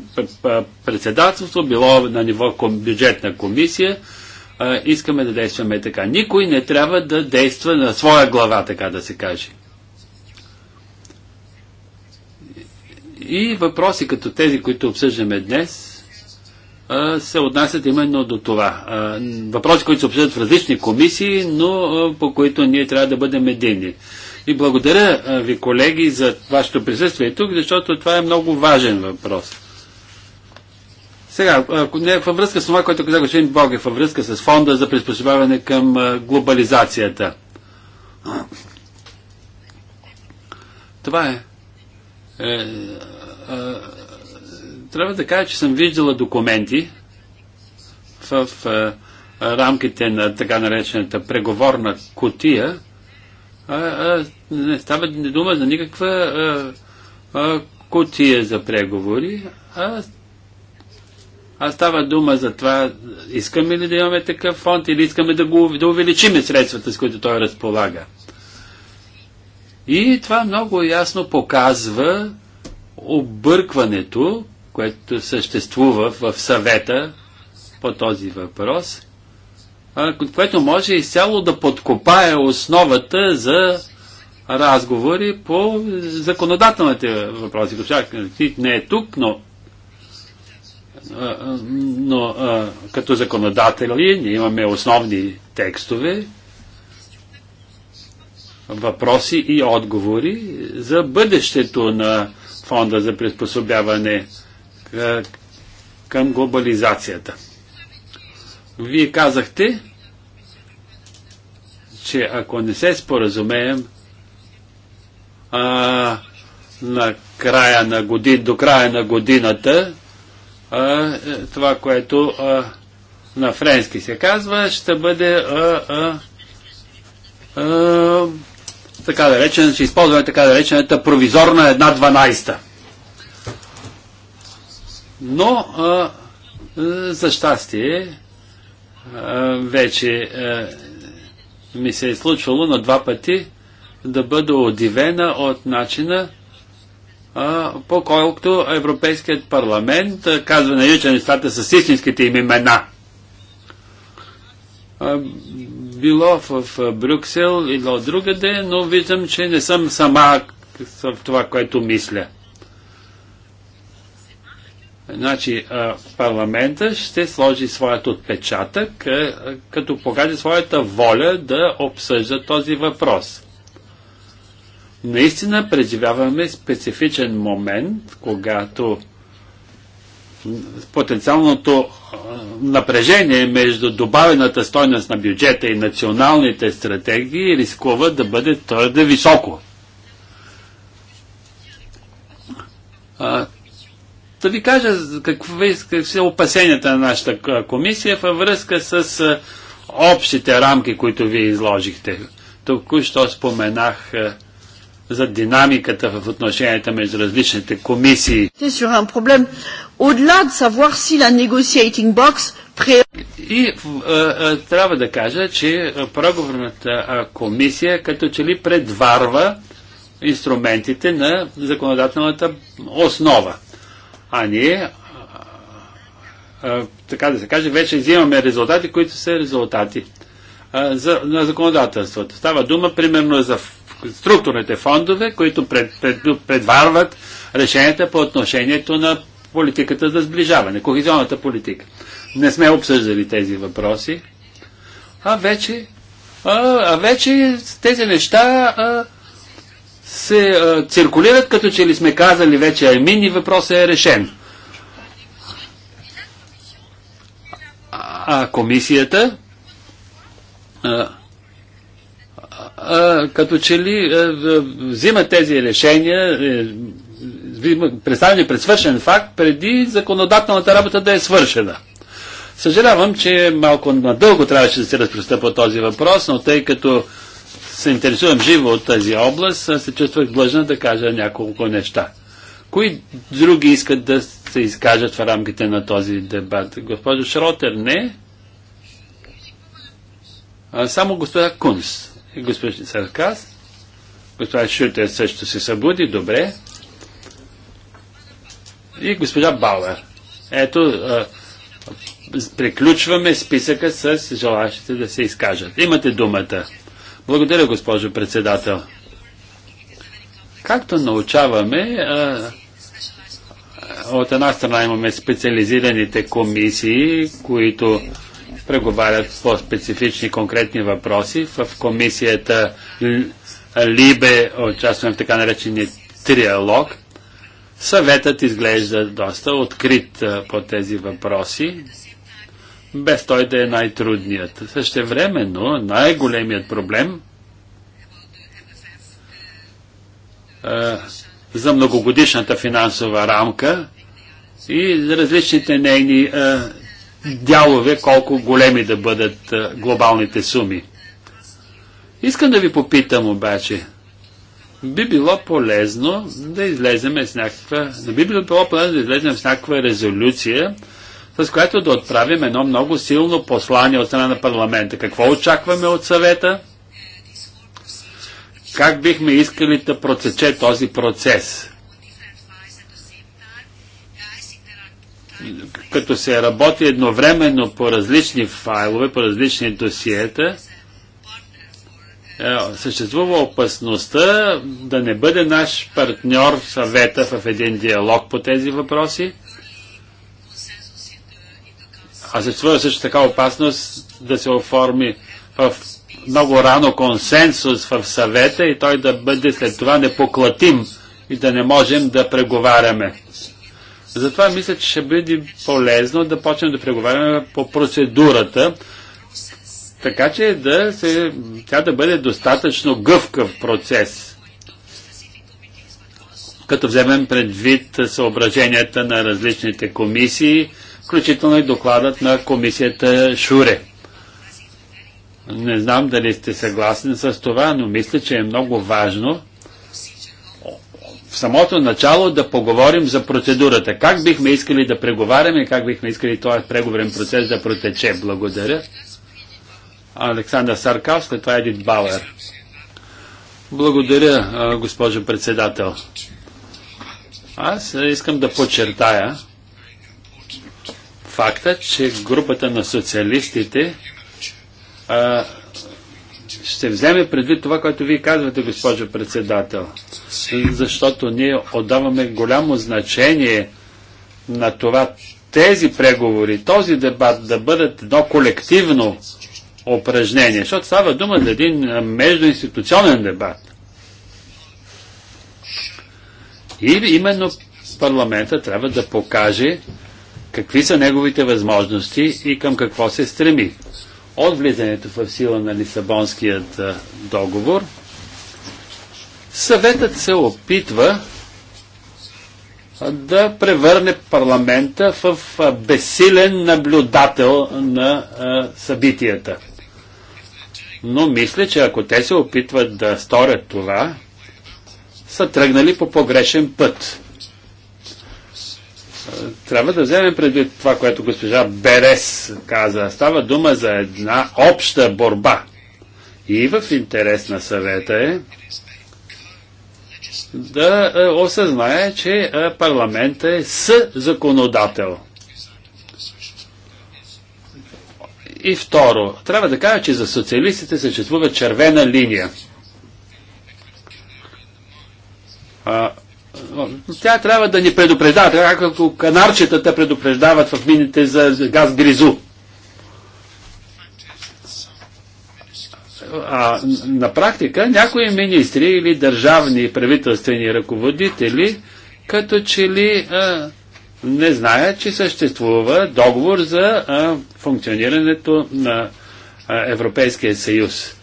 председателство, било на ниво бюджетна комисия, искаме да действаме така. Никой не трябва да действа на своя глава, така да се каже. И въпроси като тези, които обсъждаме днес, се отнасят именно до това. Въпроси, които се обсъждат в различни комисии, но по които ние трябва да бъдем единни. И благодаря ви, колеги, за вашето присъствие тук, защото това е много важен въпрос. Сега, във връзка с това, което каза господин Боге, във връзка с фонда за приспособяване към глобализацията. Това е, е трябва да кажа, че съм виждала документи в а, е, рамките на така наречената преговорна котия. А, а, не става дума за никаква а, е, а, е, котия за преговори, а, а става дума за това, искаме ли да имаме такъв фонд или искаме да, го, да увеличиме средствата, с които той разполага. И това много ясно показва объркването, което съществува в съвета по този въпрос, което може изцяло да подкопае основата за разговори по законодателните въпроси. не е тук, но, но като законодатели ние имаме основни текстове, въпроси и отговори за бъдещето на фонда за приспособяване е, към глобализацията. Вие казахте, че ако не се споразумеем а, на края на годин, до края на годината, а, е, това, което а, на френски се казва, ще бъде а, а, а, така да речен, ще използваме така да речената провизорна една дванайста. Но, а, за щастие, а, вече а, ми се е случвало на два пъти да бъда удивена от начина, а, по който Европейският парламент а, казва на Юча нещата с истинските им имена. А, било в, в Брюксел или другаде, но виждам, че не съм сама в това, което мисля. Значи парламента ще сложи своят отпечатък, като покаже своята воля да обсъжда този въпрос. Наистина преживяваме специфичен момент, когато потенциалното напрежение между добавената стойност на бюджета и националните стратегии рискува да бъде твърде високо. Да ви кажа какви са опасенията на нашата комисия във връзка с общите рамки, които вие изложихте. Току-що споменах за динамиката в отношенията между различните комисии. И а, а, трябва да кажа, че проговорната комисия като че ли предварва инструментите на законодателната основа. А ние, така да се каже, вече взимаме резултати, които са резултати за, на законодателството. Става дума примерно за структурните фондове, които пред, пред, предварват решенията по отношението на политиката за сближаване, кохезионната политика. Не сме обсъждали тези въпроси, а вече, а, а вече тези неща а, се а, е, циркулират, като че ли сме казали вече Аймин и въпросът е решен. А, а комисията а, а, като че ли а, е, взима тези решения, е, представени пред свършен факт, преди законодателната работа да е свършена. Съжалявам, че малко надълго трябваше да се разпростъпва този въпрос, но тъй като се интересувам живо от тази област, се чувствах длъжна да кажа няколко неща. Кои други искат да се изкажат в рамките на този дебат? Госпожо Шротер, не. А, само госпожа Кунс и господин Сарказ. Госпожа Шютер също се събуди, добре. И госпожа Бауер. Ето, а, приключваме списъка с желащите да се изкажат. Имате думата. Благодаря, госпожо председател. Както научаваме, от една страна имаме специализираните комисии, които преговарят по специфични конкретни въпроси. В комисията Либе участваме в така наречения триалог. Съветът изглежда доста открит по тези въпроси без той да е най-трудният. Същевременно най-големият проблем е, за многогодишната финансова рамка и за различните нейни е, дялове, колко големи да бъдат е, глобалните суми. Искам да ви попитам обаче, би било полезно да излеземе с някаква, би било полезно да излезем с някаква резолюция, с което да отправим едно много силно послание от страна на парламента. Какво очакваме от съвета? Как бихме искали да протече този процес? Като се работи едновременно по различни файлове, по различни досиета, е, съществува опасността да не бъде наш партньор съвета в един диалог по тези въпроси, а съществува също така опасност да се оформи в много рано консенсус в съвета и той да бъде след това непоклатим и да не можем да преговаряме. Затова мисля, че ще бъде полезно да почнем да преговаряме по процедурата, така че да се, тя да бъде достатъчно гъвкав процес, като вземем предвид съображенията на различните комисии включително и докладът на комисията Шуре. Не знам дали сте съгласни с това, но мисля, че е много важно в самото начало да поговорим за процедурата. Как бихме искали да преговаряме, как бихме искали този преговорен процес да протече. Благодаря. Александър Саркав, след това Едит Бауер. Благодаря, госпожо председател. Аз искам да подчертая, факта, че групата на социалистите а, ще вземе предвид това, което вие казвате, госпожо председател. Защото ние отдаваме голямо значение на това тези преговори, този дебат да бъдат едно колективно упражнение, защото става дума за един междуинституционен дебат. И именно парламента трябва да покаже, какви са неговите възможности и към какво се стреми. От влизането в сила на Лисабонският договор, съветът се опитва да превърне парламента в безсилен наблюдател на събитията. Но мисля, че ако те се опитват да сторят това, са тръгнали по погрешен път трябва да вземем предвид това, което госпожа Берес каза. Става дума за една обща борба. И в интерес на съвета е да е, осъзнае, че е, парламентът е с законодател. И второ, трябва да кажа, че за социалистите съществува червена линия тя трябва да ни предупреждава, така както канарчетата предупреждават в мините за газ гризу. А на практика някои министри или държавни правителствени ръководители като че ли а, не знаят, че съществува договор за а, функционирането на а, Европейския съюз.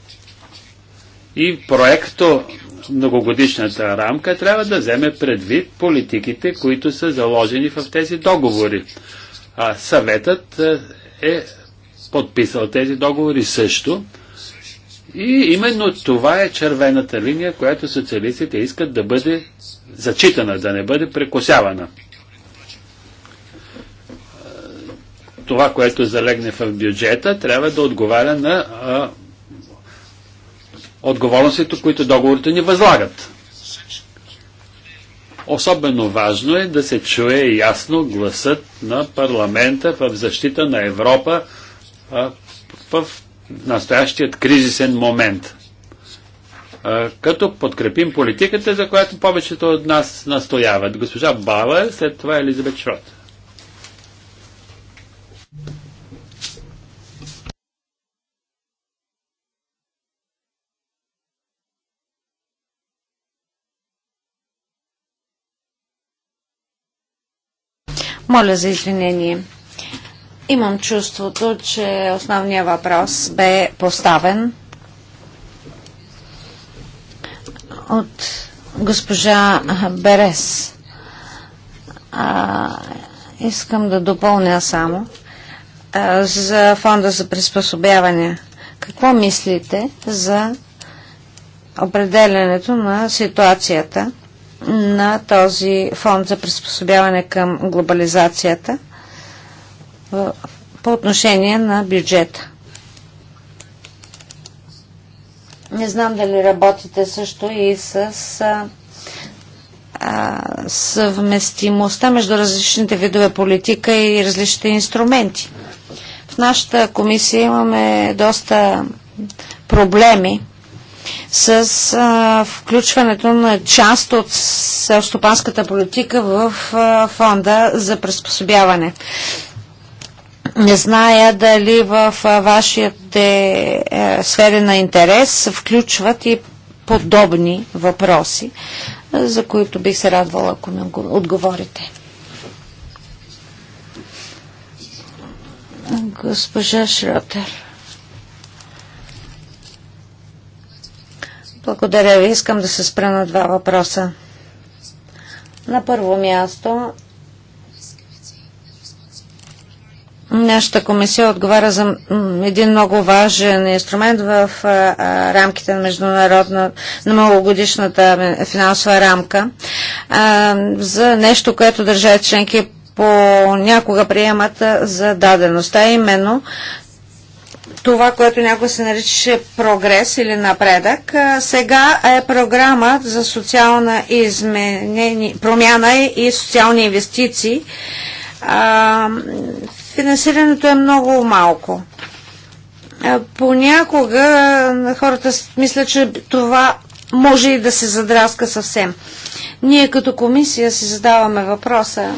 И проекто многогодишната рамка трябва да вземе предвид политиките, които са заложени в тези договори. А съветът е, е подписал тези договори също. И именно това е червената линия, която социалистите искат да бъде зачитана, да не бъде прекосявана. Това, което залегне в бюджета, трябва да отговаря на отговорностите, които договорите ни възлагат. Особено важно е да се чуе ясно гласът на парламента в защита на Европа в настоящият кризисен момент. като подкрепим политиката, за която повечето от нас настояват. Госпожа Бала, след това Елизабет Шрот. Моля за извинение. Имам чувството, че основният въпрос бе поставен от госпожа Берес. А, искам да допълня само а, за фонда за приспособяване. Какво мислите за определенето на ситуацията на този фонд за приспособяване към глобализацията по отношение на бюджета. Не знам дали работите също и с а, съвместимостта между различните видове политика и различните инструменти. В нашата комисия имаме доста проблеми с а, включването на част от селстопанската политика в а, фонда за приспособяване. Не зная дали в а, вашите а, е, сфери на интерес включват и подобни въпроси, а, за които бих се радвала, ако ми отговорите. Госпожа Шротер. Благодаря ви. Искам да се спра на два въпроса. На първо място, нашата комисия отговаря за един много важен инструмент в рамките на международна, на многогодишната финансова рамка за нещо, което държавите членки понякога приемат за даденост, а именно това, което някога се наричаше прогрес или напредък. Сега е програма за социална изменение промяна и социални инвестиции. Финансирането е много малко. Понякога хората мислят, че това може и да се задраска съвсем. Ние като комисия си задаваме въпроса,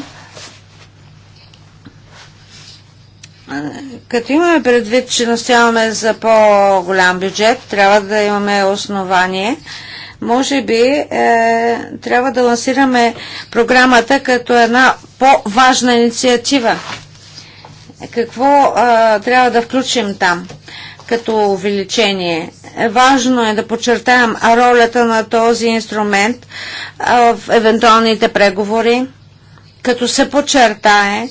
Като имаме предвид, че настояваме за по-голям бюджет, трябва да имаме основание. Може би е, трябва да лансираме програмата като една по-важна инициатива. Какво е, трябва да включим там като увеличение? Важно е да подчертаем ролята на този инструмент е, в евентуалните преговори, като се подчертае,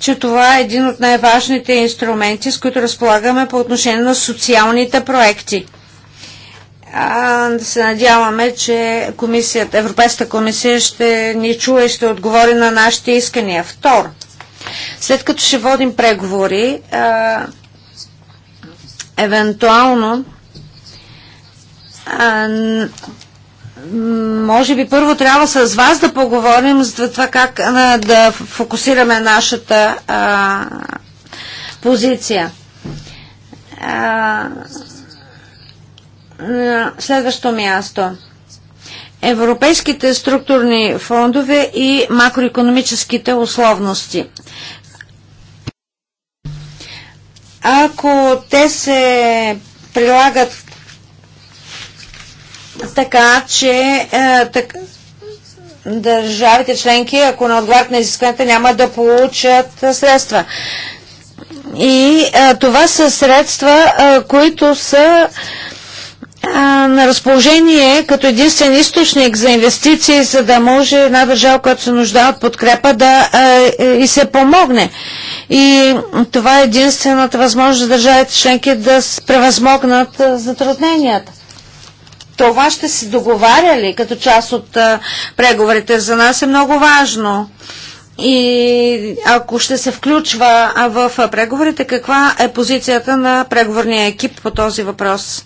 че това е един от най-важните инструменти, с които разполагаме по отношение на социалните проекти. А, да се надяваме, че комисията, Европейската комисия ще ни чуе и ще отговори на нашите искания. Второ, след като ще водим преговори, а, евентуално а, може би първо трябва с вас да поговорим за това как а, да фокусираме нашата а, позиция. А, следващо място. Европейските структурни фондове и макроекономическите условности. Ако те се прилагат така че е, так, държавите членки, ако не отговарят на изискването, няма да получат е, средства. И е, това са средства, е, които са е, на разположение като единствен източник за инвестиции, за да може една държава, която се нуждае от подкрепа, да е, е и се помогне. И това е единствената възможност за държавите членки да превъзмогнат затрудненията това ще се договаря ли като част от преговорите? За нас е много важно. И ако ще се включва в преговорите, каква е позицията на преговорния екип по този въпрос?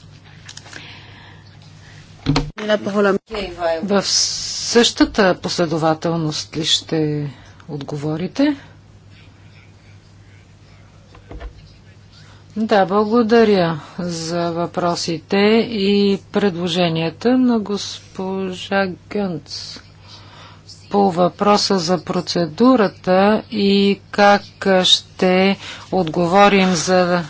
В същата последователност ли ще отговорите? Да, благодаря за въпросите и предложенията на госпожа Гънц по въпроса за процедурата и как ще отговорим за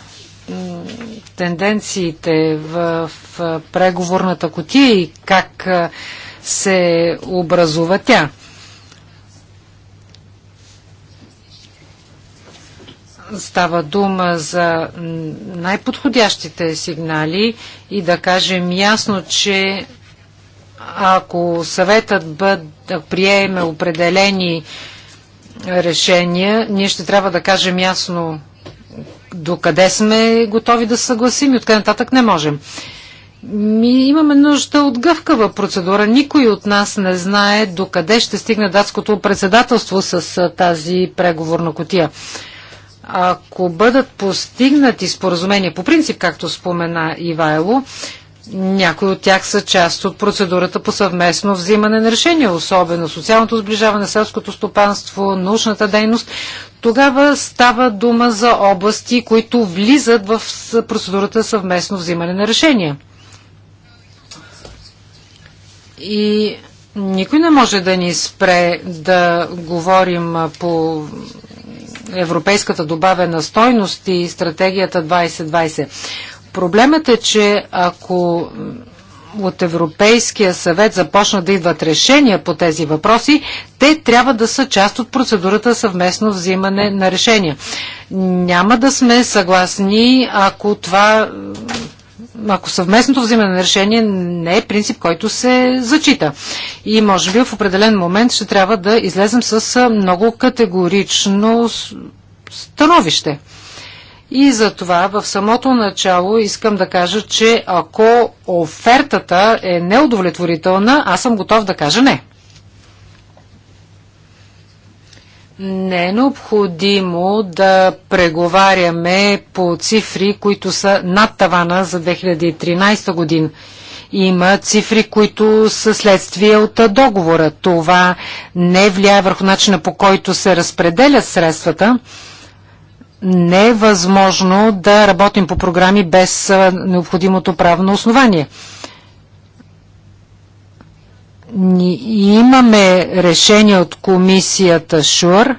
тенденциите в преговорната котия и как се образува тя. става дума за най-подходящите сигнали и да кажем ясно, че ако съветът бъд, приеме определени решения, ние ще трябва да кажем ясно до къде сме готови да съгласим и откъде нататък не можем. Ми имаме нужда от гъвкава процедура. Никой от нас не знае до къде ще стигне датското председателство с тази преговорна котия. Ако бъдат постигнати споразумения по принцип, както спомена Ивайло, някои от тях са част от процедурата по съвместно взимане на решения, особено социалното сближаване, селското стопанство, научната дейност. Тогава става дума за области, които влизат в процедурата съвместно взимане на решения. И никой не може да ни спре да говорим по европейската добавена стойност и стратегията 2020. Проблемът е, че ако от Европейския съвет започнат да идват решения по тези въпроси, те трябва да са част от процедурата съвместно взимане на решения. Няма да сме съгласни, ако това ако съвместното взимане на решение не е принцип, който се зачита. И може би в определен момент ще трябва да излезем с много категорично становище. И за това в самото начало искам да кажа, че ако офертата е неудовлетворителна, аз съм готов да кажа не. Не е необходимо да преговаряме по цифри, които са над тавана за 2013 година. Има цифри, които са следствие от договора. Това не влияе върху начина по който се разпределят средствата. Не е възможно да работим по програми без необходимото правно основание имаме решение от комисията ШУР.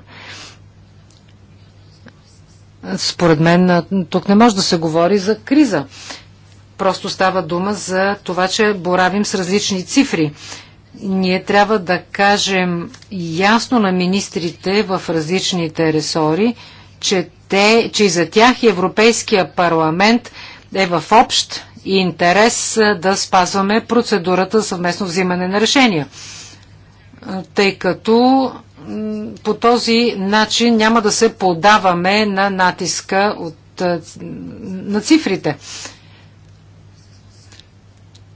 Според мен тук не може да се говори за криза. Просто става дума за това, че боравим с различни цифри. Ние трябва да кажем ясно на министрите в различните ресори, че, те, че и за тях Европейския парламент е в общ и интерес е, да спазваме процедурата съвместно взимане на решения, е, тъй като по този начин няма да се подаваме на натиска от, е, на цифрите.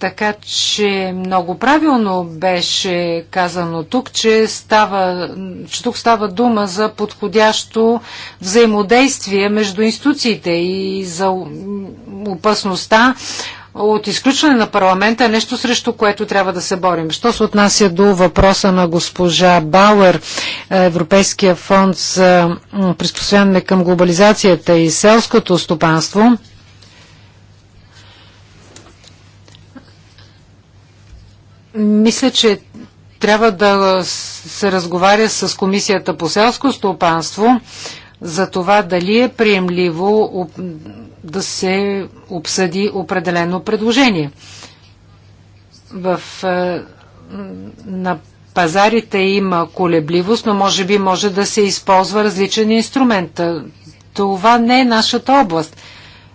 Така че много правилно беше казано тук, че, става, че тук става дума за подходящо взаимодействие между институциите и за опасността от изключване на парламента е нещо срещу което трябва да се борим. Що се отнася до въпроса на госпожа Бауер, Европейския фонд за приспособяване към глобализацията и селското стопанство – Мисля, че трябва да се разговаря с Комисията по селско стопанство за това дали е приемливо да се обсъди определено предложение. В, е, на пазарите има колебливост, но може би може да се използва различен инструмент. Е, това не е нашата област.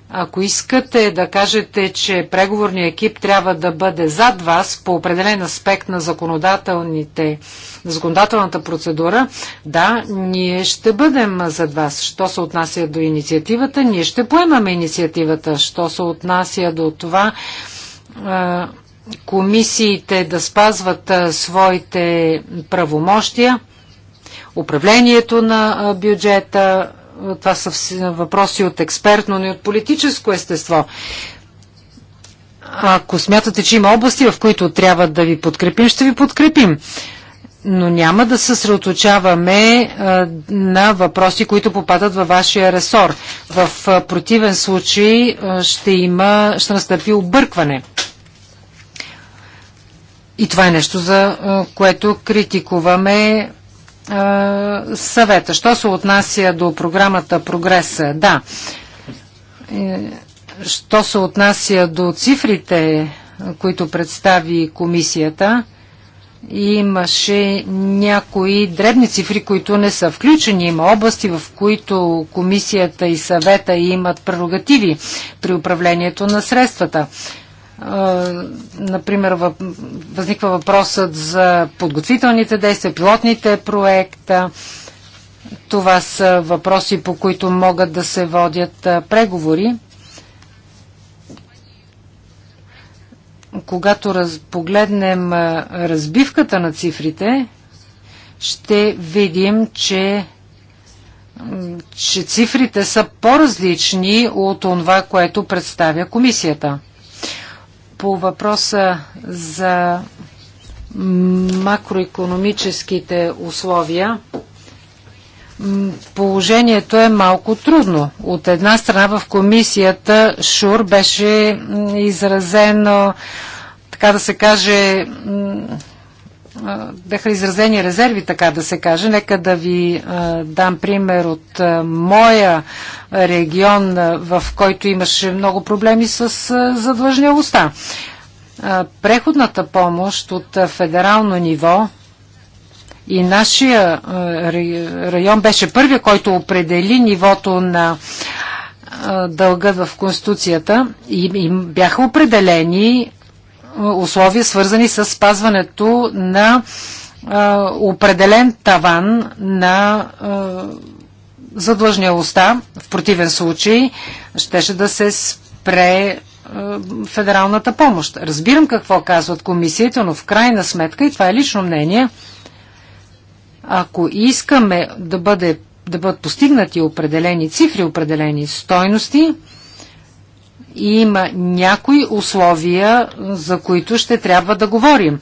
Ако искате да кажете, че преговорният екип трябва да бъде зад вас по определен аспект на, законодателните, на законодателната процедура, да, ние ще бъдем зад вас. Що се отнася до инициативата, ние ще поемаме инициативата. Що се отнася до това, комисиите да спазват своите правомощия, управлението на бюджета, това са въпроси от експертно, но и от политическо естество. Ако смятате, че има области, в които трябва да ви подкрепим, ще ви подкрепим. Но няма да се съсредоточаваме на въпроси, които попадат във вашия ресор. В противен случай ще, има, ще настъпи объркване. И това е нещо, за което критикуваме съвета. Що се отнася до програмата Прогреса? Да. Е, що се отнася до цифрите, които представи комисията, имаше някои дребни цифри, които не са включени. Има области, в които комисията и съвета имат прерогативи при управлението на средствата. Например, възниква въпросът за подготвителните действия, пилотните проекта. Това са въпроси, по които могат да се водят преговори. Когато раз, погледнем разбивката на цифрите, ще видим, че, че цифрите са по-различни от това, което представя комисията. По въпроса за макроекономическите условия, положението е малко трудно. От една страна в комисията ШУР беше изразено така да се каже бяха изразени резерви, така да се каже. Нека да ви дам пример от моя регион, в който имаше много проблеми с задлъжнялостта. Преходната помощ от федерално ниво и нашия район беше първия, който определи нивото на дълга в Конституцията и, и бяха определени условия, свързани с спазването на определен таван на задлъжнялостта. В противен случай щеше да се спре федералната помощ. Разбирам какво казват комисията, но в крайна сметка, и това е лично мнение, ако искаме да, бъде, да бъдат постигнати определени цифри, определени стойности, има някои условия, за които ще трябва да говорим.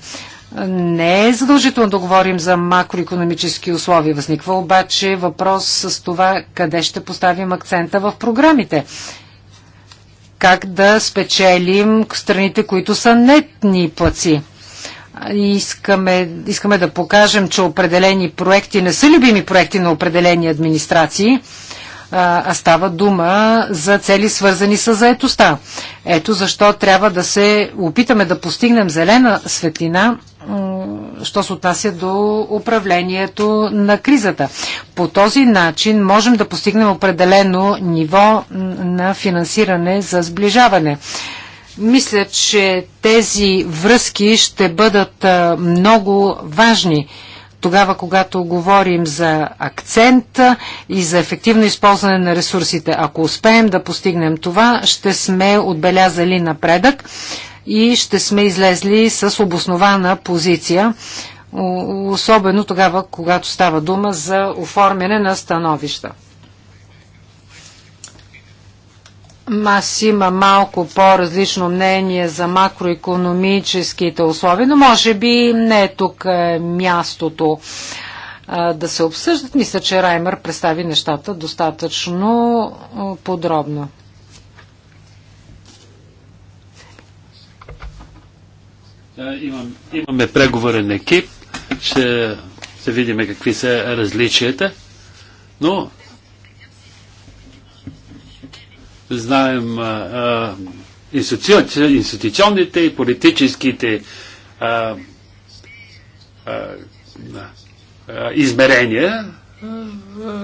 Не е задължително да говорим за макроекономически условия. Възниква обаче въпрос с това къде ще поставим акцента в програмите. Как да спечелим страните, които са нетни плаци. Искаме, искаме да покажем, че определени проекти не са любими проекти на определени администрации а става дума за цели свързани с заетостта. Ето защо трябва да се опитаме да постигнем зелена светлина, що се отнася до управлението на кризата. По този начин можем да постигнем определено ниво на финансиране за сближаване. Мисля, че тези връзки ще бъдат много важни тогава, когато говорим за акцента и за ефективно използване на ресурсите. Ако успеем да постигнем това, ще сме отбелязали напредък и ще сме излезли с обоснована позиция, особено тогава, когато става дума за оформяне на становища. Аз има малко по-различно мнение за макроекономическите условия, но може би не е тук е, мястото да се обсъждат. Мисля, че Раймер представи нещата достатъчно подробно. Имам, имаме преговорен екип, ще се видим какви са различията, но Знаем институционните и политическите измерения.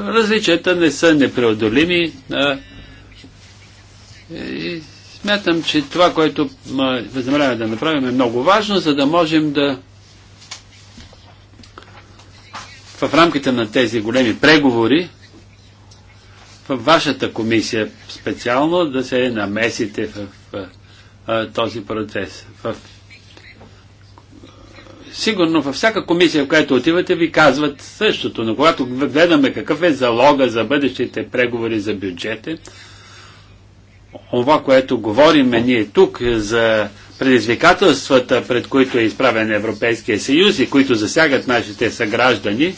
Различията не са непреодолими. И смятам, че това, което възнамеряваме да направим е много важно, за да можем да в рамките на тези големи преговори във вашата комисия специално да се намесите в, в, в този процес. В, сигурно във всяка комисия, в която отивате, ви казват същото, но когато гледаме какъв е залога за бъдещите преговори за бюджета, това, което говориме ние тук за предизвикателствата, пред които е изправен Европейския съюз и които засягат нашите съграждани,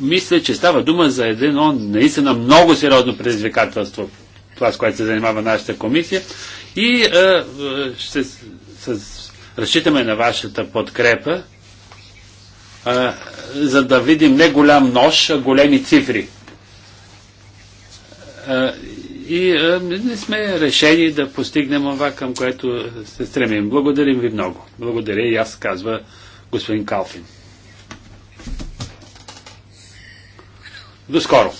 мисля, че става дума за едно наистина много сериозно предизвикателство, това с което се занимава нашата комисия. И а, е, е, ще с, разчитаме на вашата подкрепа, а, е, за да видим не голям нож, а големи цифри. А, и а, не сме решени да постигнем това, към което се стремим. Благодарим ви много. Благодаря и аз, казва господин Калфин. Доскоро.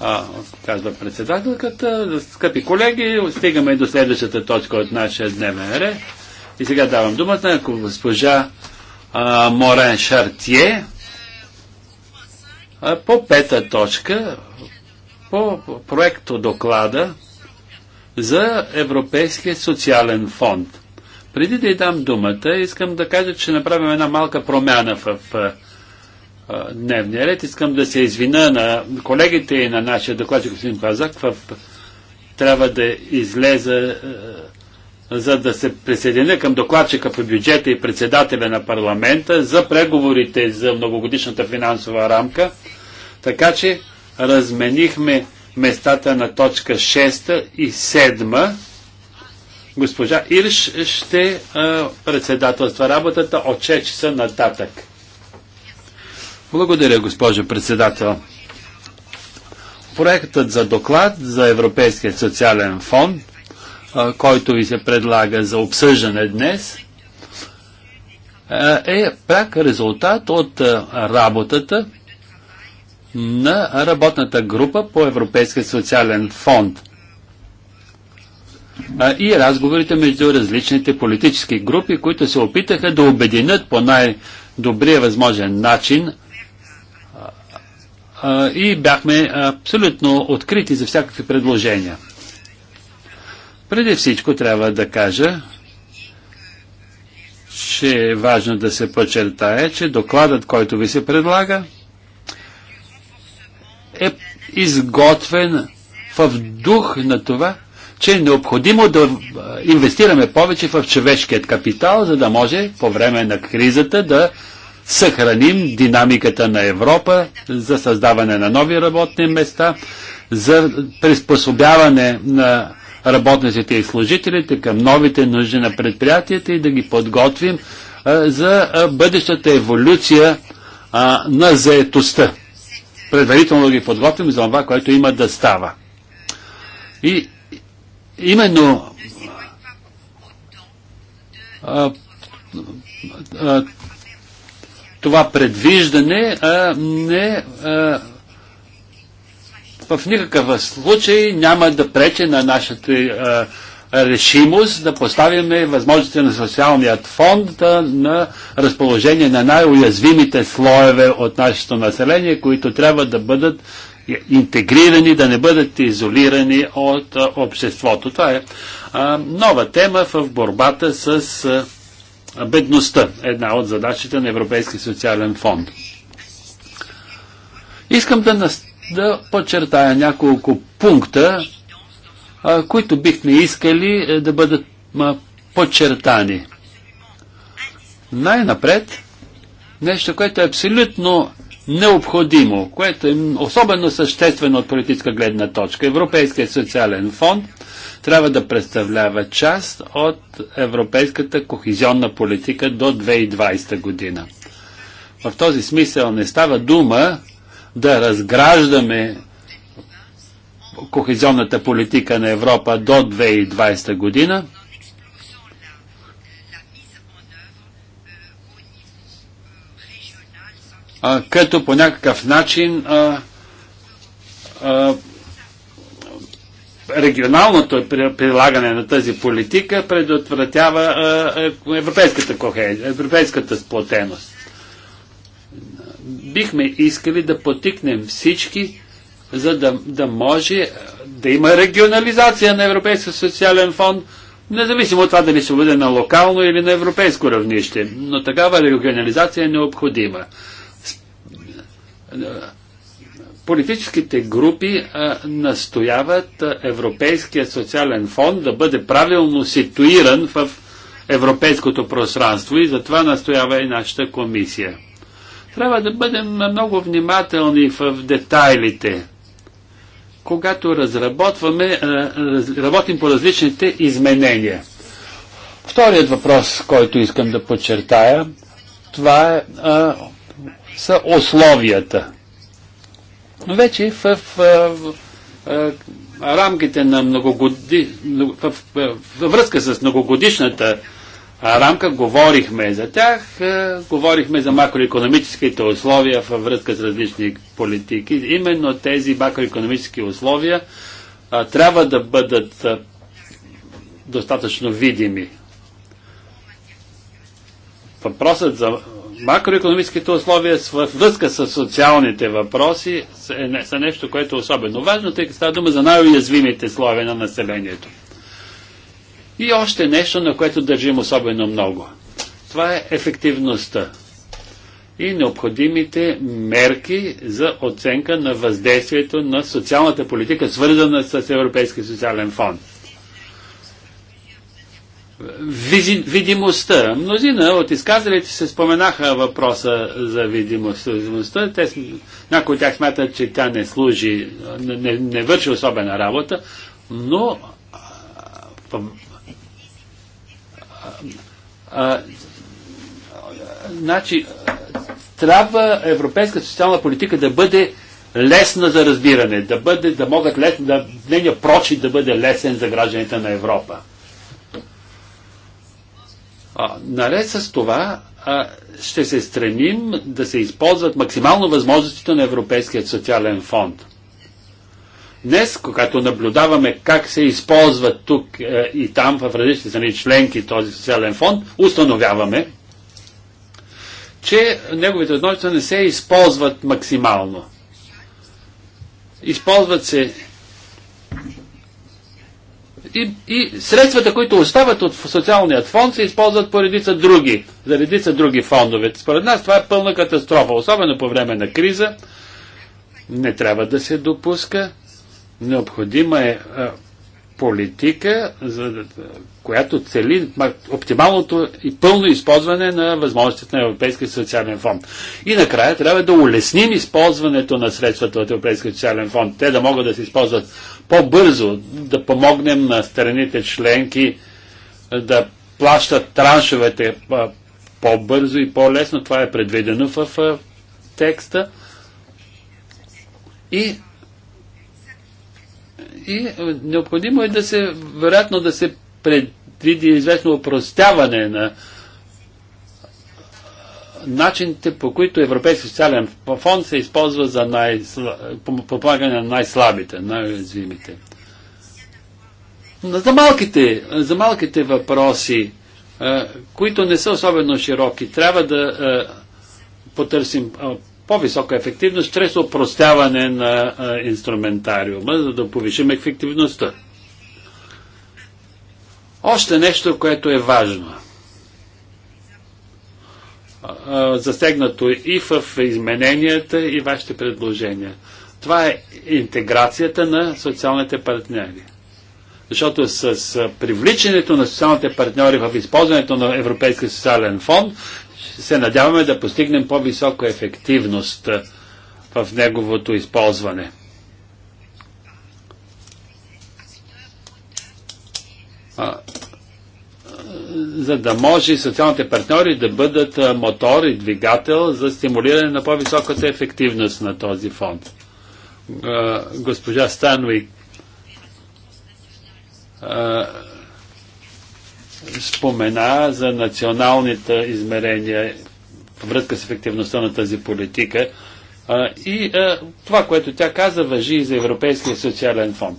А, казва председателката, скъпи колеги, стигаме до следващата точка от нашия дневен ред. И сега давам думата на госпожа а, Морен Шартие а, по пета точка по проекто доклада за Европейския социален фонд. Преди да й дам думата, искам да кажа, че направим една малка промяна в, в дневния ред. Искам да се извина на колегите и на нашия докладчик господин Пазак. В... Трябва да излеза, е, за да се присъединя към докладчика по бюджета и председателя на парламента за преговорите за многогодишната финансова рамка. Така че разменихме местата на точка 6 и 7. Госпожа Ирш ще а, е, председателства работата от 6 часа нататък. Благодаря, госпожо председател. Проектът за доклад за Европейския социален фонд, който ви се предлага за обсъждане днес, е пряк резултат от работата на работната група по Европейския социален фонд и разговорите между различните политически групи, които се опитаха да обединят по най-добрия възможен начин и бяхме абсолютно открити за всякакви предложения. Преди всичко трябва да кажа, че е важно да се подчертае, че докладът, който ви се предлага, е изготвен в дух на това, че е необходимо да инвестираме повече в човешкият капитал, за да може по време на кризата да съхраним динамиката на Европа за създаване на нови работни места, за приспособяване на работниците и служителите към новите нужди на предприятията и да ги подготвим за бъдещата еволюция на заетостта. Предварително да ги подготвим за това, което има да става. И именно а, а, това предвиждане а, не а, в никакъв случай няма да пречи на нашата решимост да поставяме възможности на социалният фонд да, на разположение на най-уязвимите слоеве от нашето население, които трябва да бъдат интегрирани, да не бъдат изолирани от а, обществото. Това е а, нова тема в борбата с. А, бедността, е една от задачите на Европейски социален фонд. Искам да, нас, да подчертая няколко пункта, а, които бихме искали е, да бъдат а, подчертани. Най-напред, нещо, което е абсолютно необходимо, което е особено съществено от политическа гледна точка. Европейският социален фонд трябва да представлява част от европейската кохезионна политика до 2020 година. В този смисъл не става дума да разграждаме кохезионната политика на Европа до 2020 година, като по някакъв начин а, а, регионалното прилагане на тази политика предотвратява европейската кохезия, европейската сплотеност. Бихме искали да потикнем всички, за да, да може да има регионализация на Европейския социален фонд, независимо от това дали ще бъде на локално или на европейско равнище. Но такава регионализация е необходима политическите групи а, настояват а, Европейския социален фонд да бъде правилно ситуиран в европейското пространство и затова настоява и нашата комисия. Трябва да бъдем много внимателни в детайлите. Когато разработваме, работим по различните изменения. Вторият въпрос, който искам да подчертая, това е, а, са условията но Вече в, в, в, в рамките на многогоди... В, във връзка с многогодишната рамка говорихме за тях, говорихме за макроекономическите условия във връзка с различни политики. Именно тези макроекономически условия трябва да бъдат достатъчно видими. Въпросът за макроекономическите условия във връзка с социалните въпроси е са нещо, което е особено важно, тъй като става дума за най-уязвимите слоеве на населението. И още нещо, на което държим особено много. Това е ефективността и необходимите мерки за оценка на въздействието на социалната политика, свързана с Европейски социален фонд видимостта. Мнозина от изказалите се споменаха въпроса за видимостта. Те, някои от тях смятат, че тя не служи, не, не върши особена работа, но а, а, значи, трябва европейска социална политика да бъде лесна за разбиране, да, бъде, да могат лесно, да, прочит да бъде лесен за гражданите на Европа. А, наред с това а, ще се стремим да се използват максимално възможностите на Европейския социален фонд. Днес, когато наблюдаваме как се използват тук е, и там в различни страни членки този социален фонд, установяваме, че неговите възможности не се използват максимално. Използват се и, и средствата, които остават от социалният фонд, се използват по редица други, за редица други фондове. Според нас това е пълна катастрофа, особено по време на криза. Не трябва да се допуска. Необходима е политика, за, която цели оптималното и пълно използване на възможностите на Европейския социален фонд. И накрая трябва да улесним използването на средствата от Европейския социален фонд. Те да могат да се използват по-бързо, да помогнем на страните членки да плащат траншовете по-бързо и по-лесно. Това е предвидено в текста. И и е, необходимо е да се, вероятно да се предвиди известно упростяване на начините по които Европейски социален фонд се използва за най подпомагане на най-слабите, най-уязвимите. За малките, за малките въпроси, е, които не са особено широки, трябва да е, потърсим по-висока ефективност чрез опростяване на а, инструментариума, за да повишим ефективността. Още нещо, което е важно. Застегнато засегнато и в измененията, и вашите предложения. Това е интеграцията на социалните партньори. Защото с привличането на социалните партньори в използването на Европейския социален фонд, се надяваме да постигнем по-висока ефективност в неговото използване. А, за да може социалните партньори да бъдат мотор и двигател за стимулиране на по-високата ефективност на този фонд. Госпожа Стануик спомена за националните измерения във връзка с ефективността на тази политика. А, и а, това, което тя каза, въжи и за Европейския социален фонд.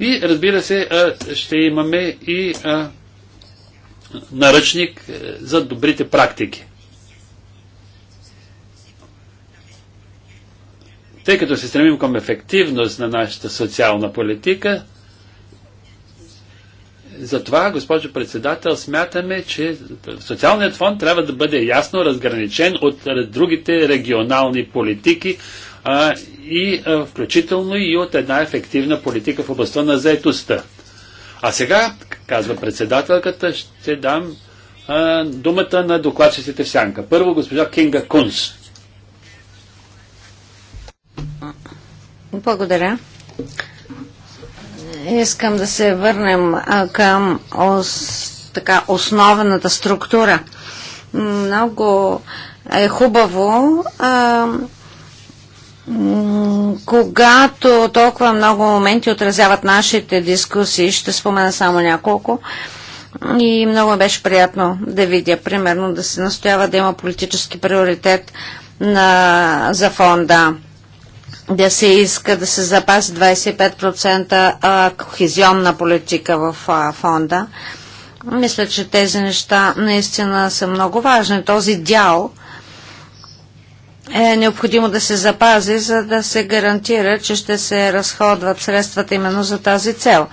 И разбира се, а, ще имаме и а, наръчник за добрите практики. Тъй като се стремим към ефективност на нашата социална политика, затова, госпожо председател, смятаме, че социалният фонд трябва да бъде ясно разграничен от другите регионални политики а, и а, включително и от една ефективна политика в областта на заетостта. А сега, казва председателката, ще дам а, думата на докладчиците в сянка. Първо госпожа Кинга Кунс. Благодаря. Искам да се върнем към ос, така, основната структура. Много е хубаво а, когато толкова много моменти отразяват нашите дискусии, ще спомена само няколко. И много беше приятно да видя, примерно, да се настоява да има политически приоритет на, за фонда да се иска да се запази 25% кохезионна политика в фонда. Мисля, че тези неща наистина са много важни. Този дял е необходимо да се запази, за да се гарантира, че ще се разходват средствата именно за тази цел.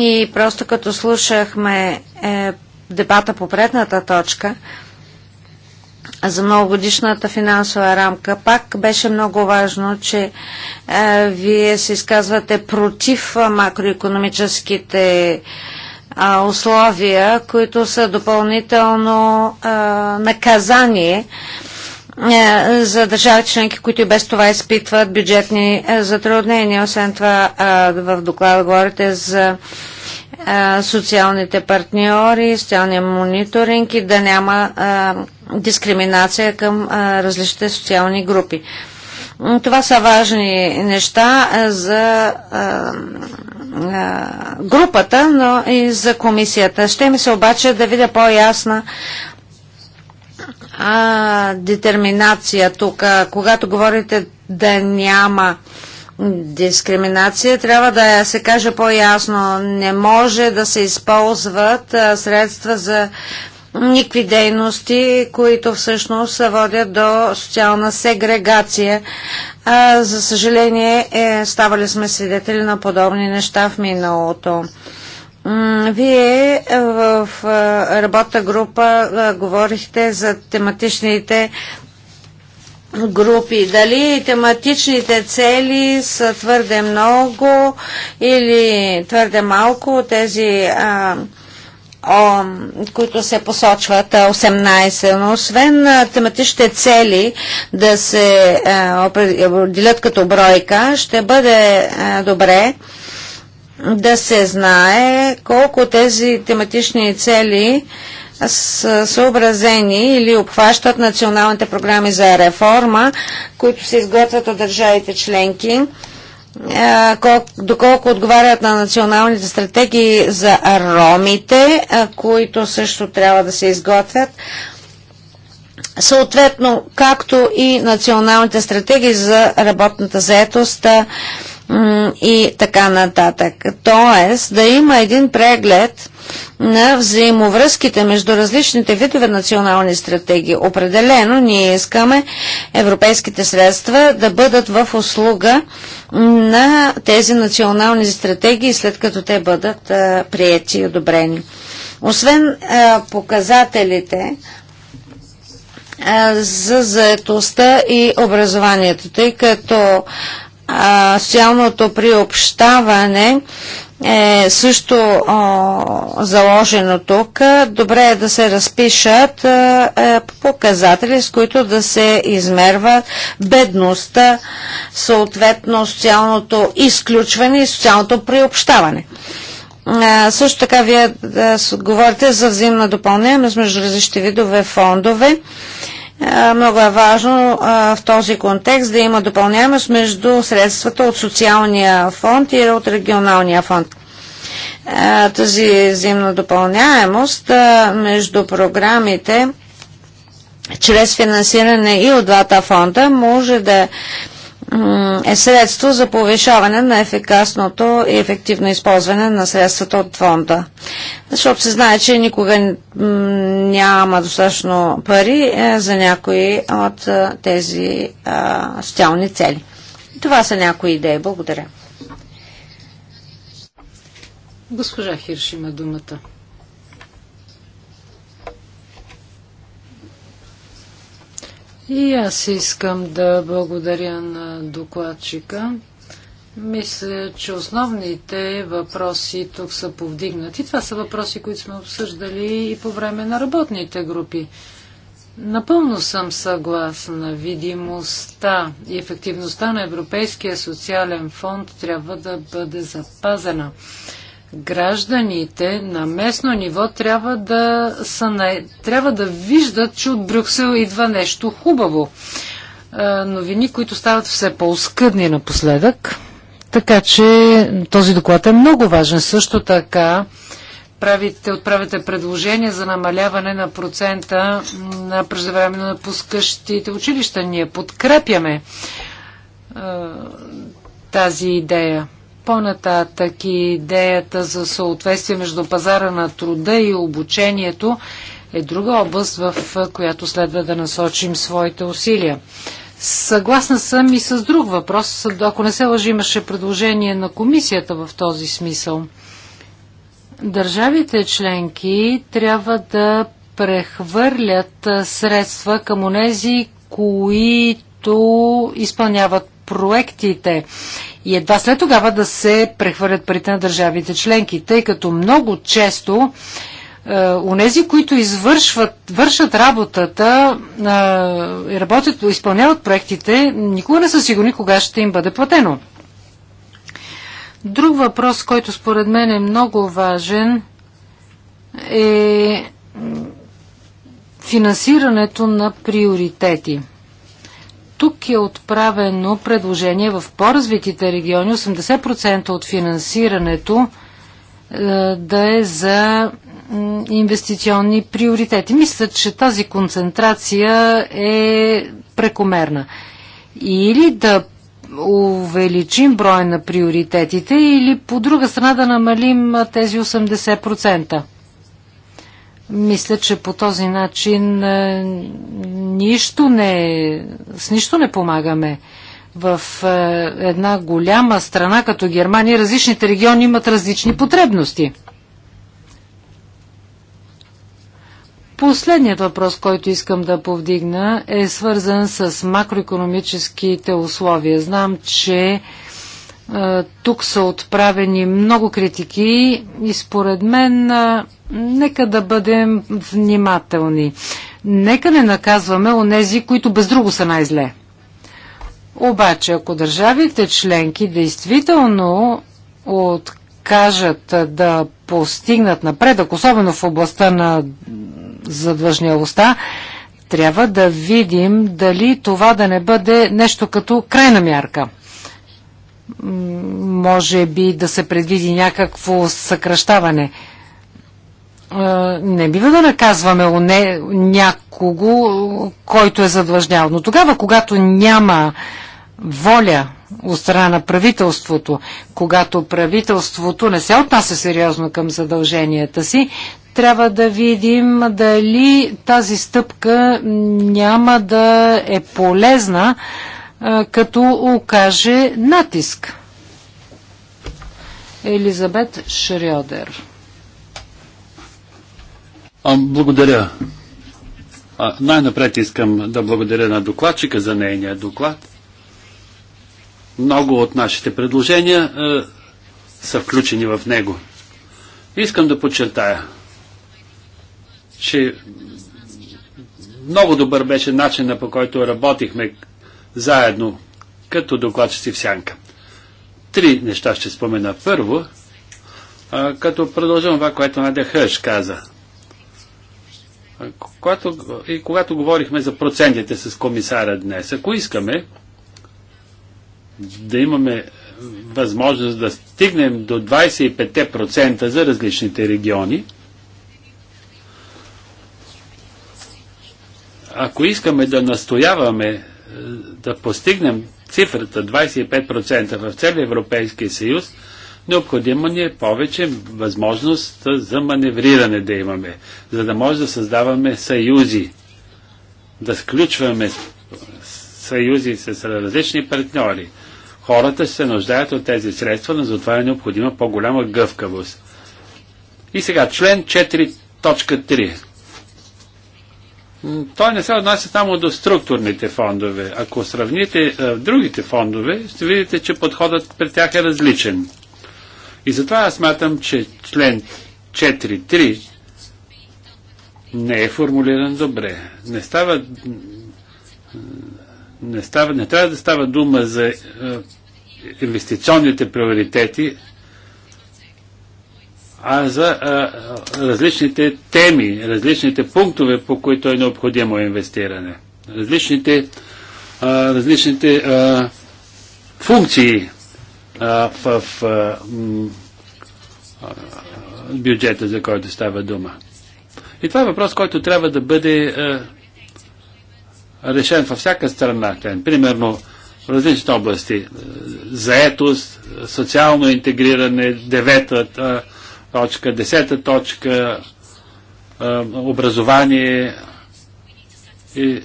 И просто като слушахме е, дебата по предната точка, за многогодишната финансова рамка. Пак беше много важно, че е, вие се изказвате против е, макроекономическите а, е, условия, които са допълнително а, е, наказание а, за държави членки, които и без това изпитват бюджетни затруднения. Освен това, а, в доклада говорите за социалните партньори, социалния мониторинг и да няма дискриминация към различните социални групи. Това са важни неща за групата, но и за комисията. Ще ми се обаче да видя по-ясна детерминация тук. Когато говорите да няма а, дискриминация. Трябва да се каже по-ясно. Не може да се използват средства за никакви дейности, които всъщност водят до социална сегрегация. А, за съжаление, е, ставали сме свидетели на подобни неща в миналото. Вие в работа група говорихте за тематичните групи. Дали тематичните цели са твърде много или твърде малко тези, а, о, които се посочват 18. Но освен тематичните цели да се определят като бройка, ще бъде а, добре да се знае колко тези тематични цели а, са съобразени или обхващат националните програми за реформа, които се изготвят от държавите членки, е, доколко отговарят на националните стратегии за ромите, е, които също трябва да се изготвят съответно както и националните стратегии за работната заетост е, и така нататък. Тоест да има един преглед на взаимовръзките между различните видове национални стратегии. Определено ние искаме европейските средства да бъдат в услуга на тези национални стратегии след като те бъдат приети и одобрени. Освен показателите, за заетостта и образованието, тъй като социалното приобщаване е също а, заложено тук. Добре е да се разпишат а, е, показатели, с които да се измерва бедността, съответно социалното изключване и социалното приобщаване. А, също така вие да, говорите за взаимна допълнение между различните видове фондове. Много е важно в този контекст да има допълняемост между средствата от социалния фонд и от регионалния фонд. Тази взаимна допълняемост между програмите чрез финансиране и от двата фонда може да е средство за повишаване на ефикасното и ефективно използване на средствата от фонда. Защото се знае, че никога няма достатъчно пари е, за някои от е, тези е, социални цели. Това са някои идеи. Благодаря. Госпожа Хирш има думата. И аз искам да благодаря на докладчика. Мисля, че основните въпроси тук са повдигнати. Това са въпроси, които сме обсъждали и по време на работните групи. Напълно съм съгласна. Видимостта и ефективността на Европейския социален фонд трябва да бъде запазена. Гражданите на местно ниво трябва да, са на... трябва да виждат, че от Брюксел идва нещо хубаво. Е, новини, които стават все по-скъдни напоследък. Така че този доклад е много важен. Също така правите, отправяте предложение за намаляване на процента на преждевременно напускащите училища. Ние подкрепяме е, тази идея. По-нататък идеята за съответствие между пазара на труда и обучението е друга област, в която следва да насочим своите усилия. Съгласна съм и с друг въпрос. Ако не се лъжи, имаше предложение на комисията в този смисъл. Държавите членки трябва да прехвърлят средства към онези, които изпълняват проектите и едва след тогава да се прехвърлят парите на държавите членки, тъй като много често е, Онези, които извършват, вършат работата, е, работят, изпълняват проектите, никога не са сигурни кога ще им бъде платено. Друг въпрос, който според мен е много важен, е финансирането на приоритети – тук е отправено предложение в по-развитите региони 80% от финансирането е, да е за инвестиционни приоритети. Мисля, че тази концентрация е прекомерна. Или да увеличим брой на приоритетите, или по друга страна да намалим тези 80%. Мисля, че по този начин е, нищо не, с нищо не помагаме. В е, една голяма страна като Германия различните региони имат различни потребности. Последният въпрос, който искам да повдигна, е свързан с макроекономическите условия. Знам, че тук са отправени много критики и според мен нека да бъдем внимателни. Нека не наказваме онези, които без друго са най-зле. Обаче, ако държавите членки действително откажат да постигнат напредък, особено в областта на задвъжнялостта, трябва да видим дали това да не бъде нещо като крайна мярка – може би да се предвиди някакво съкръщаване. Не бива да наказваме не, някого, който е задлъжнял. Но тогава, когато няма воля от страна на правителството, когато правителството не се отнася сериозно към задълженията си, трябва да видим дали тази стъпка няма да е полезна като окаже натиск. Елизабет Шриодер. Благодаря. Най-напред искам да благодаря на докладчика за нейния доклад. Много от нашите предложения е, са включени в него. Искам да подчертая, че много добър беше начина по който работихме заедно, като докладчици в сянка. Три неща ще спомена. Първо, а, като продължавам това, което Надя Хъш каза. А, когато, и когато говорихме за процентите с комисара днес, ако искаме да имаме възможност да стигнем до 25% за различните региони, ако искаме да настояваме да постигнем цифрата 25% в целия Европейския съюз, необходимо ни е повече възможност за маневриране да имаме, за да може да създаваме съюзи, да сключваме съюзи с различни партньори. Хората се нуждаят от тези средства, но затова е необходима по-голяма гъвкавост. И сега, член 4.3 той не се отнася само до структурните фондове. Ако сравните а, е, другите фондове, ще видите, че подходът при тях е различен. И затова аз смятам, че член 4.3 не е формулиран добре. Не става, не става, не трябва да става дума за е, инвестиционните приоритети, а за а, различните теми, различните пунктове, по които е необходимо инвестиране. Различните, а, различните а, функции а, в а, м, а, бюджета, за който става дума. И това е въпрос, който трябва да бъде а, решен във всяка страна. Примерно, в различните области. Заетост, социално интегриране, А, точка, десета точка, образование и,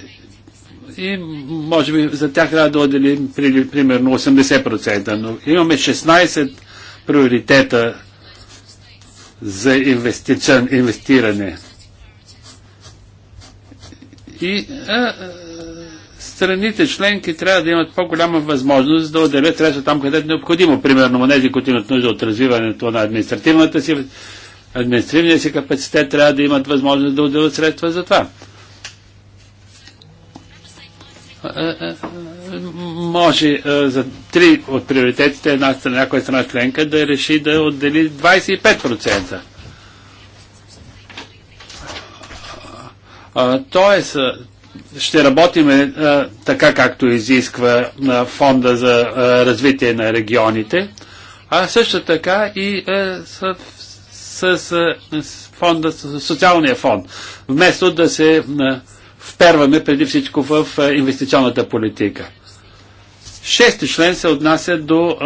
и може би за тях трябва да отделим примерно 80%, но имаме 16 приоритета за инвестиране. И а, страните членки трябва да имат по-голяма възможност да отделят средства там, където е необходимо. Примерно, монези, които имат нужда от развиването на административната си, административния си капацитет, трябва да имат възможност да отделят средства за това. Може за три от приоритетите една страна, някоя страна членка да реши да отдели 25%. Тоест, ще работиме е, така, както изисква а, е, Фонда за а, е, развитие на регионите, а също така и а, с, с, с, с фонда, с социалния фонд, вместо да се вперваме преди всичко в инвестиционната политика. Шести член се отнася до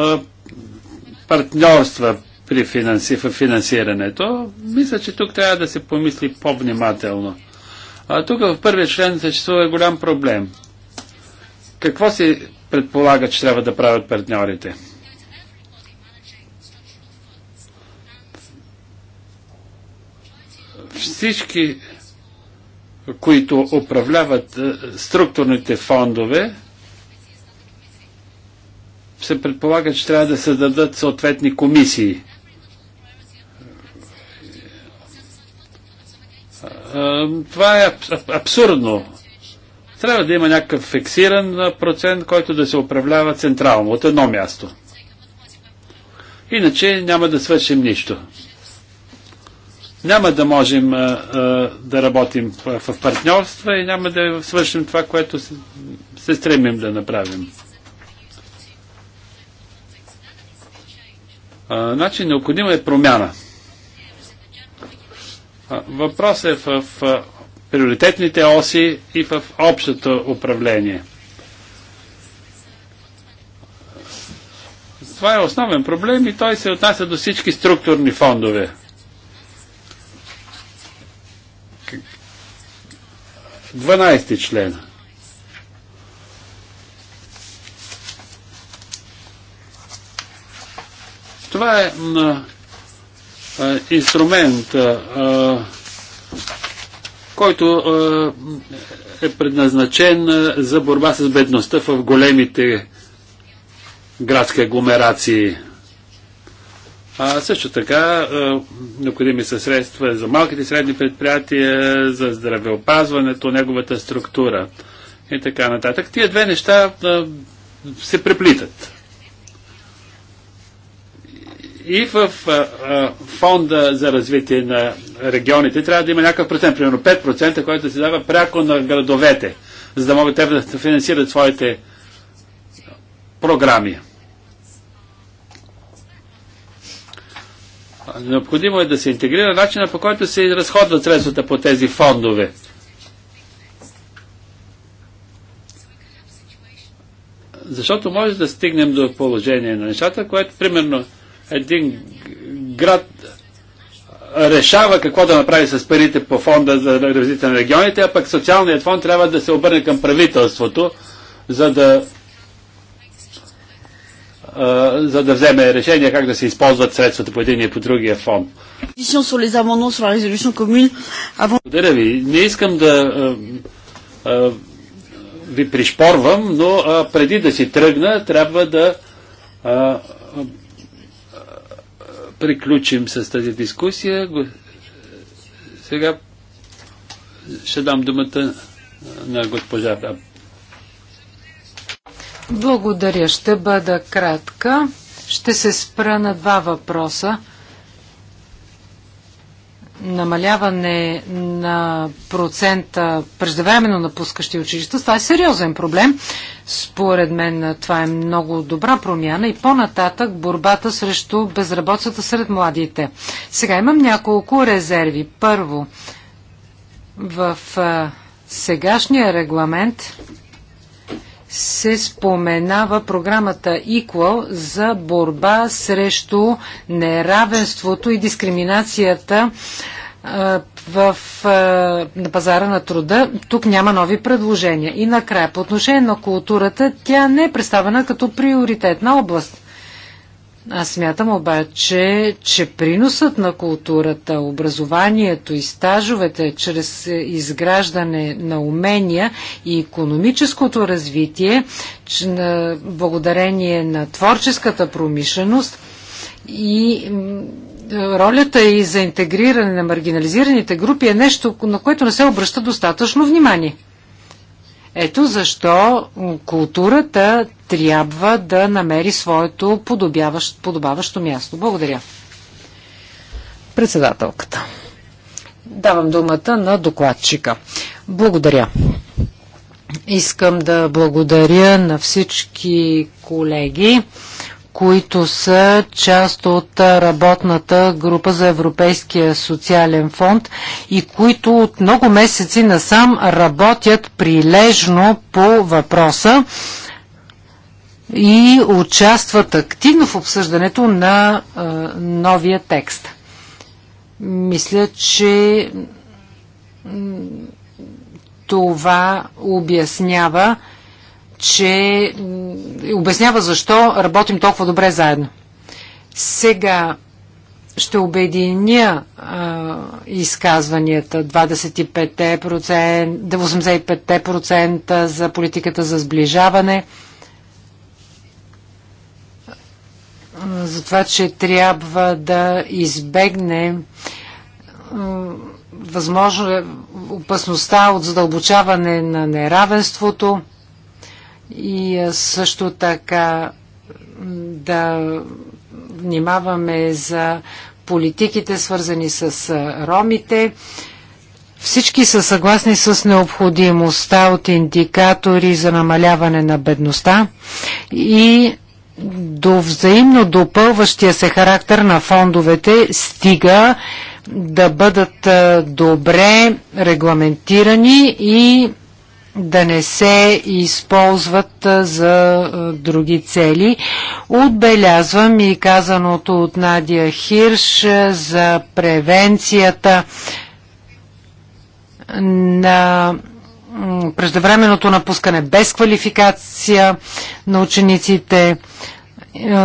партньорства при финанси, финансирането. Мисля, че тук трябва да се помисли по-внимателно. А, тук в първия член съществува голям проблем. Какво се предполага, че трябва да правят партньорите? Всички, които управляват е, структурните фондове, се предполага, че трябва да създадат съответни комисии. Това е абсурдно. Трябва да има някакъв фиксиран процент, който да се управлява централно, от едно място. Иначе няма да свършим нищо. Няма да можем а, а, да работим в, в партньорства и няма да свършим това, което се, се стремим да направим. А, значи необходима е промяна. Въпрос е в приоритетните оси и в общото управление. Това е основен проблем и той се отнася до всички структурни фондове. Дванайсти член. члена. Това е е, инструмент, е, който е, е предназначен за борба с бедността в големите градски агломерации. А също така необходими са средства за малките и средни предприятия, за здравеопазването, неговата структура и така нататък. Тия две неща се преплитат и в фонда за развитие на регионите трябва да има някакъв процент, примерно 5%, който се дава пряко на градовете, за да могат те да финансират своите програми. Необходимо е да се интегрира начина по който се изразходват средствата по тези фондове. Защото може да стигнем до положение на нещата, което примерно един град решава какво да направи с парите по фонда за развитие на регионите, а пък социалният фонд трябва да се обърне към правителството, за да, за да вземе решение как да се използват средствата по един и по другия фонд. Благодаря ви. Не искам да ви пришпорвам, но преди да си тръгна, трябва да приключим с тази дискусия. Сега ще дам думата на госпожа Благодаря. Ще бъда кратка. Ще се спра на два въпроса намаляване на процента преждевременно напускащи училища, това е сериозен проблем. Според мен това е много добра промяна и по-нататък борбата срещу безработицата сред младите. Сега имам няколко резерви. Първо, в сегашния регламент се споменава програмата Equal за борба срещу неравенството и дискриминацията в, на пазара на труда. Тук няма нови предложения. И накрая, по отношение на културата, тя не е представена като приоритетна област. Аз смятам обаче, че приносът на културата, образованието и стажовете чрез изграждане на умения и економическото развитие, на, благодарение на творческата промишленост и ролята и за интегриране на маргинализираните групи е нещо, на което не се обръща достатъчно внимание. Ето защо културата трябва да намери своето подобаващо място. Благодаря. Председателката. Давам думата на докладчика. Благодаря. Искам да благодаря на всички колеги които са част от работната група за Европейския социален фонд и които от много месеци насам работят прилежно по въпроса и участват активно в обсъждането на е, новия текст. Мисля, че това обяснява че обяснява защо работим толкова добре заедно. Сега ще обединя а, изказванията 25%, 85% за политиката за сближаване, за това, че трябва да избегне възможно опасността от задълбочаване на неравенството и също така да внимаваме за политиките, свързани с ромите. Всички са съгласни с необходимостта от индикатори за намаляване на бедността и до взаимно допълващия се характер на фондовете стига да бъдат добре регламентирани и да не се използват за други цели. Отбелязвам и казаното от Надя Хирш за превенцията на преждевременното напускане без квалификация на учениците,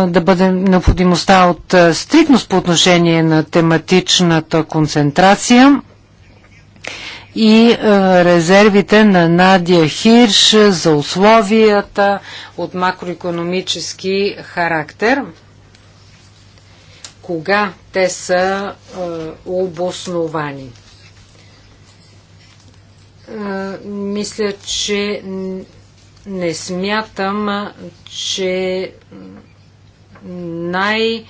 да бъде необходимостта от стрикност по отношение на тематичната концентрация и е, резервите на Надя Хирш за условията от макроекономически характер. Кога те са е, обосновани? Е, мисля, че не смятам, че най-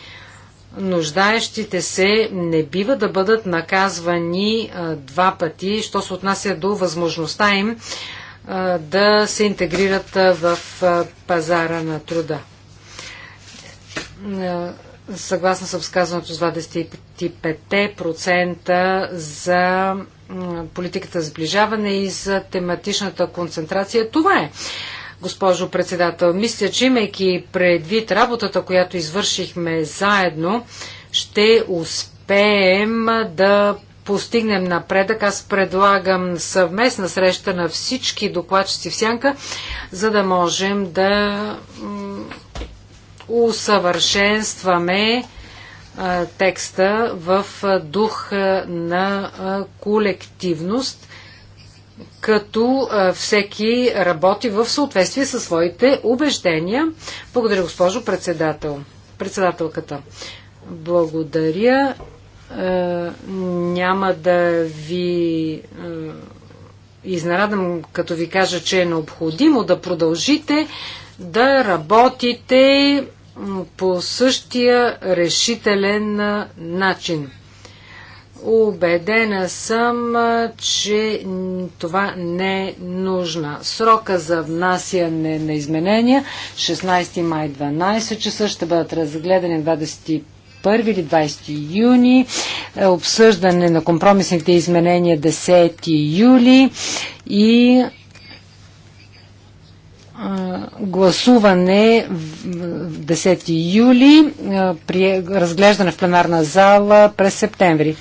нуждаещите се не бива да бъдат наказвани а, два пъти, що се отнася до възможността им а, да се интегрират а, в пазара на труда. Съгласна съм с казаното с 25% за политиката за сближаване и за тематичната концентрация. Това е госпожо председател. Мисля, че имайки предвид работата, която извършихме заедно, ще успеем да постигнем напредък. Аз предлагам съвместна среща на всички докладчици в сянка, за да можем да усъвършенстваме текста в дух на колективност като всеки работи в съответствие със своите убеждения. Благодаря, госпожо председател. Председателката. Благодаря. няма да ви изнарадам, като ви кажа, че е необходимо да продължите да работите по същия решителен начин. Убедена съм, че това не е нужна. Срока за внасяне на изменения 16 май 12 часа ще бъдат разгледани 25 или 20 юни, е, обсъждане на компромисните изменения 10 юли и гласуване в 10 юли, при разглеждане в пленарна зала през септември.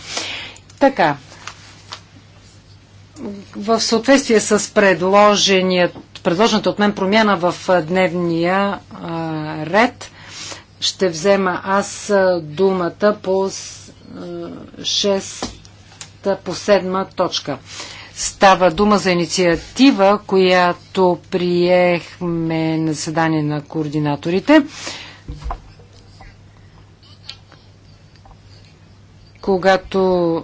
Така, в съответствие с предложената от мен промяна в дневния ред, ще взема аз думата по 6 по 7 точка. Става дума за инициатива, която приехме на заседание на координаторите. Когато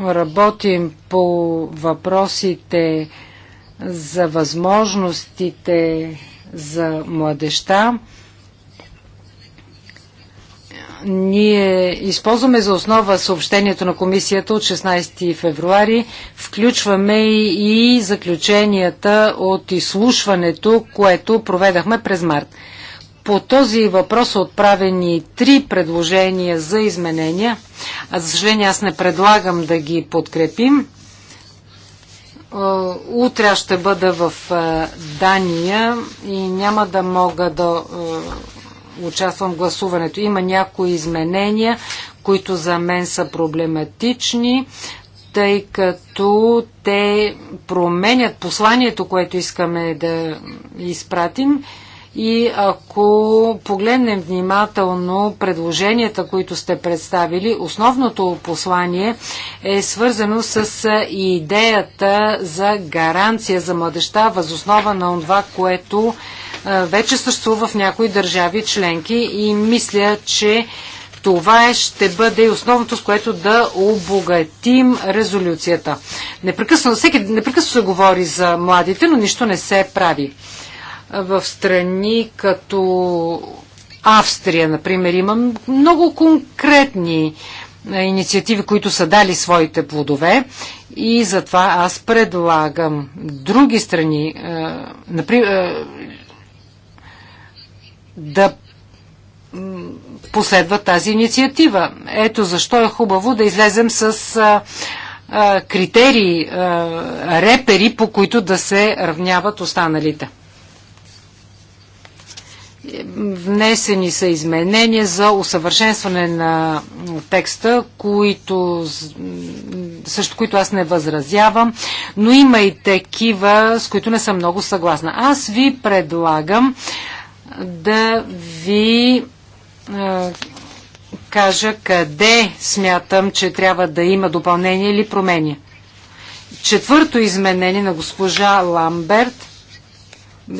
работим по въпросите за възможностите за младеща, ние използваме за основа съобщението на комисията от 16 февруари. Включваме и заключенията от изслушването, което проведахме през март. По този въпрос са отправени три предложения за изменения. А за съжаление аз не предлагам да ги подкрепим. Е, утре ще бъда в е, Дания и няма да мога да е, участвам в гласуването. Има някои изменения, които за мен са проблематични, тъй като те променят посланието, което искаме да изпратим. И ако погледнем внимателно предложенията, които сте представили, основното послание е свързано с идеята за гаранция за младеща, възоснова на това, което вече съществува в някои държави членки и мисля, че това е, ще бъде основното, с което да обогатим резолюцията. Непрекъснато, всеки, непрекъсно се говори за младите, но нищо не се прави. В страни като Австрия, например, има много конкретни инициативи, които са дали своите плодове и затова аз предлагам други страни, например, да последва тази инициатива. Ето защо е хубаво да излезем с а, а, критерии, а, репери, по които да се равняват останалите. Внесени са изменения за усъвършенстване на текста, които, също които аз не възразявам, но има и такива, с които не съм много съгласна. Аз ви предлагам а, да ви кажа къде смятам, че трябва да има допълнение или промени. Четвърто изменение на госпожа Ламберт.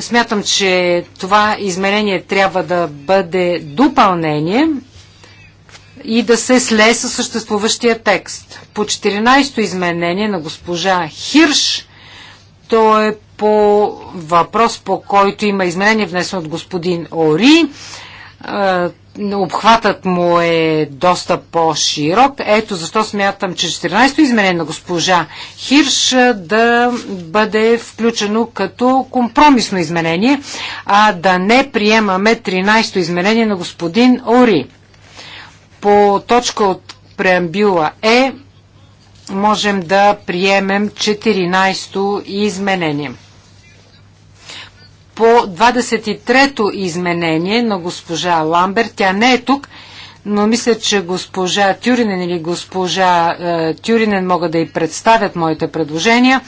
Смятам, че това изменение трябва да бъде допълнение и да се слее със съществуващия текст. По 14-то изменение на госпожа Хирш, то е по въпрос, по който има изменение внесено от господин Ори. Е, обхватът му е доста по-широк. Ето защо смятам, че 14-то изменение на госпожа Хирш е, да бъде включено като компромисно изменение, а да не приемаме 13-то изменение на господин Ори. По точка от преамбюла Е можем да приемем 14-то изменение по 23-то изменение на госпожа Ламбер. Тя не е тук, но мисля, че госпожа Тюринен или госпожа е, Тюринен могат да и представят моите предложения.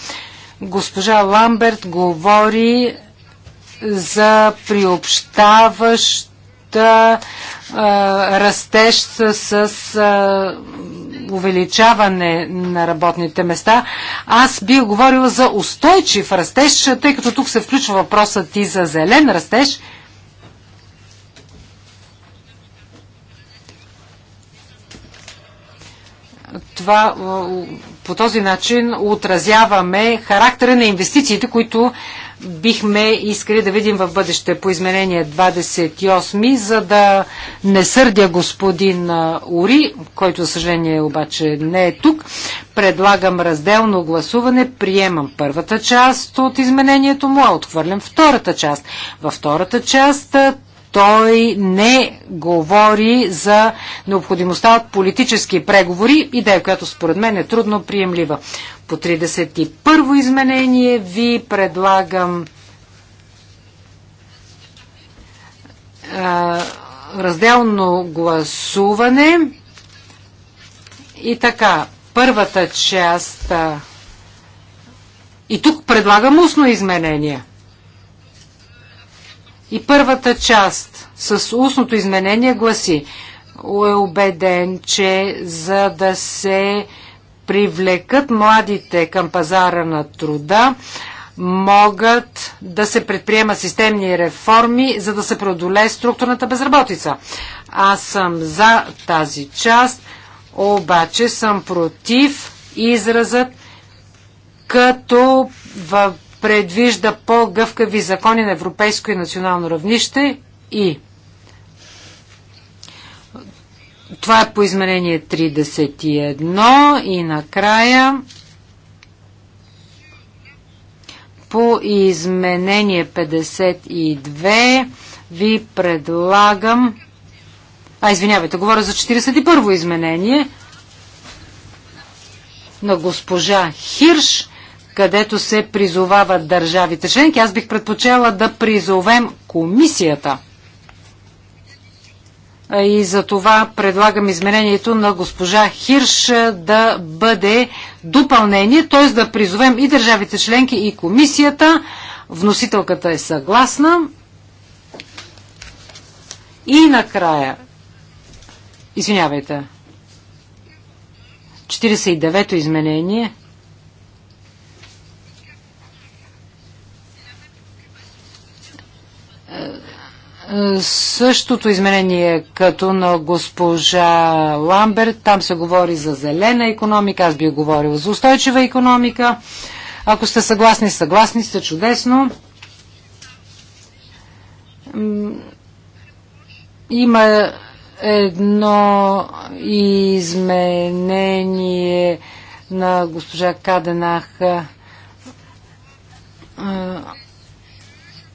Госпожа Ламберт говори за приобщаваща е, растеж с, с е, увеличаване на работните места. Аз бих говорила за устойчив растеж, тъй като тук се включва въпросът и за зелен растеж. Това по този начин отразяваме характера на инвестициите, които бихме искали да видим в бъдеще по изменение 28, за да не сърдя господин Ури, който за съжаление обаче не е тук. Предлагам разделно гласуване, приемам първата част от изменението му, а отхвърлям втората част. Във втората част той не говори за необходимостта от политически преговори, идея, която според мен е трудно приемлива. По 31 во изменение ви предлагам а, разделно гласуване. И така, първата част. И тук предлагам устно изменение. И първата част с устното изменение гласи е убеден, че за да се привлекат младите към пазара на труда, могат да се предприемат системни реформи, за да се преодолее структурната безработица. Аз съм за тази част, обаче съм против изразът като в предвижда по-гъвкави закони на европейско и национално равнище и това е по изменение 31 и накрая по изменение 52 ви предлагам а, извинявайте, говоря за 41-во изменение на госпожа Хирш където се призовават държавите членки. Аз бих предпочела да призовем комисията. И за това предлагам изменението на госпожа Хирш да бъде допълнение, т.е. да призовем и държавите членки и комисията. Вносителката е съгласна. И накрая, извинявайте, 49-то изменение – същото изменение като на госпожа Ламберт. Там се говори за зелена економика, аз би говорила за устойчива економика. Ако сте съгласни, съгласни сте, чудесно. Има едно изменение на госпожа Каденах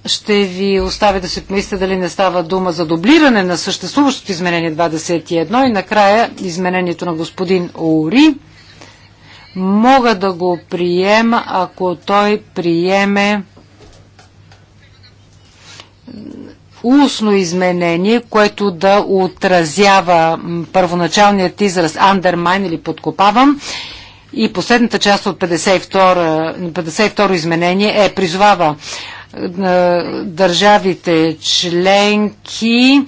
ще ви оставя да се помисля дали не става дума за дублиране на съществуващото изменение 21 и накрая изменението на господин Ори. Мога да го приема, ако той приеме устно изменение, което да отразява първоначалният израз undermine или подкопавам. И последната част от 52, 52 изменение е призовава държавите членки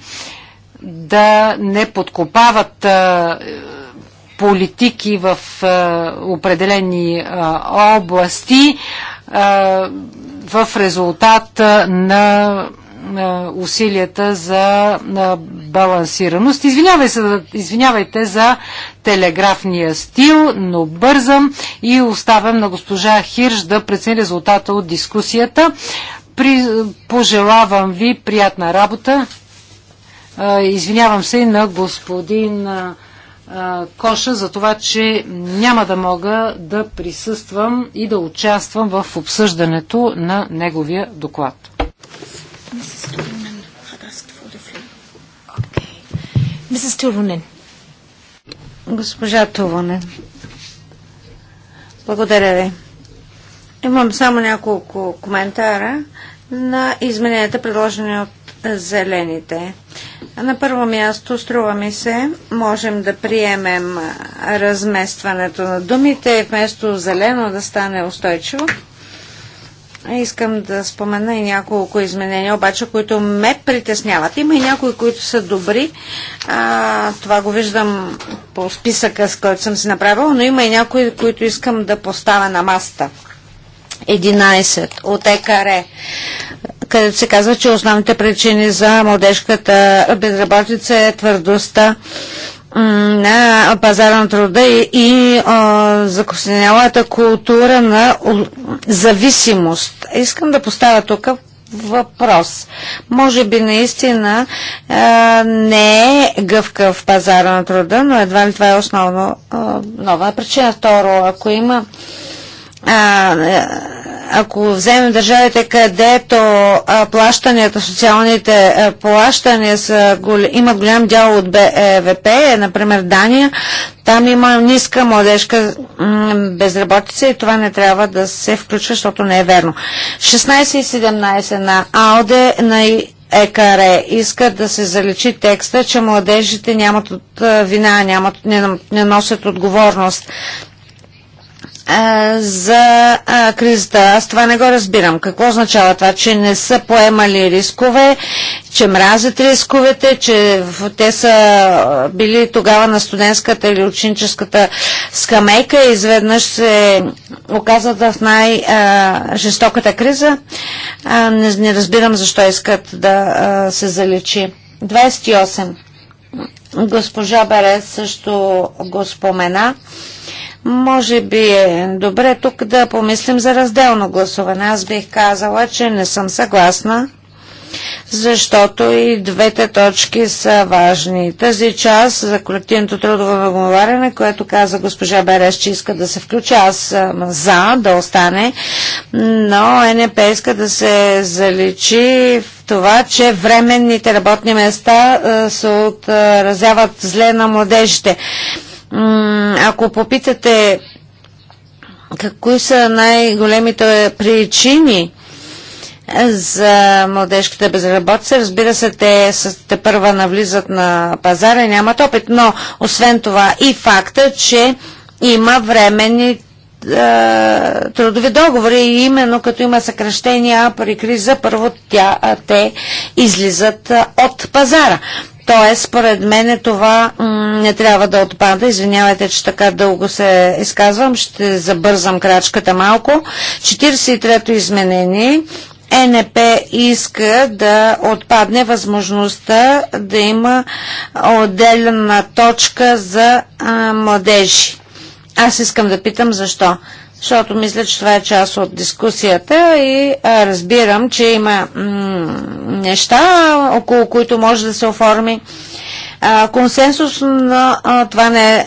да не подкопават политики в определени области в резултат на е, усилията за е, балансираност. Извинявай се, извинявайте за телеграфния стил, но бързам и оставям на госпожа Хирш да прецени резултата от дискусията. При, пожелавам ви приятна работа. Е, извинявам се и на господин Коша за това, че няма да мога да присъствам и да участвам в обсъждането на неговия доклад. Мисъс Туронен. Госпожа Турунен. Благодаря ви. Имам само няколко коментара на измененията, предложени от зелените. На първо място, струва ми се, можем да приемем разместването на думите, вместо зелено да стане устойчиво. Искам да спомена и няколко изменения, обаче, които ме притесняват. Има и някои, които са добри. А, това го виждам по списъка, с който съм си направила, но има и някои, които искам да поставя на маста. 11 от ЕКАРЕ, където се казва, че основните причини за младежката безработица е твърдостта на пазара на труда и, и закоснялата култура на зависимост. Искам да поставя тук въпрос. Може би наистина а, не е гъвкав пазара на труда, но едва ли това е основно а, нова причина. Второ, ако има а, ако вземем държавите, където плащанията, социалните плащания са, имат голям дял от БВП, е-, например Дания, там има ниска младежка безработица и това не трябва да се включва, защото не е верно. 16 и 17 на АОДЕ на ЕКАРЕ иска да се заличи текста, че младежите нямат от вина, нямат, не, не носят отговорност за а, кризата. Аз това не го разбирам. Какво означава това, че не са поемали рискове, че мразят рисковете, че те са били тогава на студентската или ученическата скамейка и изведнъж се оказват в най-жестоката криза. А, не, не разбирам защо искат да а, се залечи. 28. Госпожа Берес също го спомена. А, може би е добре тук да помислим за разделно гласуване. Аз бих казала, че не съм съгласна, защото и двете точки са важни. Тази част за колективното трудово договаряне, което каза госпожа Береш, че иска да се включи, аз съм за да остане, но НП иска да се заличи в това, че временните работни места се отразяват зле на младежите. Ако попитате какви са най-големите причини за младежката безработица. Разбира се, те, те първа навлизат на пазара и нямат опит, но освен това и факта, че има временни трудови договори и именно като има съкръщения при криза, първо тя, те излизат от пазара. Тоест, според мен е това не трябва да отпада. Извинявайте, че така дълго се изказвам. Ще забързам крачката малко. 43-то изменение. НП иска да отпадне възможността да има отделена точка за а, младежи. Аз искам да питам защо защото мисля, че това е част от дискусията и а, разбирам, че има неща, около които може да се оформи а, консенсус, но а, това не е,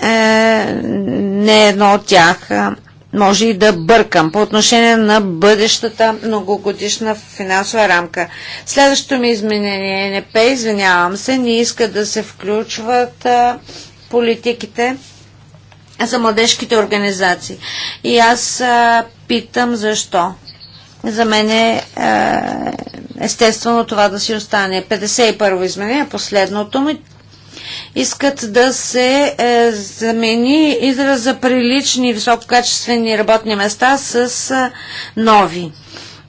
не е едно от тях. А, може и да бъркам по отношение на бъдещата многогодишна финансова рамка. Следващото ми изменение е НП, извинявам се, не иска да се включват а, политиките за младежките организации. И аз а, питам защо. За мен е естествено това да си остане. 51-во изменение, последното ми, искат да се е, замени израз за прилични висококачествени работни места с е, нови.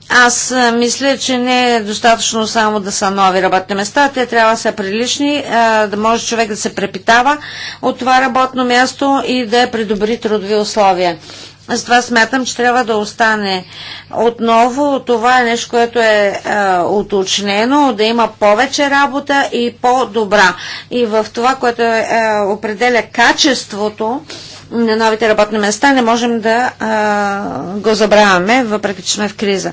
Аз мисля, че не е достатъчно само да са нови работни места, те трябва да са прилични, да може човек да се препитава от това работно място и да придобри трудови условия. Затова смятам, че трябва да остане отново. Това е нещо, което е, е уточнено, да има повече работа и по-добра. И в това, което е, определя качеството, на новите работни места не можем да а, го забравяме, въпреки че сме в криза.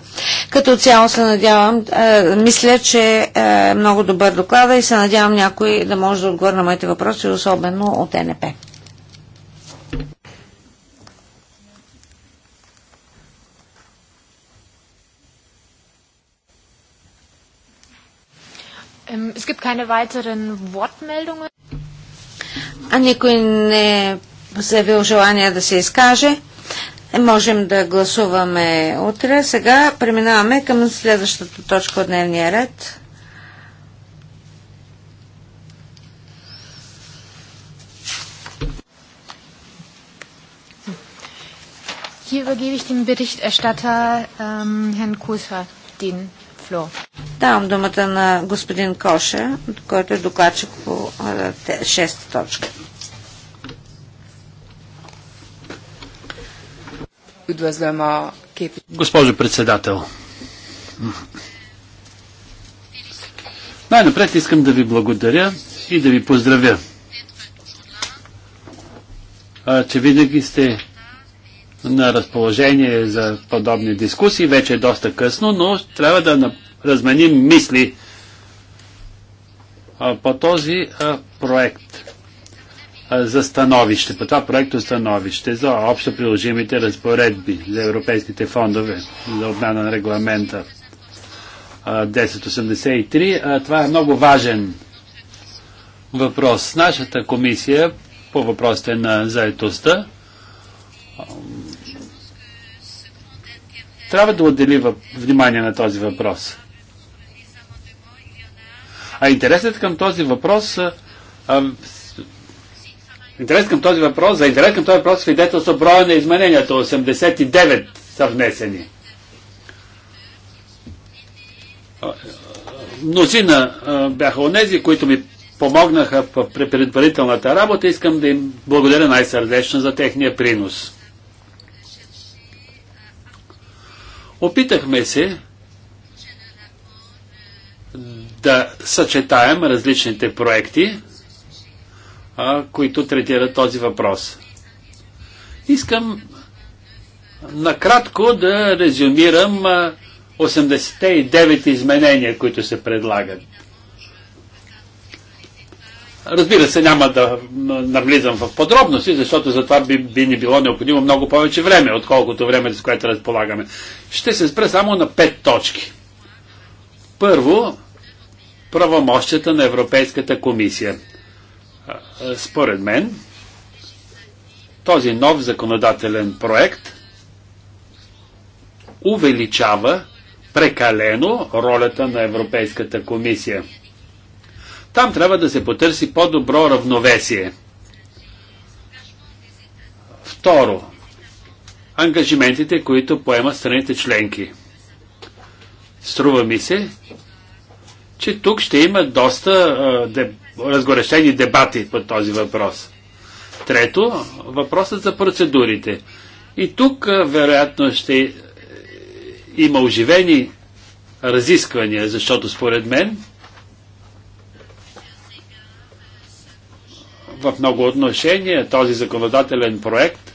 Като цяло се надявам, а, мисля, че е много добър доклада и се надявам някой да може да отговори на моите въпроси, особено от НП. Ähm, es gibt keine weiteren Wortmeldungen. А никой не заявил желание да се изкаже. Можем да гласуваме утре. Сега преминаваме към следващата точка от дневния ред. Hier übergebe ich Berichterstatter ähm, Herrn Kusser den Floor. Давам думата на господин Коша, който е докладчик по 6 точка. Üdvözlöm a Госпожо председател, най-напред искам да ви благодаря и да ви поздравя, че винаги сте на разположение за подобни дискусии. Вече е доста късно, но трябва да разменим мисли по този проект за становище, по това проекто становище за общо приложимите разпоредби за европейските фондове за обмяна на регламента 1083. Това е много важен въпрос. Нашата комисия по въпросите на заетостта трябва да отдели внимание на този въпрос. А интересът към този въпрос интерес към този въпрос, за интерес към този въпрос свидетелство броя на измененията. 89 са внесени. Мнозина бяха онези, които ми помогнаха при предварителната работа. Искам да им благодаря най-сърдечно за техния принос. Опитахме се да съчетаем различните проекти, а, които третират този въпрос. Искам накратко да резюмирам 89 изменения, които се предлагат. Разбира се, няма да навлизам в подробности, защото за това би, би ни било необходимо много повече време, отколкото време с което разполагаме. Ще се спра само на пет точки. Първо, правомощията на Европейската комисия. Според мен, този нов законодателен проект увеличава прекалено ролята на Европейската комисия. Там трябва да се потърси по-добро равновесие. Второ, ангажиментите, които поемат страните членки. Струва ми се, че тук ще има доста а, разгорещени дебати по този въпрос. Трето, въпросът за процедурите. И тук вероятно ще е, има оживени разисквания, защото според мен в много отношения този законодателен проект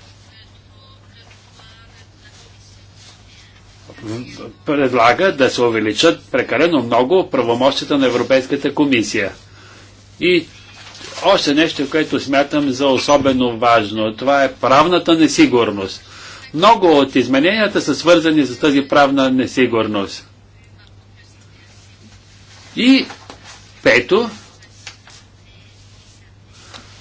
предлага да се увеличат прекалено много правомощията на Европейската комисия – и още нещо, което смятам за особено важно, това е правната несигурност. Много от измененията са свързани с тази правна несигурност. И пето,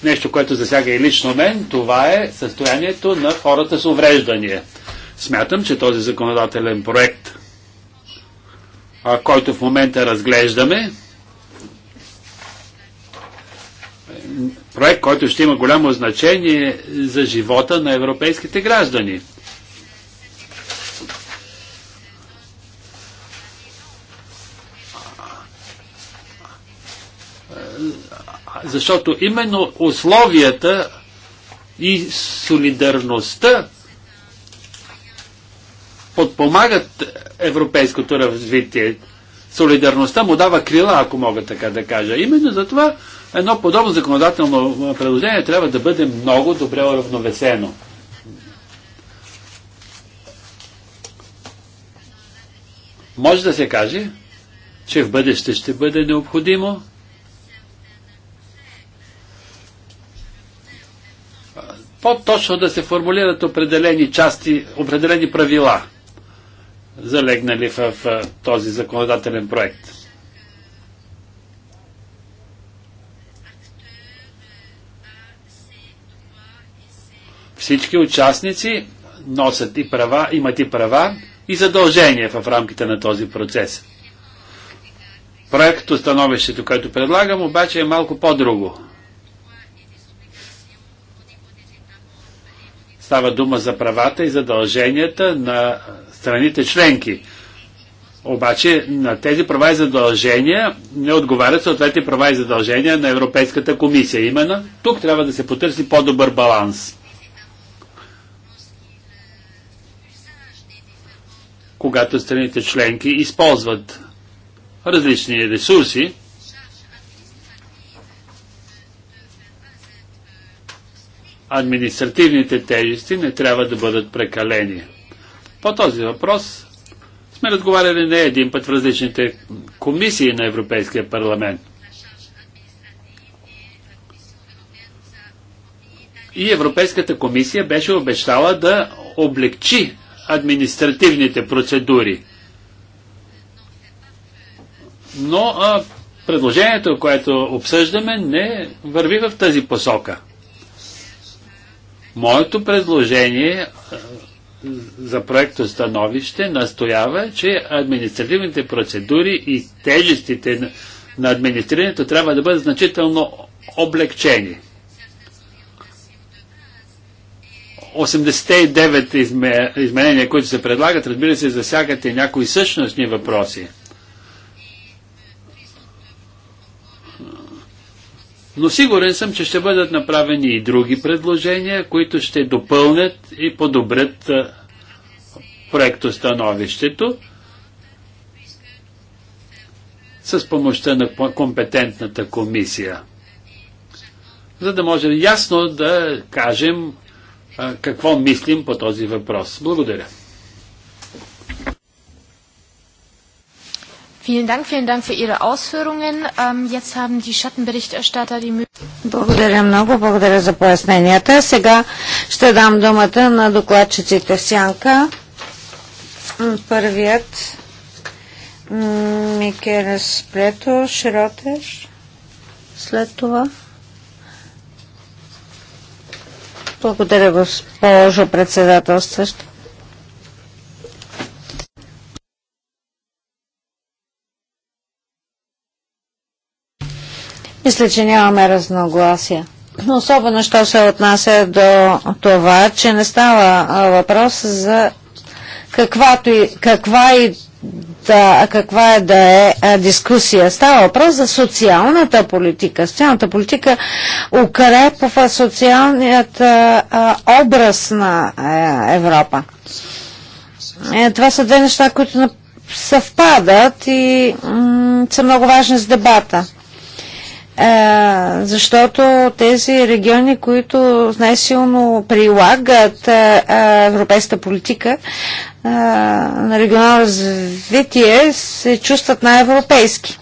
нещо, което засяга и лично мен, това е състоянието на хората с увреждания. Смятам, че този законодателен проект, който в момента разглеждаме, проект, който ще има голямо значение за живота на европейските граждани. Защото именно условията и солидарността подпомагат европейското развитие. Солидарността му дава крила, ако мога така да кажа. Именно затова Едно подобно законодателно предложение трябва да бъде много добре уравновесено. Може да се каже, че в бъдеще ще бъде необходимо по-точно да се формулират определени части, определени правила, залегнали в, в този законодателен проект. Всички участници носят и права, имат и права и задължения в рамките на този процес. Проектът, становището, което предлагам, обаче е малко по-друго. Става дума за правата и задълженията на страните членки. Обаче на тези права и задължения не отговарят съответни права и задължения на Европейската комисия. Именно тук трябва да се потърси по-добър баланс. когато страните членки използват различни ресурси, административните тежести не трябва да бъдат прекалени. По този въпрос сме разговаряли не един път в различните комисии на Европейския парламент. И Европейската комисия беше обещала да облегчи административните процедури. Но а, предложението, което обсъждаме, не върви в тази посока. Моето предложение за проекто становище настоява, че административните процедури и тежестите на администрирането трябва да бъдат значително облегчени. 89 изменения, които се предлагат, разбира се, засягат и някои същностни въпроси. Но сигурен съм, че ще бъдат направени и други предложения, които ще допълнят и подобрят проектостановището с помощта на компетентната комисия. За да може ясно да кажем какво мислим по този въпрос. Благодаря. Vielen Dank, vielen Dank für Ihre Ausführungen. Ähm, jetzt haben die Schattenberichterstatter die Möglichkeit. Благодаря много, благодаря за поясненията. Сега ще дам думата на докладчиците сянка. Първият Микелес Плето, Шротер. След това. Благодаря, госпожо председателстващ. Мисля, че нямаме разногласия. Особено, що се отнася до това, че не става въпрос за каквато и, каква и а, каква е да е а, дискусия. Става въпрос за социалната политика. Социалната политика укрепва социалният а, а, образ на а, Европа. Е, това са две неща, които съвпадат и са много важни с дебата. Е, защото тези региони, които най-силно прилагат е, е, европейската политика на регионално развитие, се чувстват най-европейски.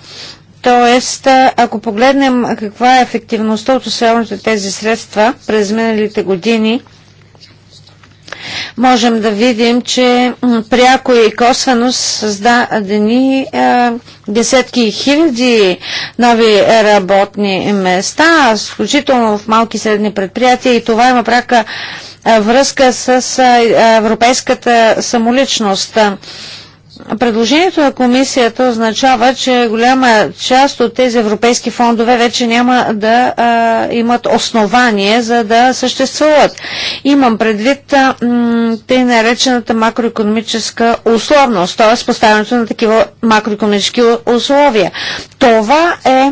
Тоест, ако погледнем каква е ефективността от усвояването тези средства през миналите години, можем да видим, че пряко и косвено създадени е, десетки десетки хиляди нови работни места, включително в малки и средни предприятия и това има пряка е, връзка с е, европейската самоличност. Предложението на комисията означава, че голяма част от тези европейски фондове вече няма да а, имат основание за да съществуват. Имам предвид те наречената макроекономическа условност, т.е. поставянето на такива макроекономически условия. Това е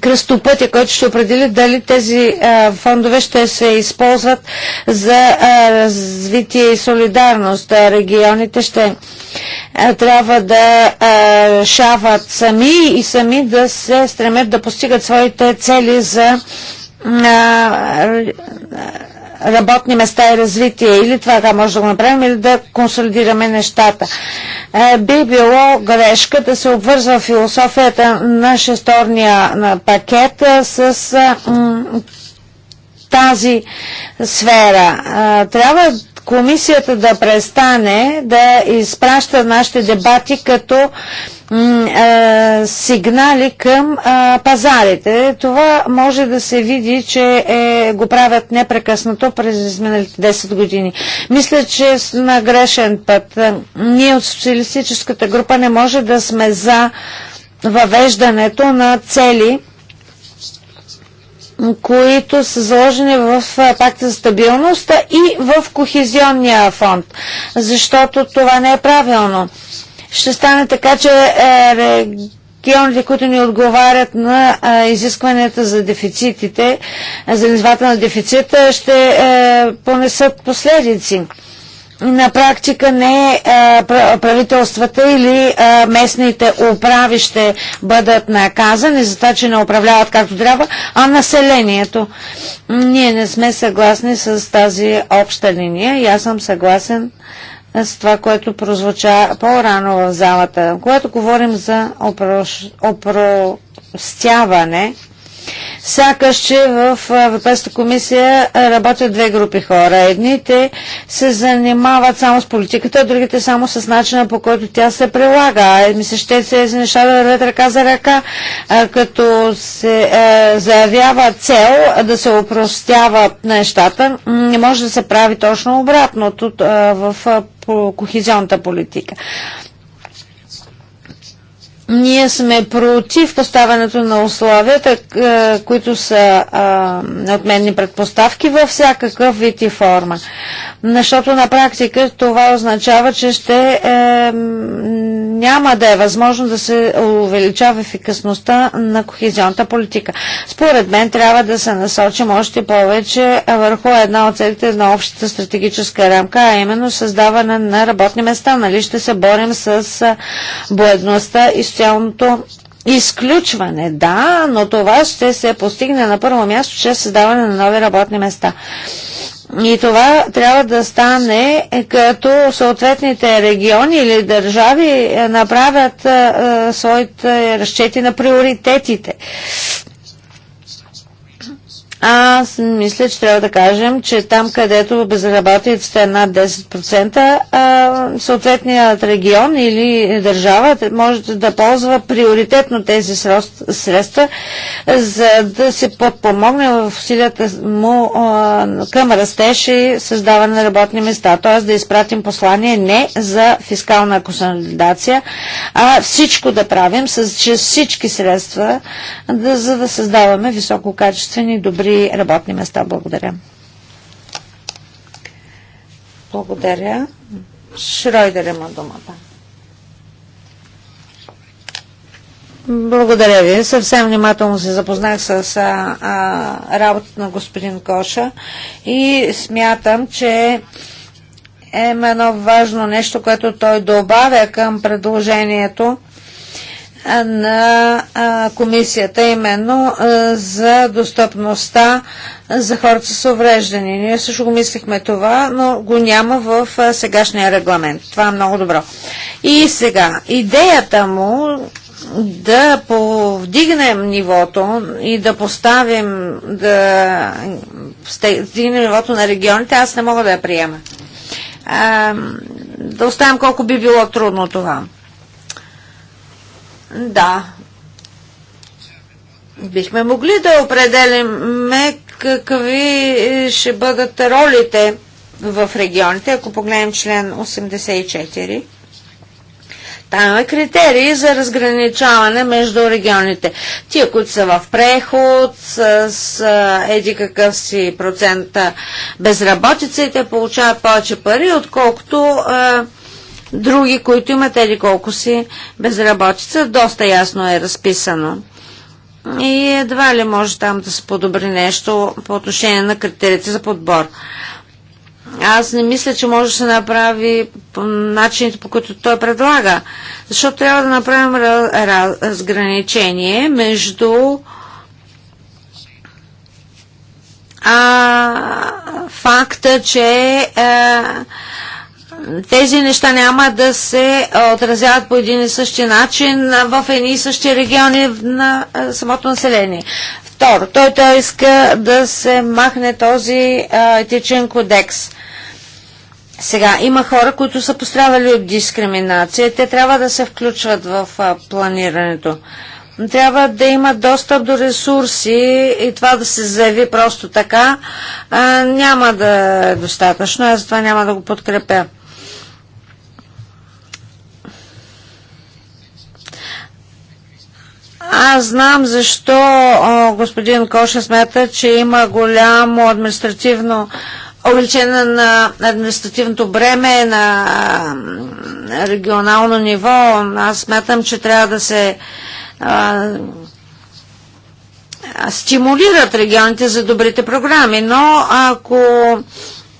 кръстопътя, който ще определи дали тези а, фондове ще се използват за а, развитие и солидарност. А, регионите ще а, трябва да а, шават сами и сами да се стремят да постигат своите цели за а, работни места и развитие. Или това как може да го направим, или да консолидираме нещата. Е, би било грешка да се обвързва философията на шесторния пакет с тази сфера. Трябва комисията да престане да изпраща нашите дебати като сигнали към пазарите. Това може да се види, че е, го правят непрекъснато през изминалите 10 години. Мисля, че на грешен път. Ние от социалистическата група не може да сме за въвеждането на цели които са заложени в пакта за стабилност и в кохезионния фонд, защото това не е правилно. Ще стане така, че е, регионите, които ни отговарят на изискванията за дефицитите, за нивата на дефицита, ще е, понесат последици на практика не правителствата или местните управи ще бъдат наказани за това, че не управляват както трябва, а населението. Ние не сме съгласни с тази обща линия и аз съм съгласен с това, което прозвуча по-рано в залата. Когато говорим за опростяване, Сякаш, че в Европейската комисия работят две групи хора. Едните се занимават само с политиката, а другите само с начина по който тя се прилага. Е, Ми се ще се неща да вървят ръка за ръка, като се е, заявява цел да се упростяват нещата. Не може да се прави точно обратното в кохизионната политика. Ние сме против поставянето на условията, е, които са отменни предпоставки във всякакъв вид и форма. Защото на практика това означава, че ще е, няма да е възможно да се увеличава ефикасността на кохезионната политика. Според мен трябва да се насочим още повече върху една от целите на общата стратегическа рамка, а именно създаване на работни места. Нали ще се борим с е, бледността и социалното изключване. Да, но това ще се постигне на първо място чрез създаване на нови работни места. И това трябва да стане като съответните региони или държави е, направят а, е, е, своите разчети на приоритетите аз мисля, че трябва да кажем, че там, където безработицата е над 10%, съответният регион или държава може да ползва приоритетно тези средства, за да се подпомогне в усилията му към растеж и създаване на работни места. Т.е. да изпратим послание не за фискална консолидация, а всичко да правим с всички средства, да, за да създаваме висококачествени и добри 4 работни места. Благодаря. Благодаря. Шройдер има думата. Благодаря ви. Съвсем внимателно се запознах с а, а, работата на господин Коша и смятам, че е едно важно нещо, което той добавя към предложението на комисията, именно за достъпността за хората с увреждане. Ние също го мислихме това, но го няма в сегашния регламент. Това е много добро. И сега, идеята му да повдигнем нивото и да поставим да стигнем нивото на регионите, аз не мога да я приема. да оставим колко би било трудно това. Да. Бихме могли да определиме какви ще бъдат ролите в регионите, ако погледнем член 84. Там е критерии за разграничаване между регионите. Тия, които са в преход, с, с еди какъв си процент безработиците, получават повече пари, отколкото е, други, които имат или колко си безработица. Доста ясно е разписано. И едва ли може там да се подобри нещо по отношение на критериите за подбор. Аз не мисля, че може да се направи по начините, по които той предлага, защото трябва да направим разграничение между а, факта, че а, е, тези неща няма да се отразяват по един и същи начин в едни и същи региони на самото население. Второ, той, той иска да се махне този етичен кодекс. Сега, има хора, които са пострадали от дискриминация. Те трябва да се включват в а, планирането. Трябва да имат достъп до ресурси и това да се заяви просто така а, няма да е достатъчно. Аз това няма да го подкрепя. Аз знам защо о, господин Коша смята, че има голямо административно увеличение на административното бреме на регионално ниво. Аз смятам, че трябва да се а, стимулират регионите за добрите програми, но ако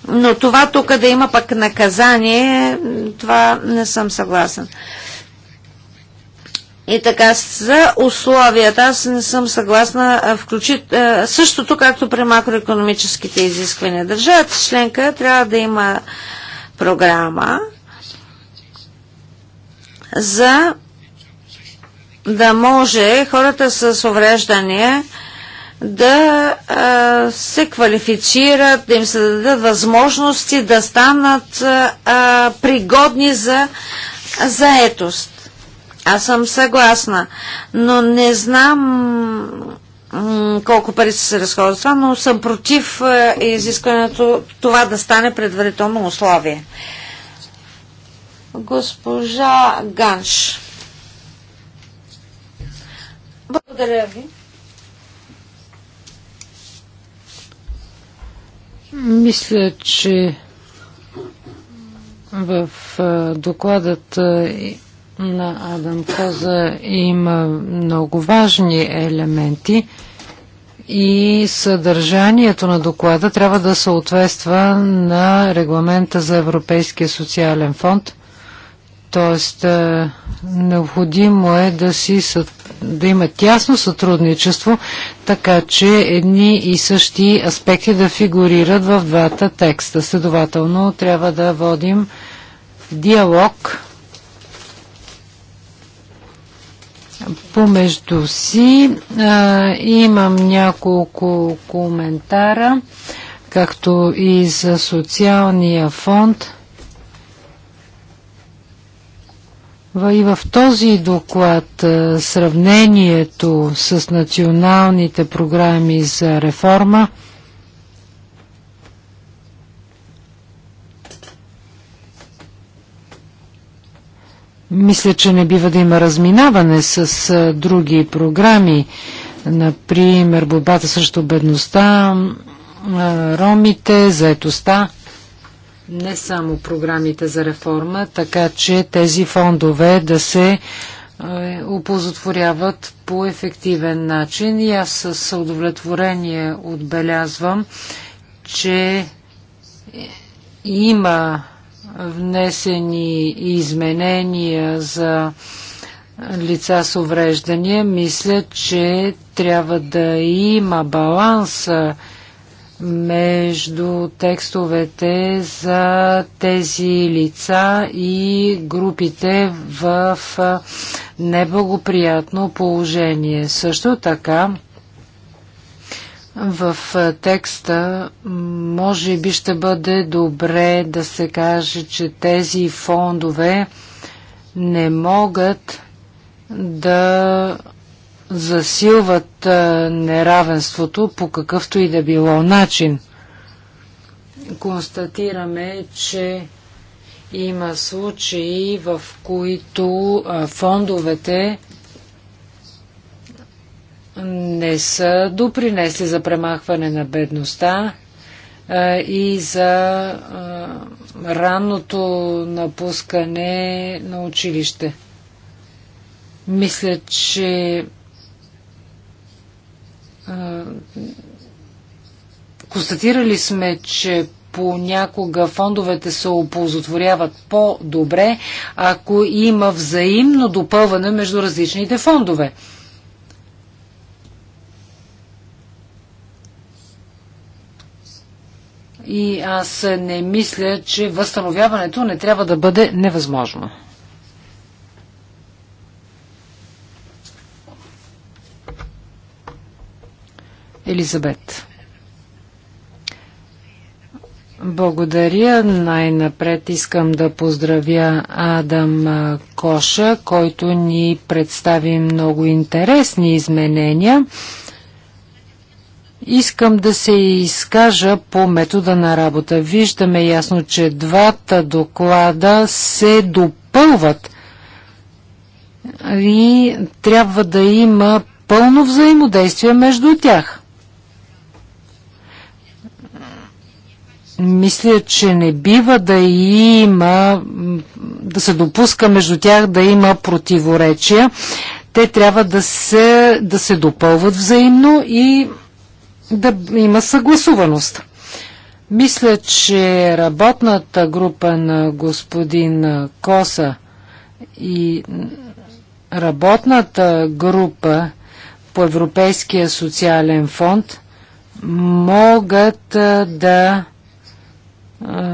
но това тук да има пък наказание, това не съм съгласен. И така, за условията, аз не съм съгласна, включи, същото както при макроекономическите изисквания. Държавата членка трябва да има програма за да може хората с увреждания да а, се квалифицират, да им се дадат възможности да станат а, пригодни за заетост. Аз съм съгласна, но не знам колко пари са се разходят това, но съм против е, изискването това да стане предварително условие. Госпожа Ганш. Благодаря ви. Мисля, че в е, докладът е, на Адам Коза има много важни елементи и съдържанието на доклада трябва да съответства на регламента за Европейския социален фонд. Тоест, е, необходимо е да, си, да има тясно сътрудничество, така че едни и същи аспекти да фигурират в двата текста. Следователно, трябва да водим диалог помежду си. А, имам няколко коментара, както и за социалния фонд. И в този доклад сравнението с националните програми за реформа – Мисля, че не бива да има разминаване с а, други програми, например борбата срещу бедността, а, ромите, заетостта, не само програмите за реформа, така че тези фондове да се оползотворяват по ефективен начин и аз с удовлетворение отбелязвам, че има внесени изменения за лица с увреждания, мисля, че трябва да има баланс между текстовете за тези лица и групите в неблагоприятно положение. Също така, в е, текста може би ще бъде добре да се каже, че тези фондове не могат да засилват е, неравенството по какъвто и да било начин. Констатираме, че има случаи, в които е, фондовете не са допринесли за премахване на бедността и за ранното напускане на училище. Мисля, че констатирали сме, че понякога фондовете се оползотворяват по-добре, ако има взаимно допълване между различните фондове. И аз не мисля, че възстановяването не трябва да бъде невъзможно. Елизабет. Благодаря. Най-напред искам да поздравя Адам Коша, който ни представи много интересни изменения. Искам да се изкажа по метода на работа. Виждаме ясно, че двата доклада се допълват и трябва да има пълно взаимодействие между тях. Мисля, че не бива да има, да се допуска между тях да има противоречия. Те трябва да се, да се допълват взаимно и да има съгласуваност. Мисля, че работната група на господин Коса и работната група по Европейския социален фонд могат да а,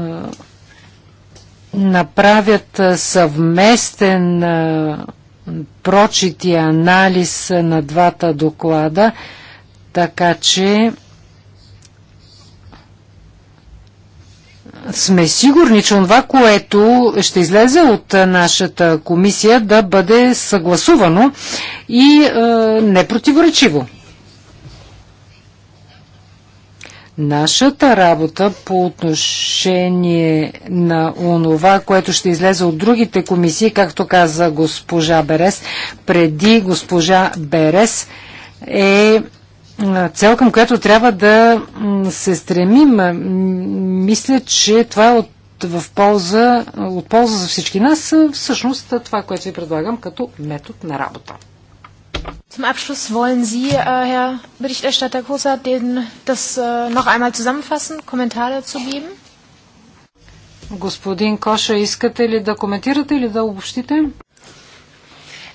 направят съвместен а, прочит и анализ на двата доклада, така че сме сигурни, че това, което ще излезе от нашата комисия да бъде съгласувано и е, непротиворечиво. Нашата работа по отношение на онова, което ще излезе от другите комисии, както каза госпожа Берес, преди госпожа Берес е цел, към която трябва да се стремим. Мисля, че това е от, в полза, от полза за всички нас, всъщност това, което ви предлагам като метод на работа. Zum Abschluss wollen Sie, äh, Herr Berichterstatter Kosa, den, das äh, noch einmal zusammenfassen, Kommentar dazu geben? Господин Коша, искате ли да коментирате или да обобщите?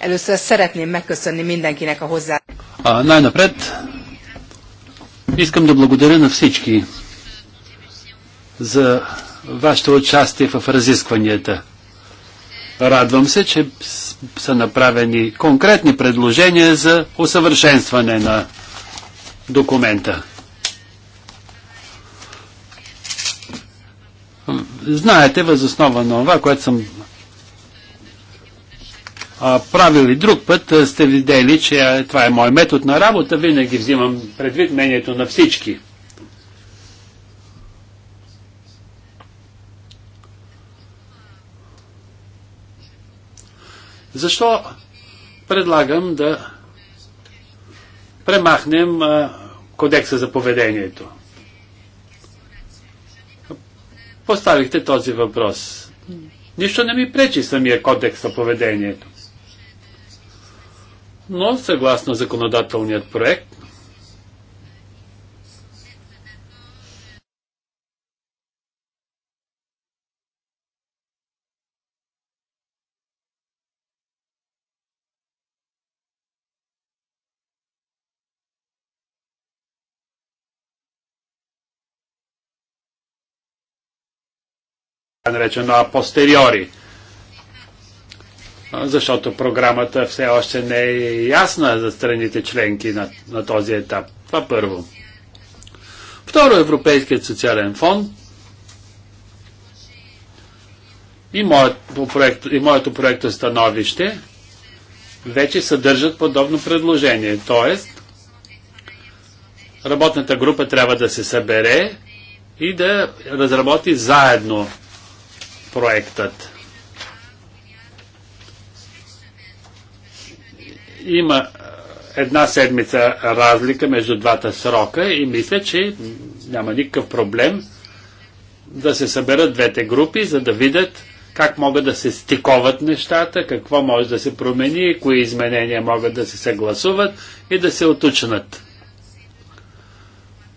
Először szeretném megköszönni mindenkinek a hozzá. Най-напред Искам да благодаря на всички за вашето участие в разискванията. Радвам се, че са направени конкретни предложения за усъвършенстване на документа. Знаете, възоснова на това, което съм Правили друг път, сте видели, че това е мой метод на работа, винаги взимам предвид мнението на всички. Защо предлагам да премахнем кодекса за поведението? Поставихте този въпрос. Нищо не ми пречи самия кодекс за поведението. Но съгласно законодателният проект, наречено апостериори защото програмата все още не е ясна за страните членки на, на този етап. Това първо. Второ, Европейският социален фонд и, моят, по проект, и моето проекто становище вече съдържат подобно предложение. Тоест, работната група трябва да се събере и да разработи заедно проектът. Има една седмица разлика между двата срока и мисля, че няма никакъв проблем да се съберат двете групи, за да видят как могат да се стиковат нещата, какво може да се промени, кои изменения могат да се съгласуват и да се оточнат.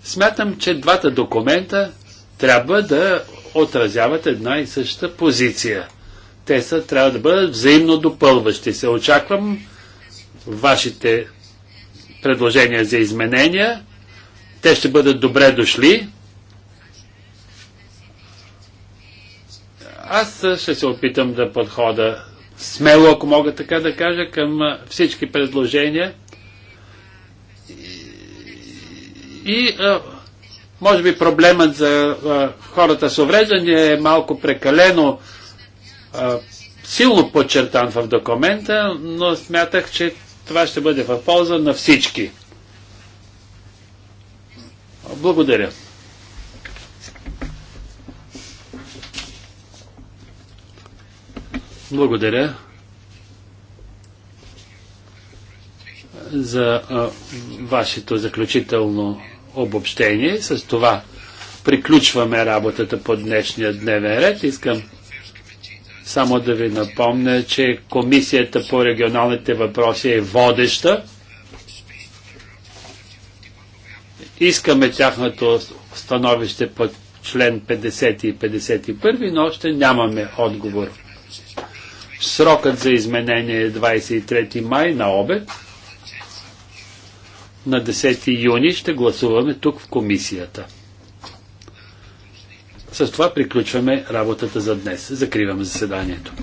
Смятам, че двата документа трябва да отразяват една и съща позиция. Те са, трябва да бъдат взаимно допълващи се. Очаквам вашите предложения за изменения. Те ще бъдат добре дошли. Аз ще се опитам да подхода смело, ако мога така да кажа, към всички предложения. И може би проблемът за а, хората с увреждания е малко прекалено а, силно подчертан в документа, но смятах, че това ще бъде в полза на всички. Благодаря. Благодаря за а, вашето заключително обобщение. С това приключваме работата по днешния дневен ред. Искам само да ви напомня, че Комисията по регионалните въпроси е водеща. Искаме тяхното становище по член 50 и 51, но още нямаме отговор. Срокът за изменение е 23 май на обед. На 10 юни ще гласуваме тук в комисията. С това приключваме работата за днес. Закриваме заседанието.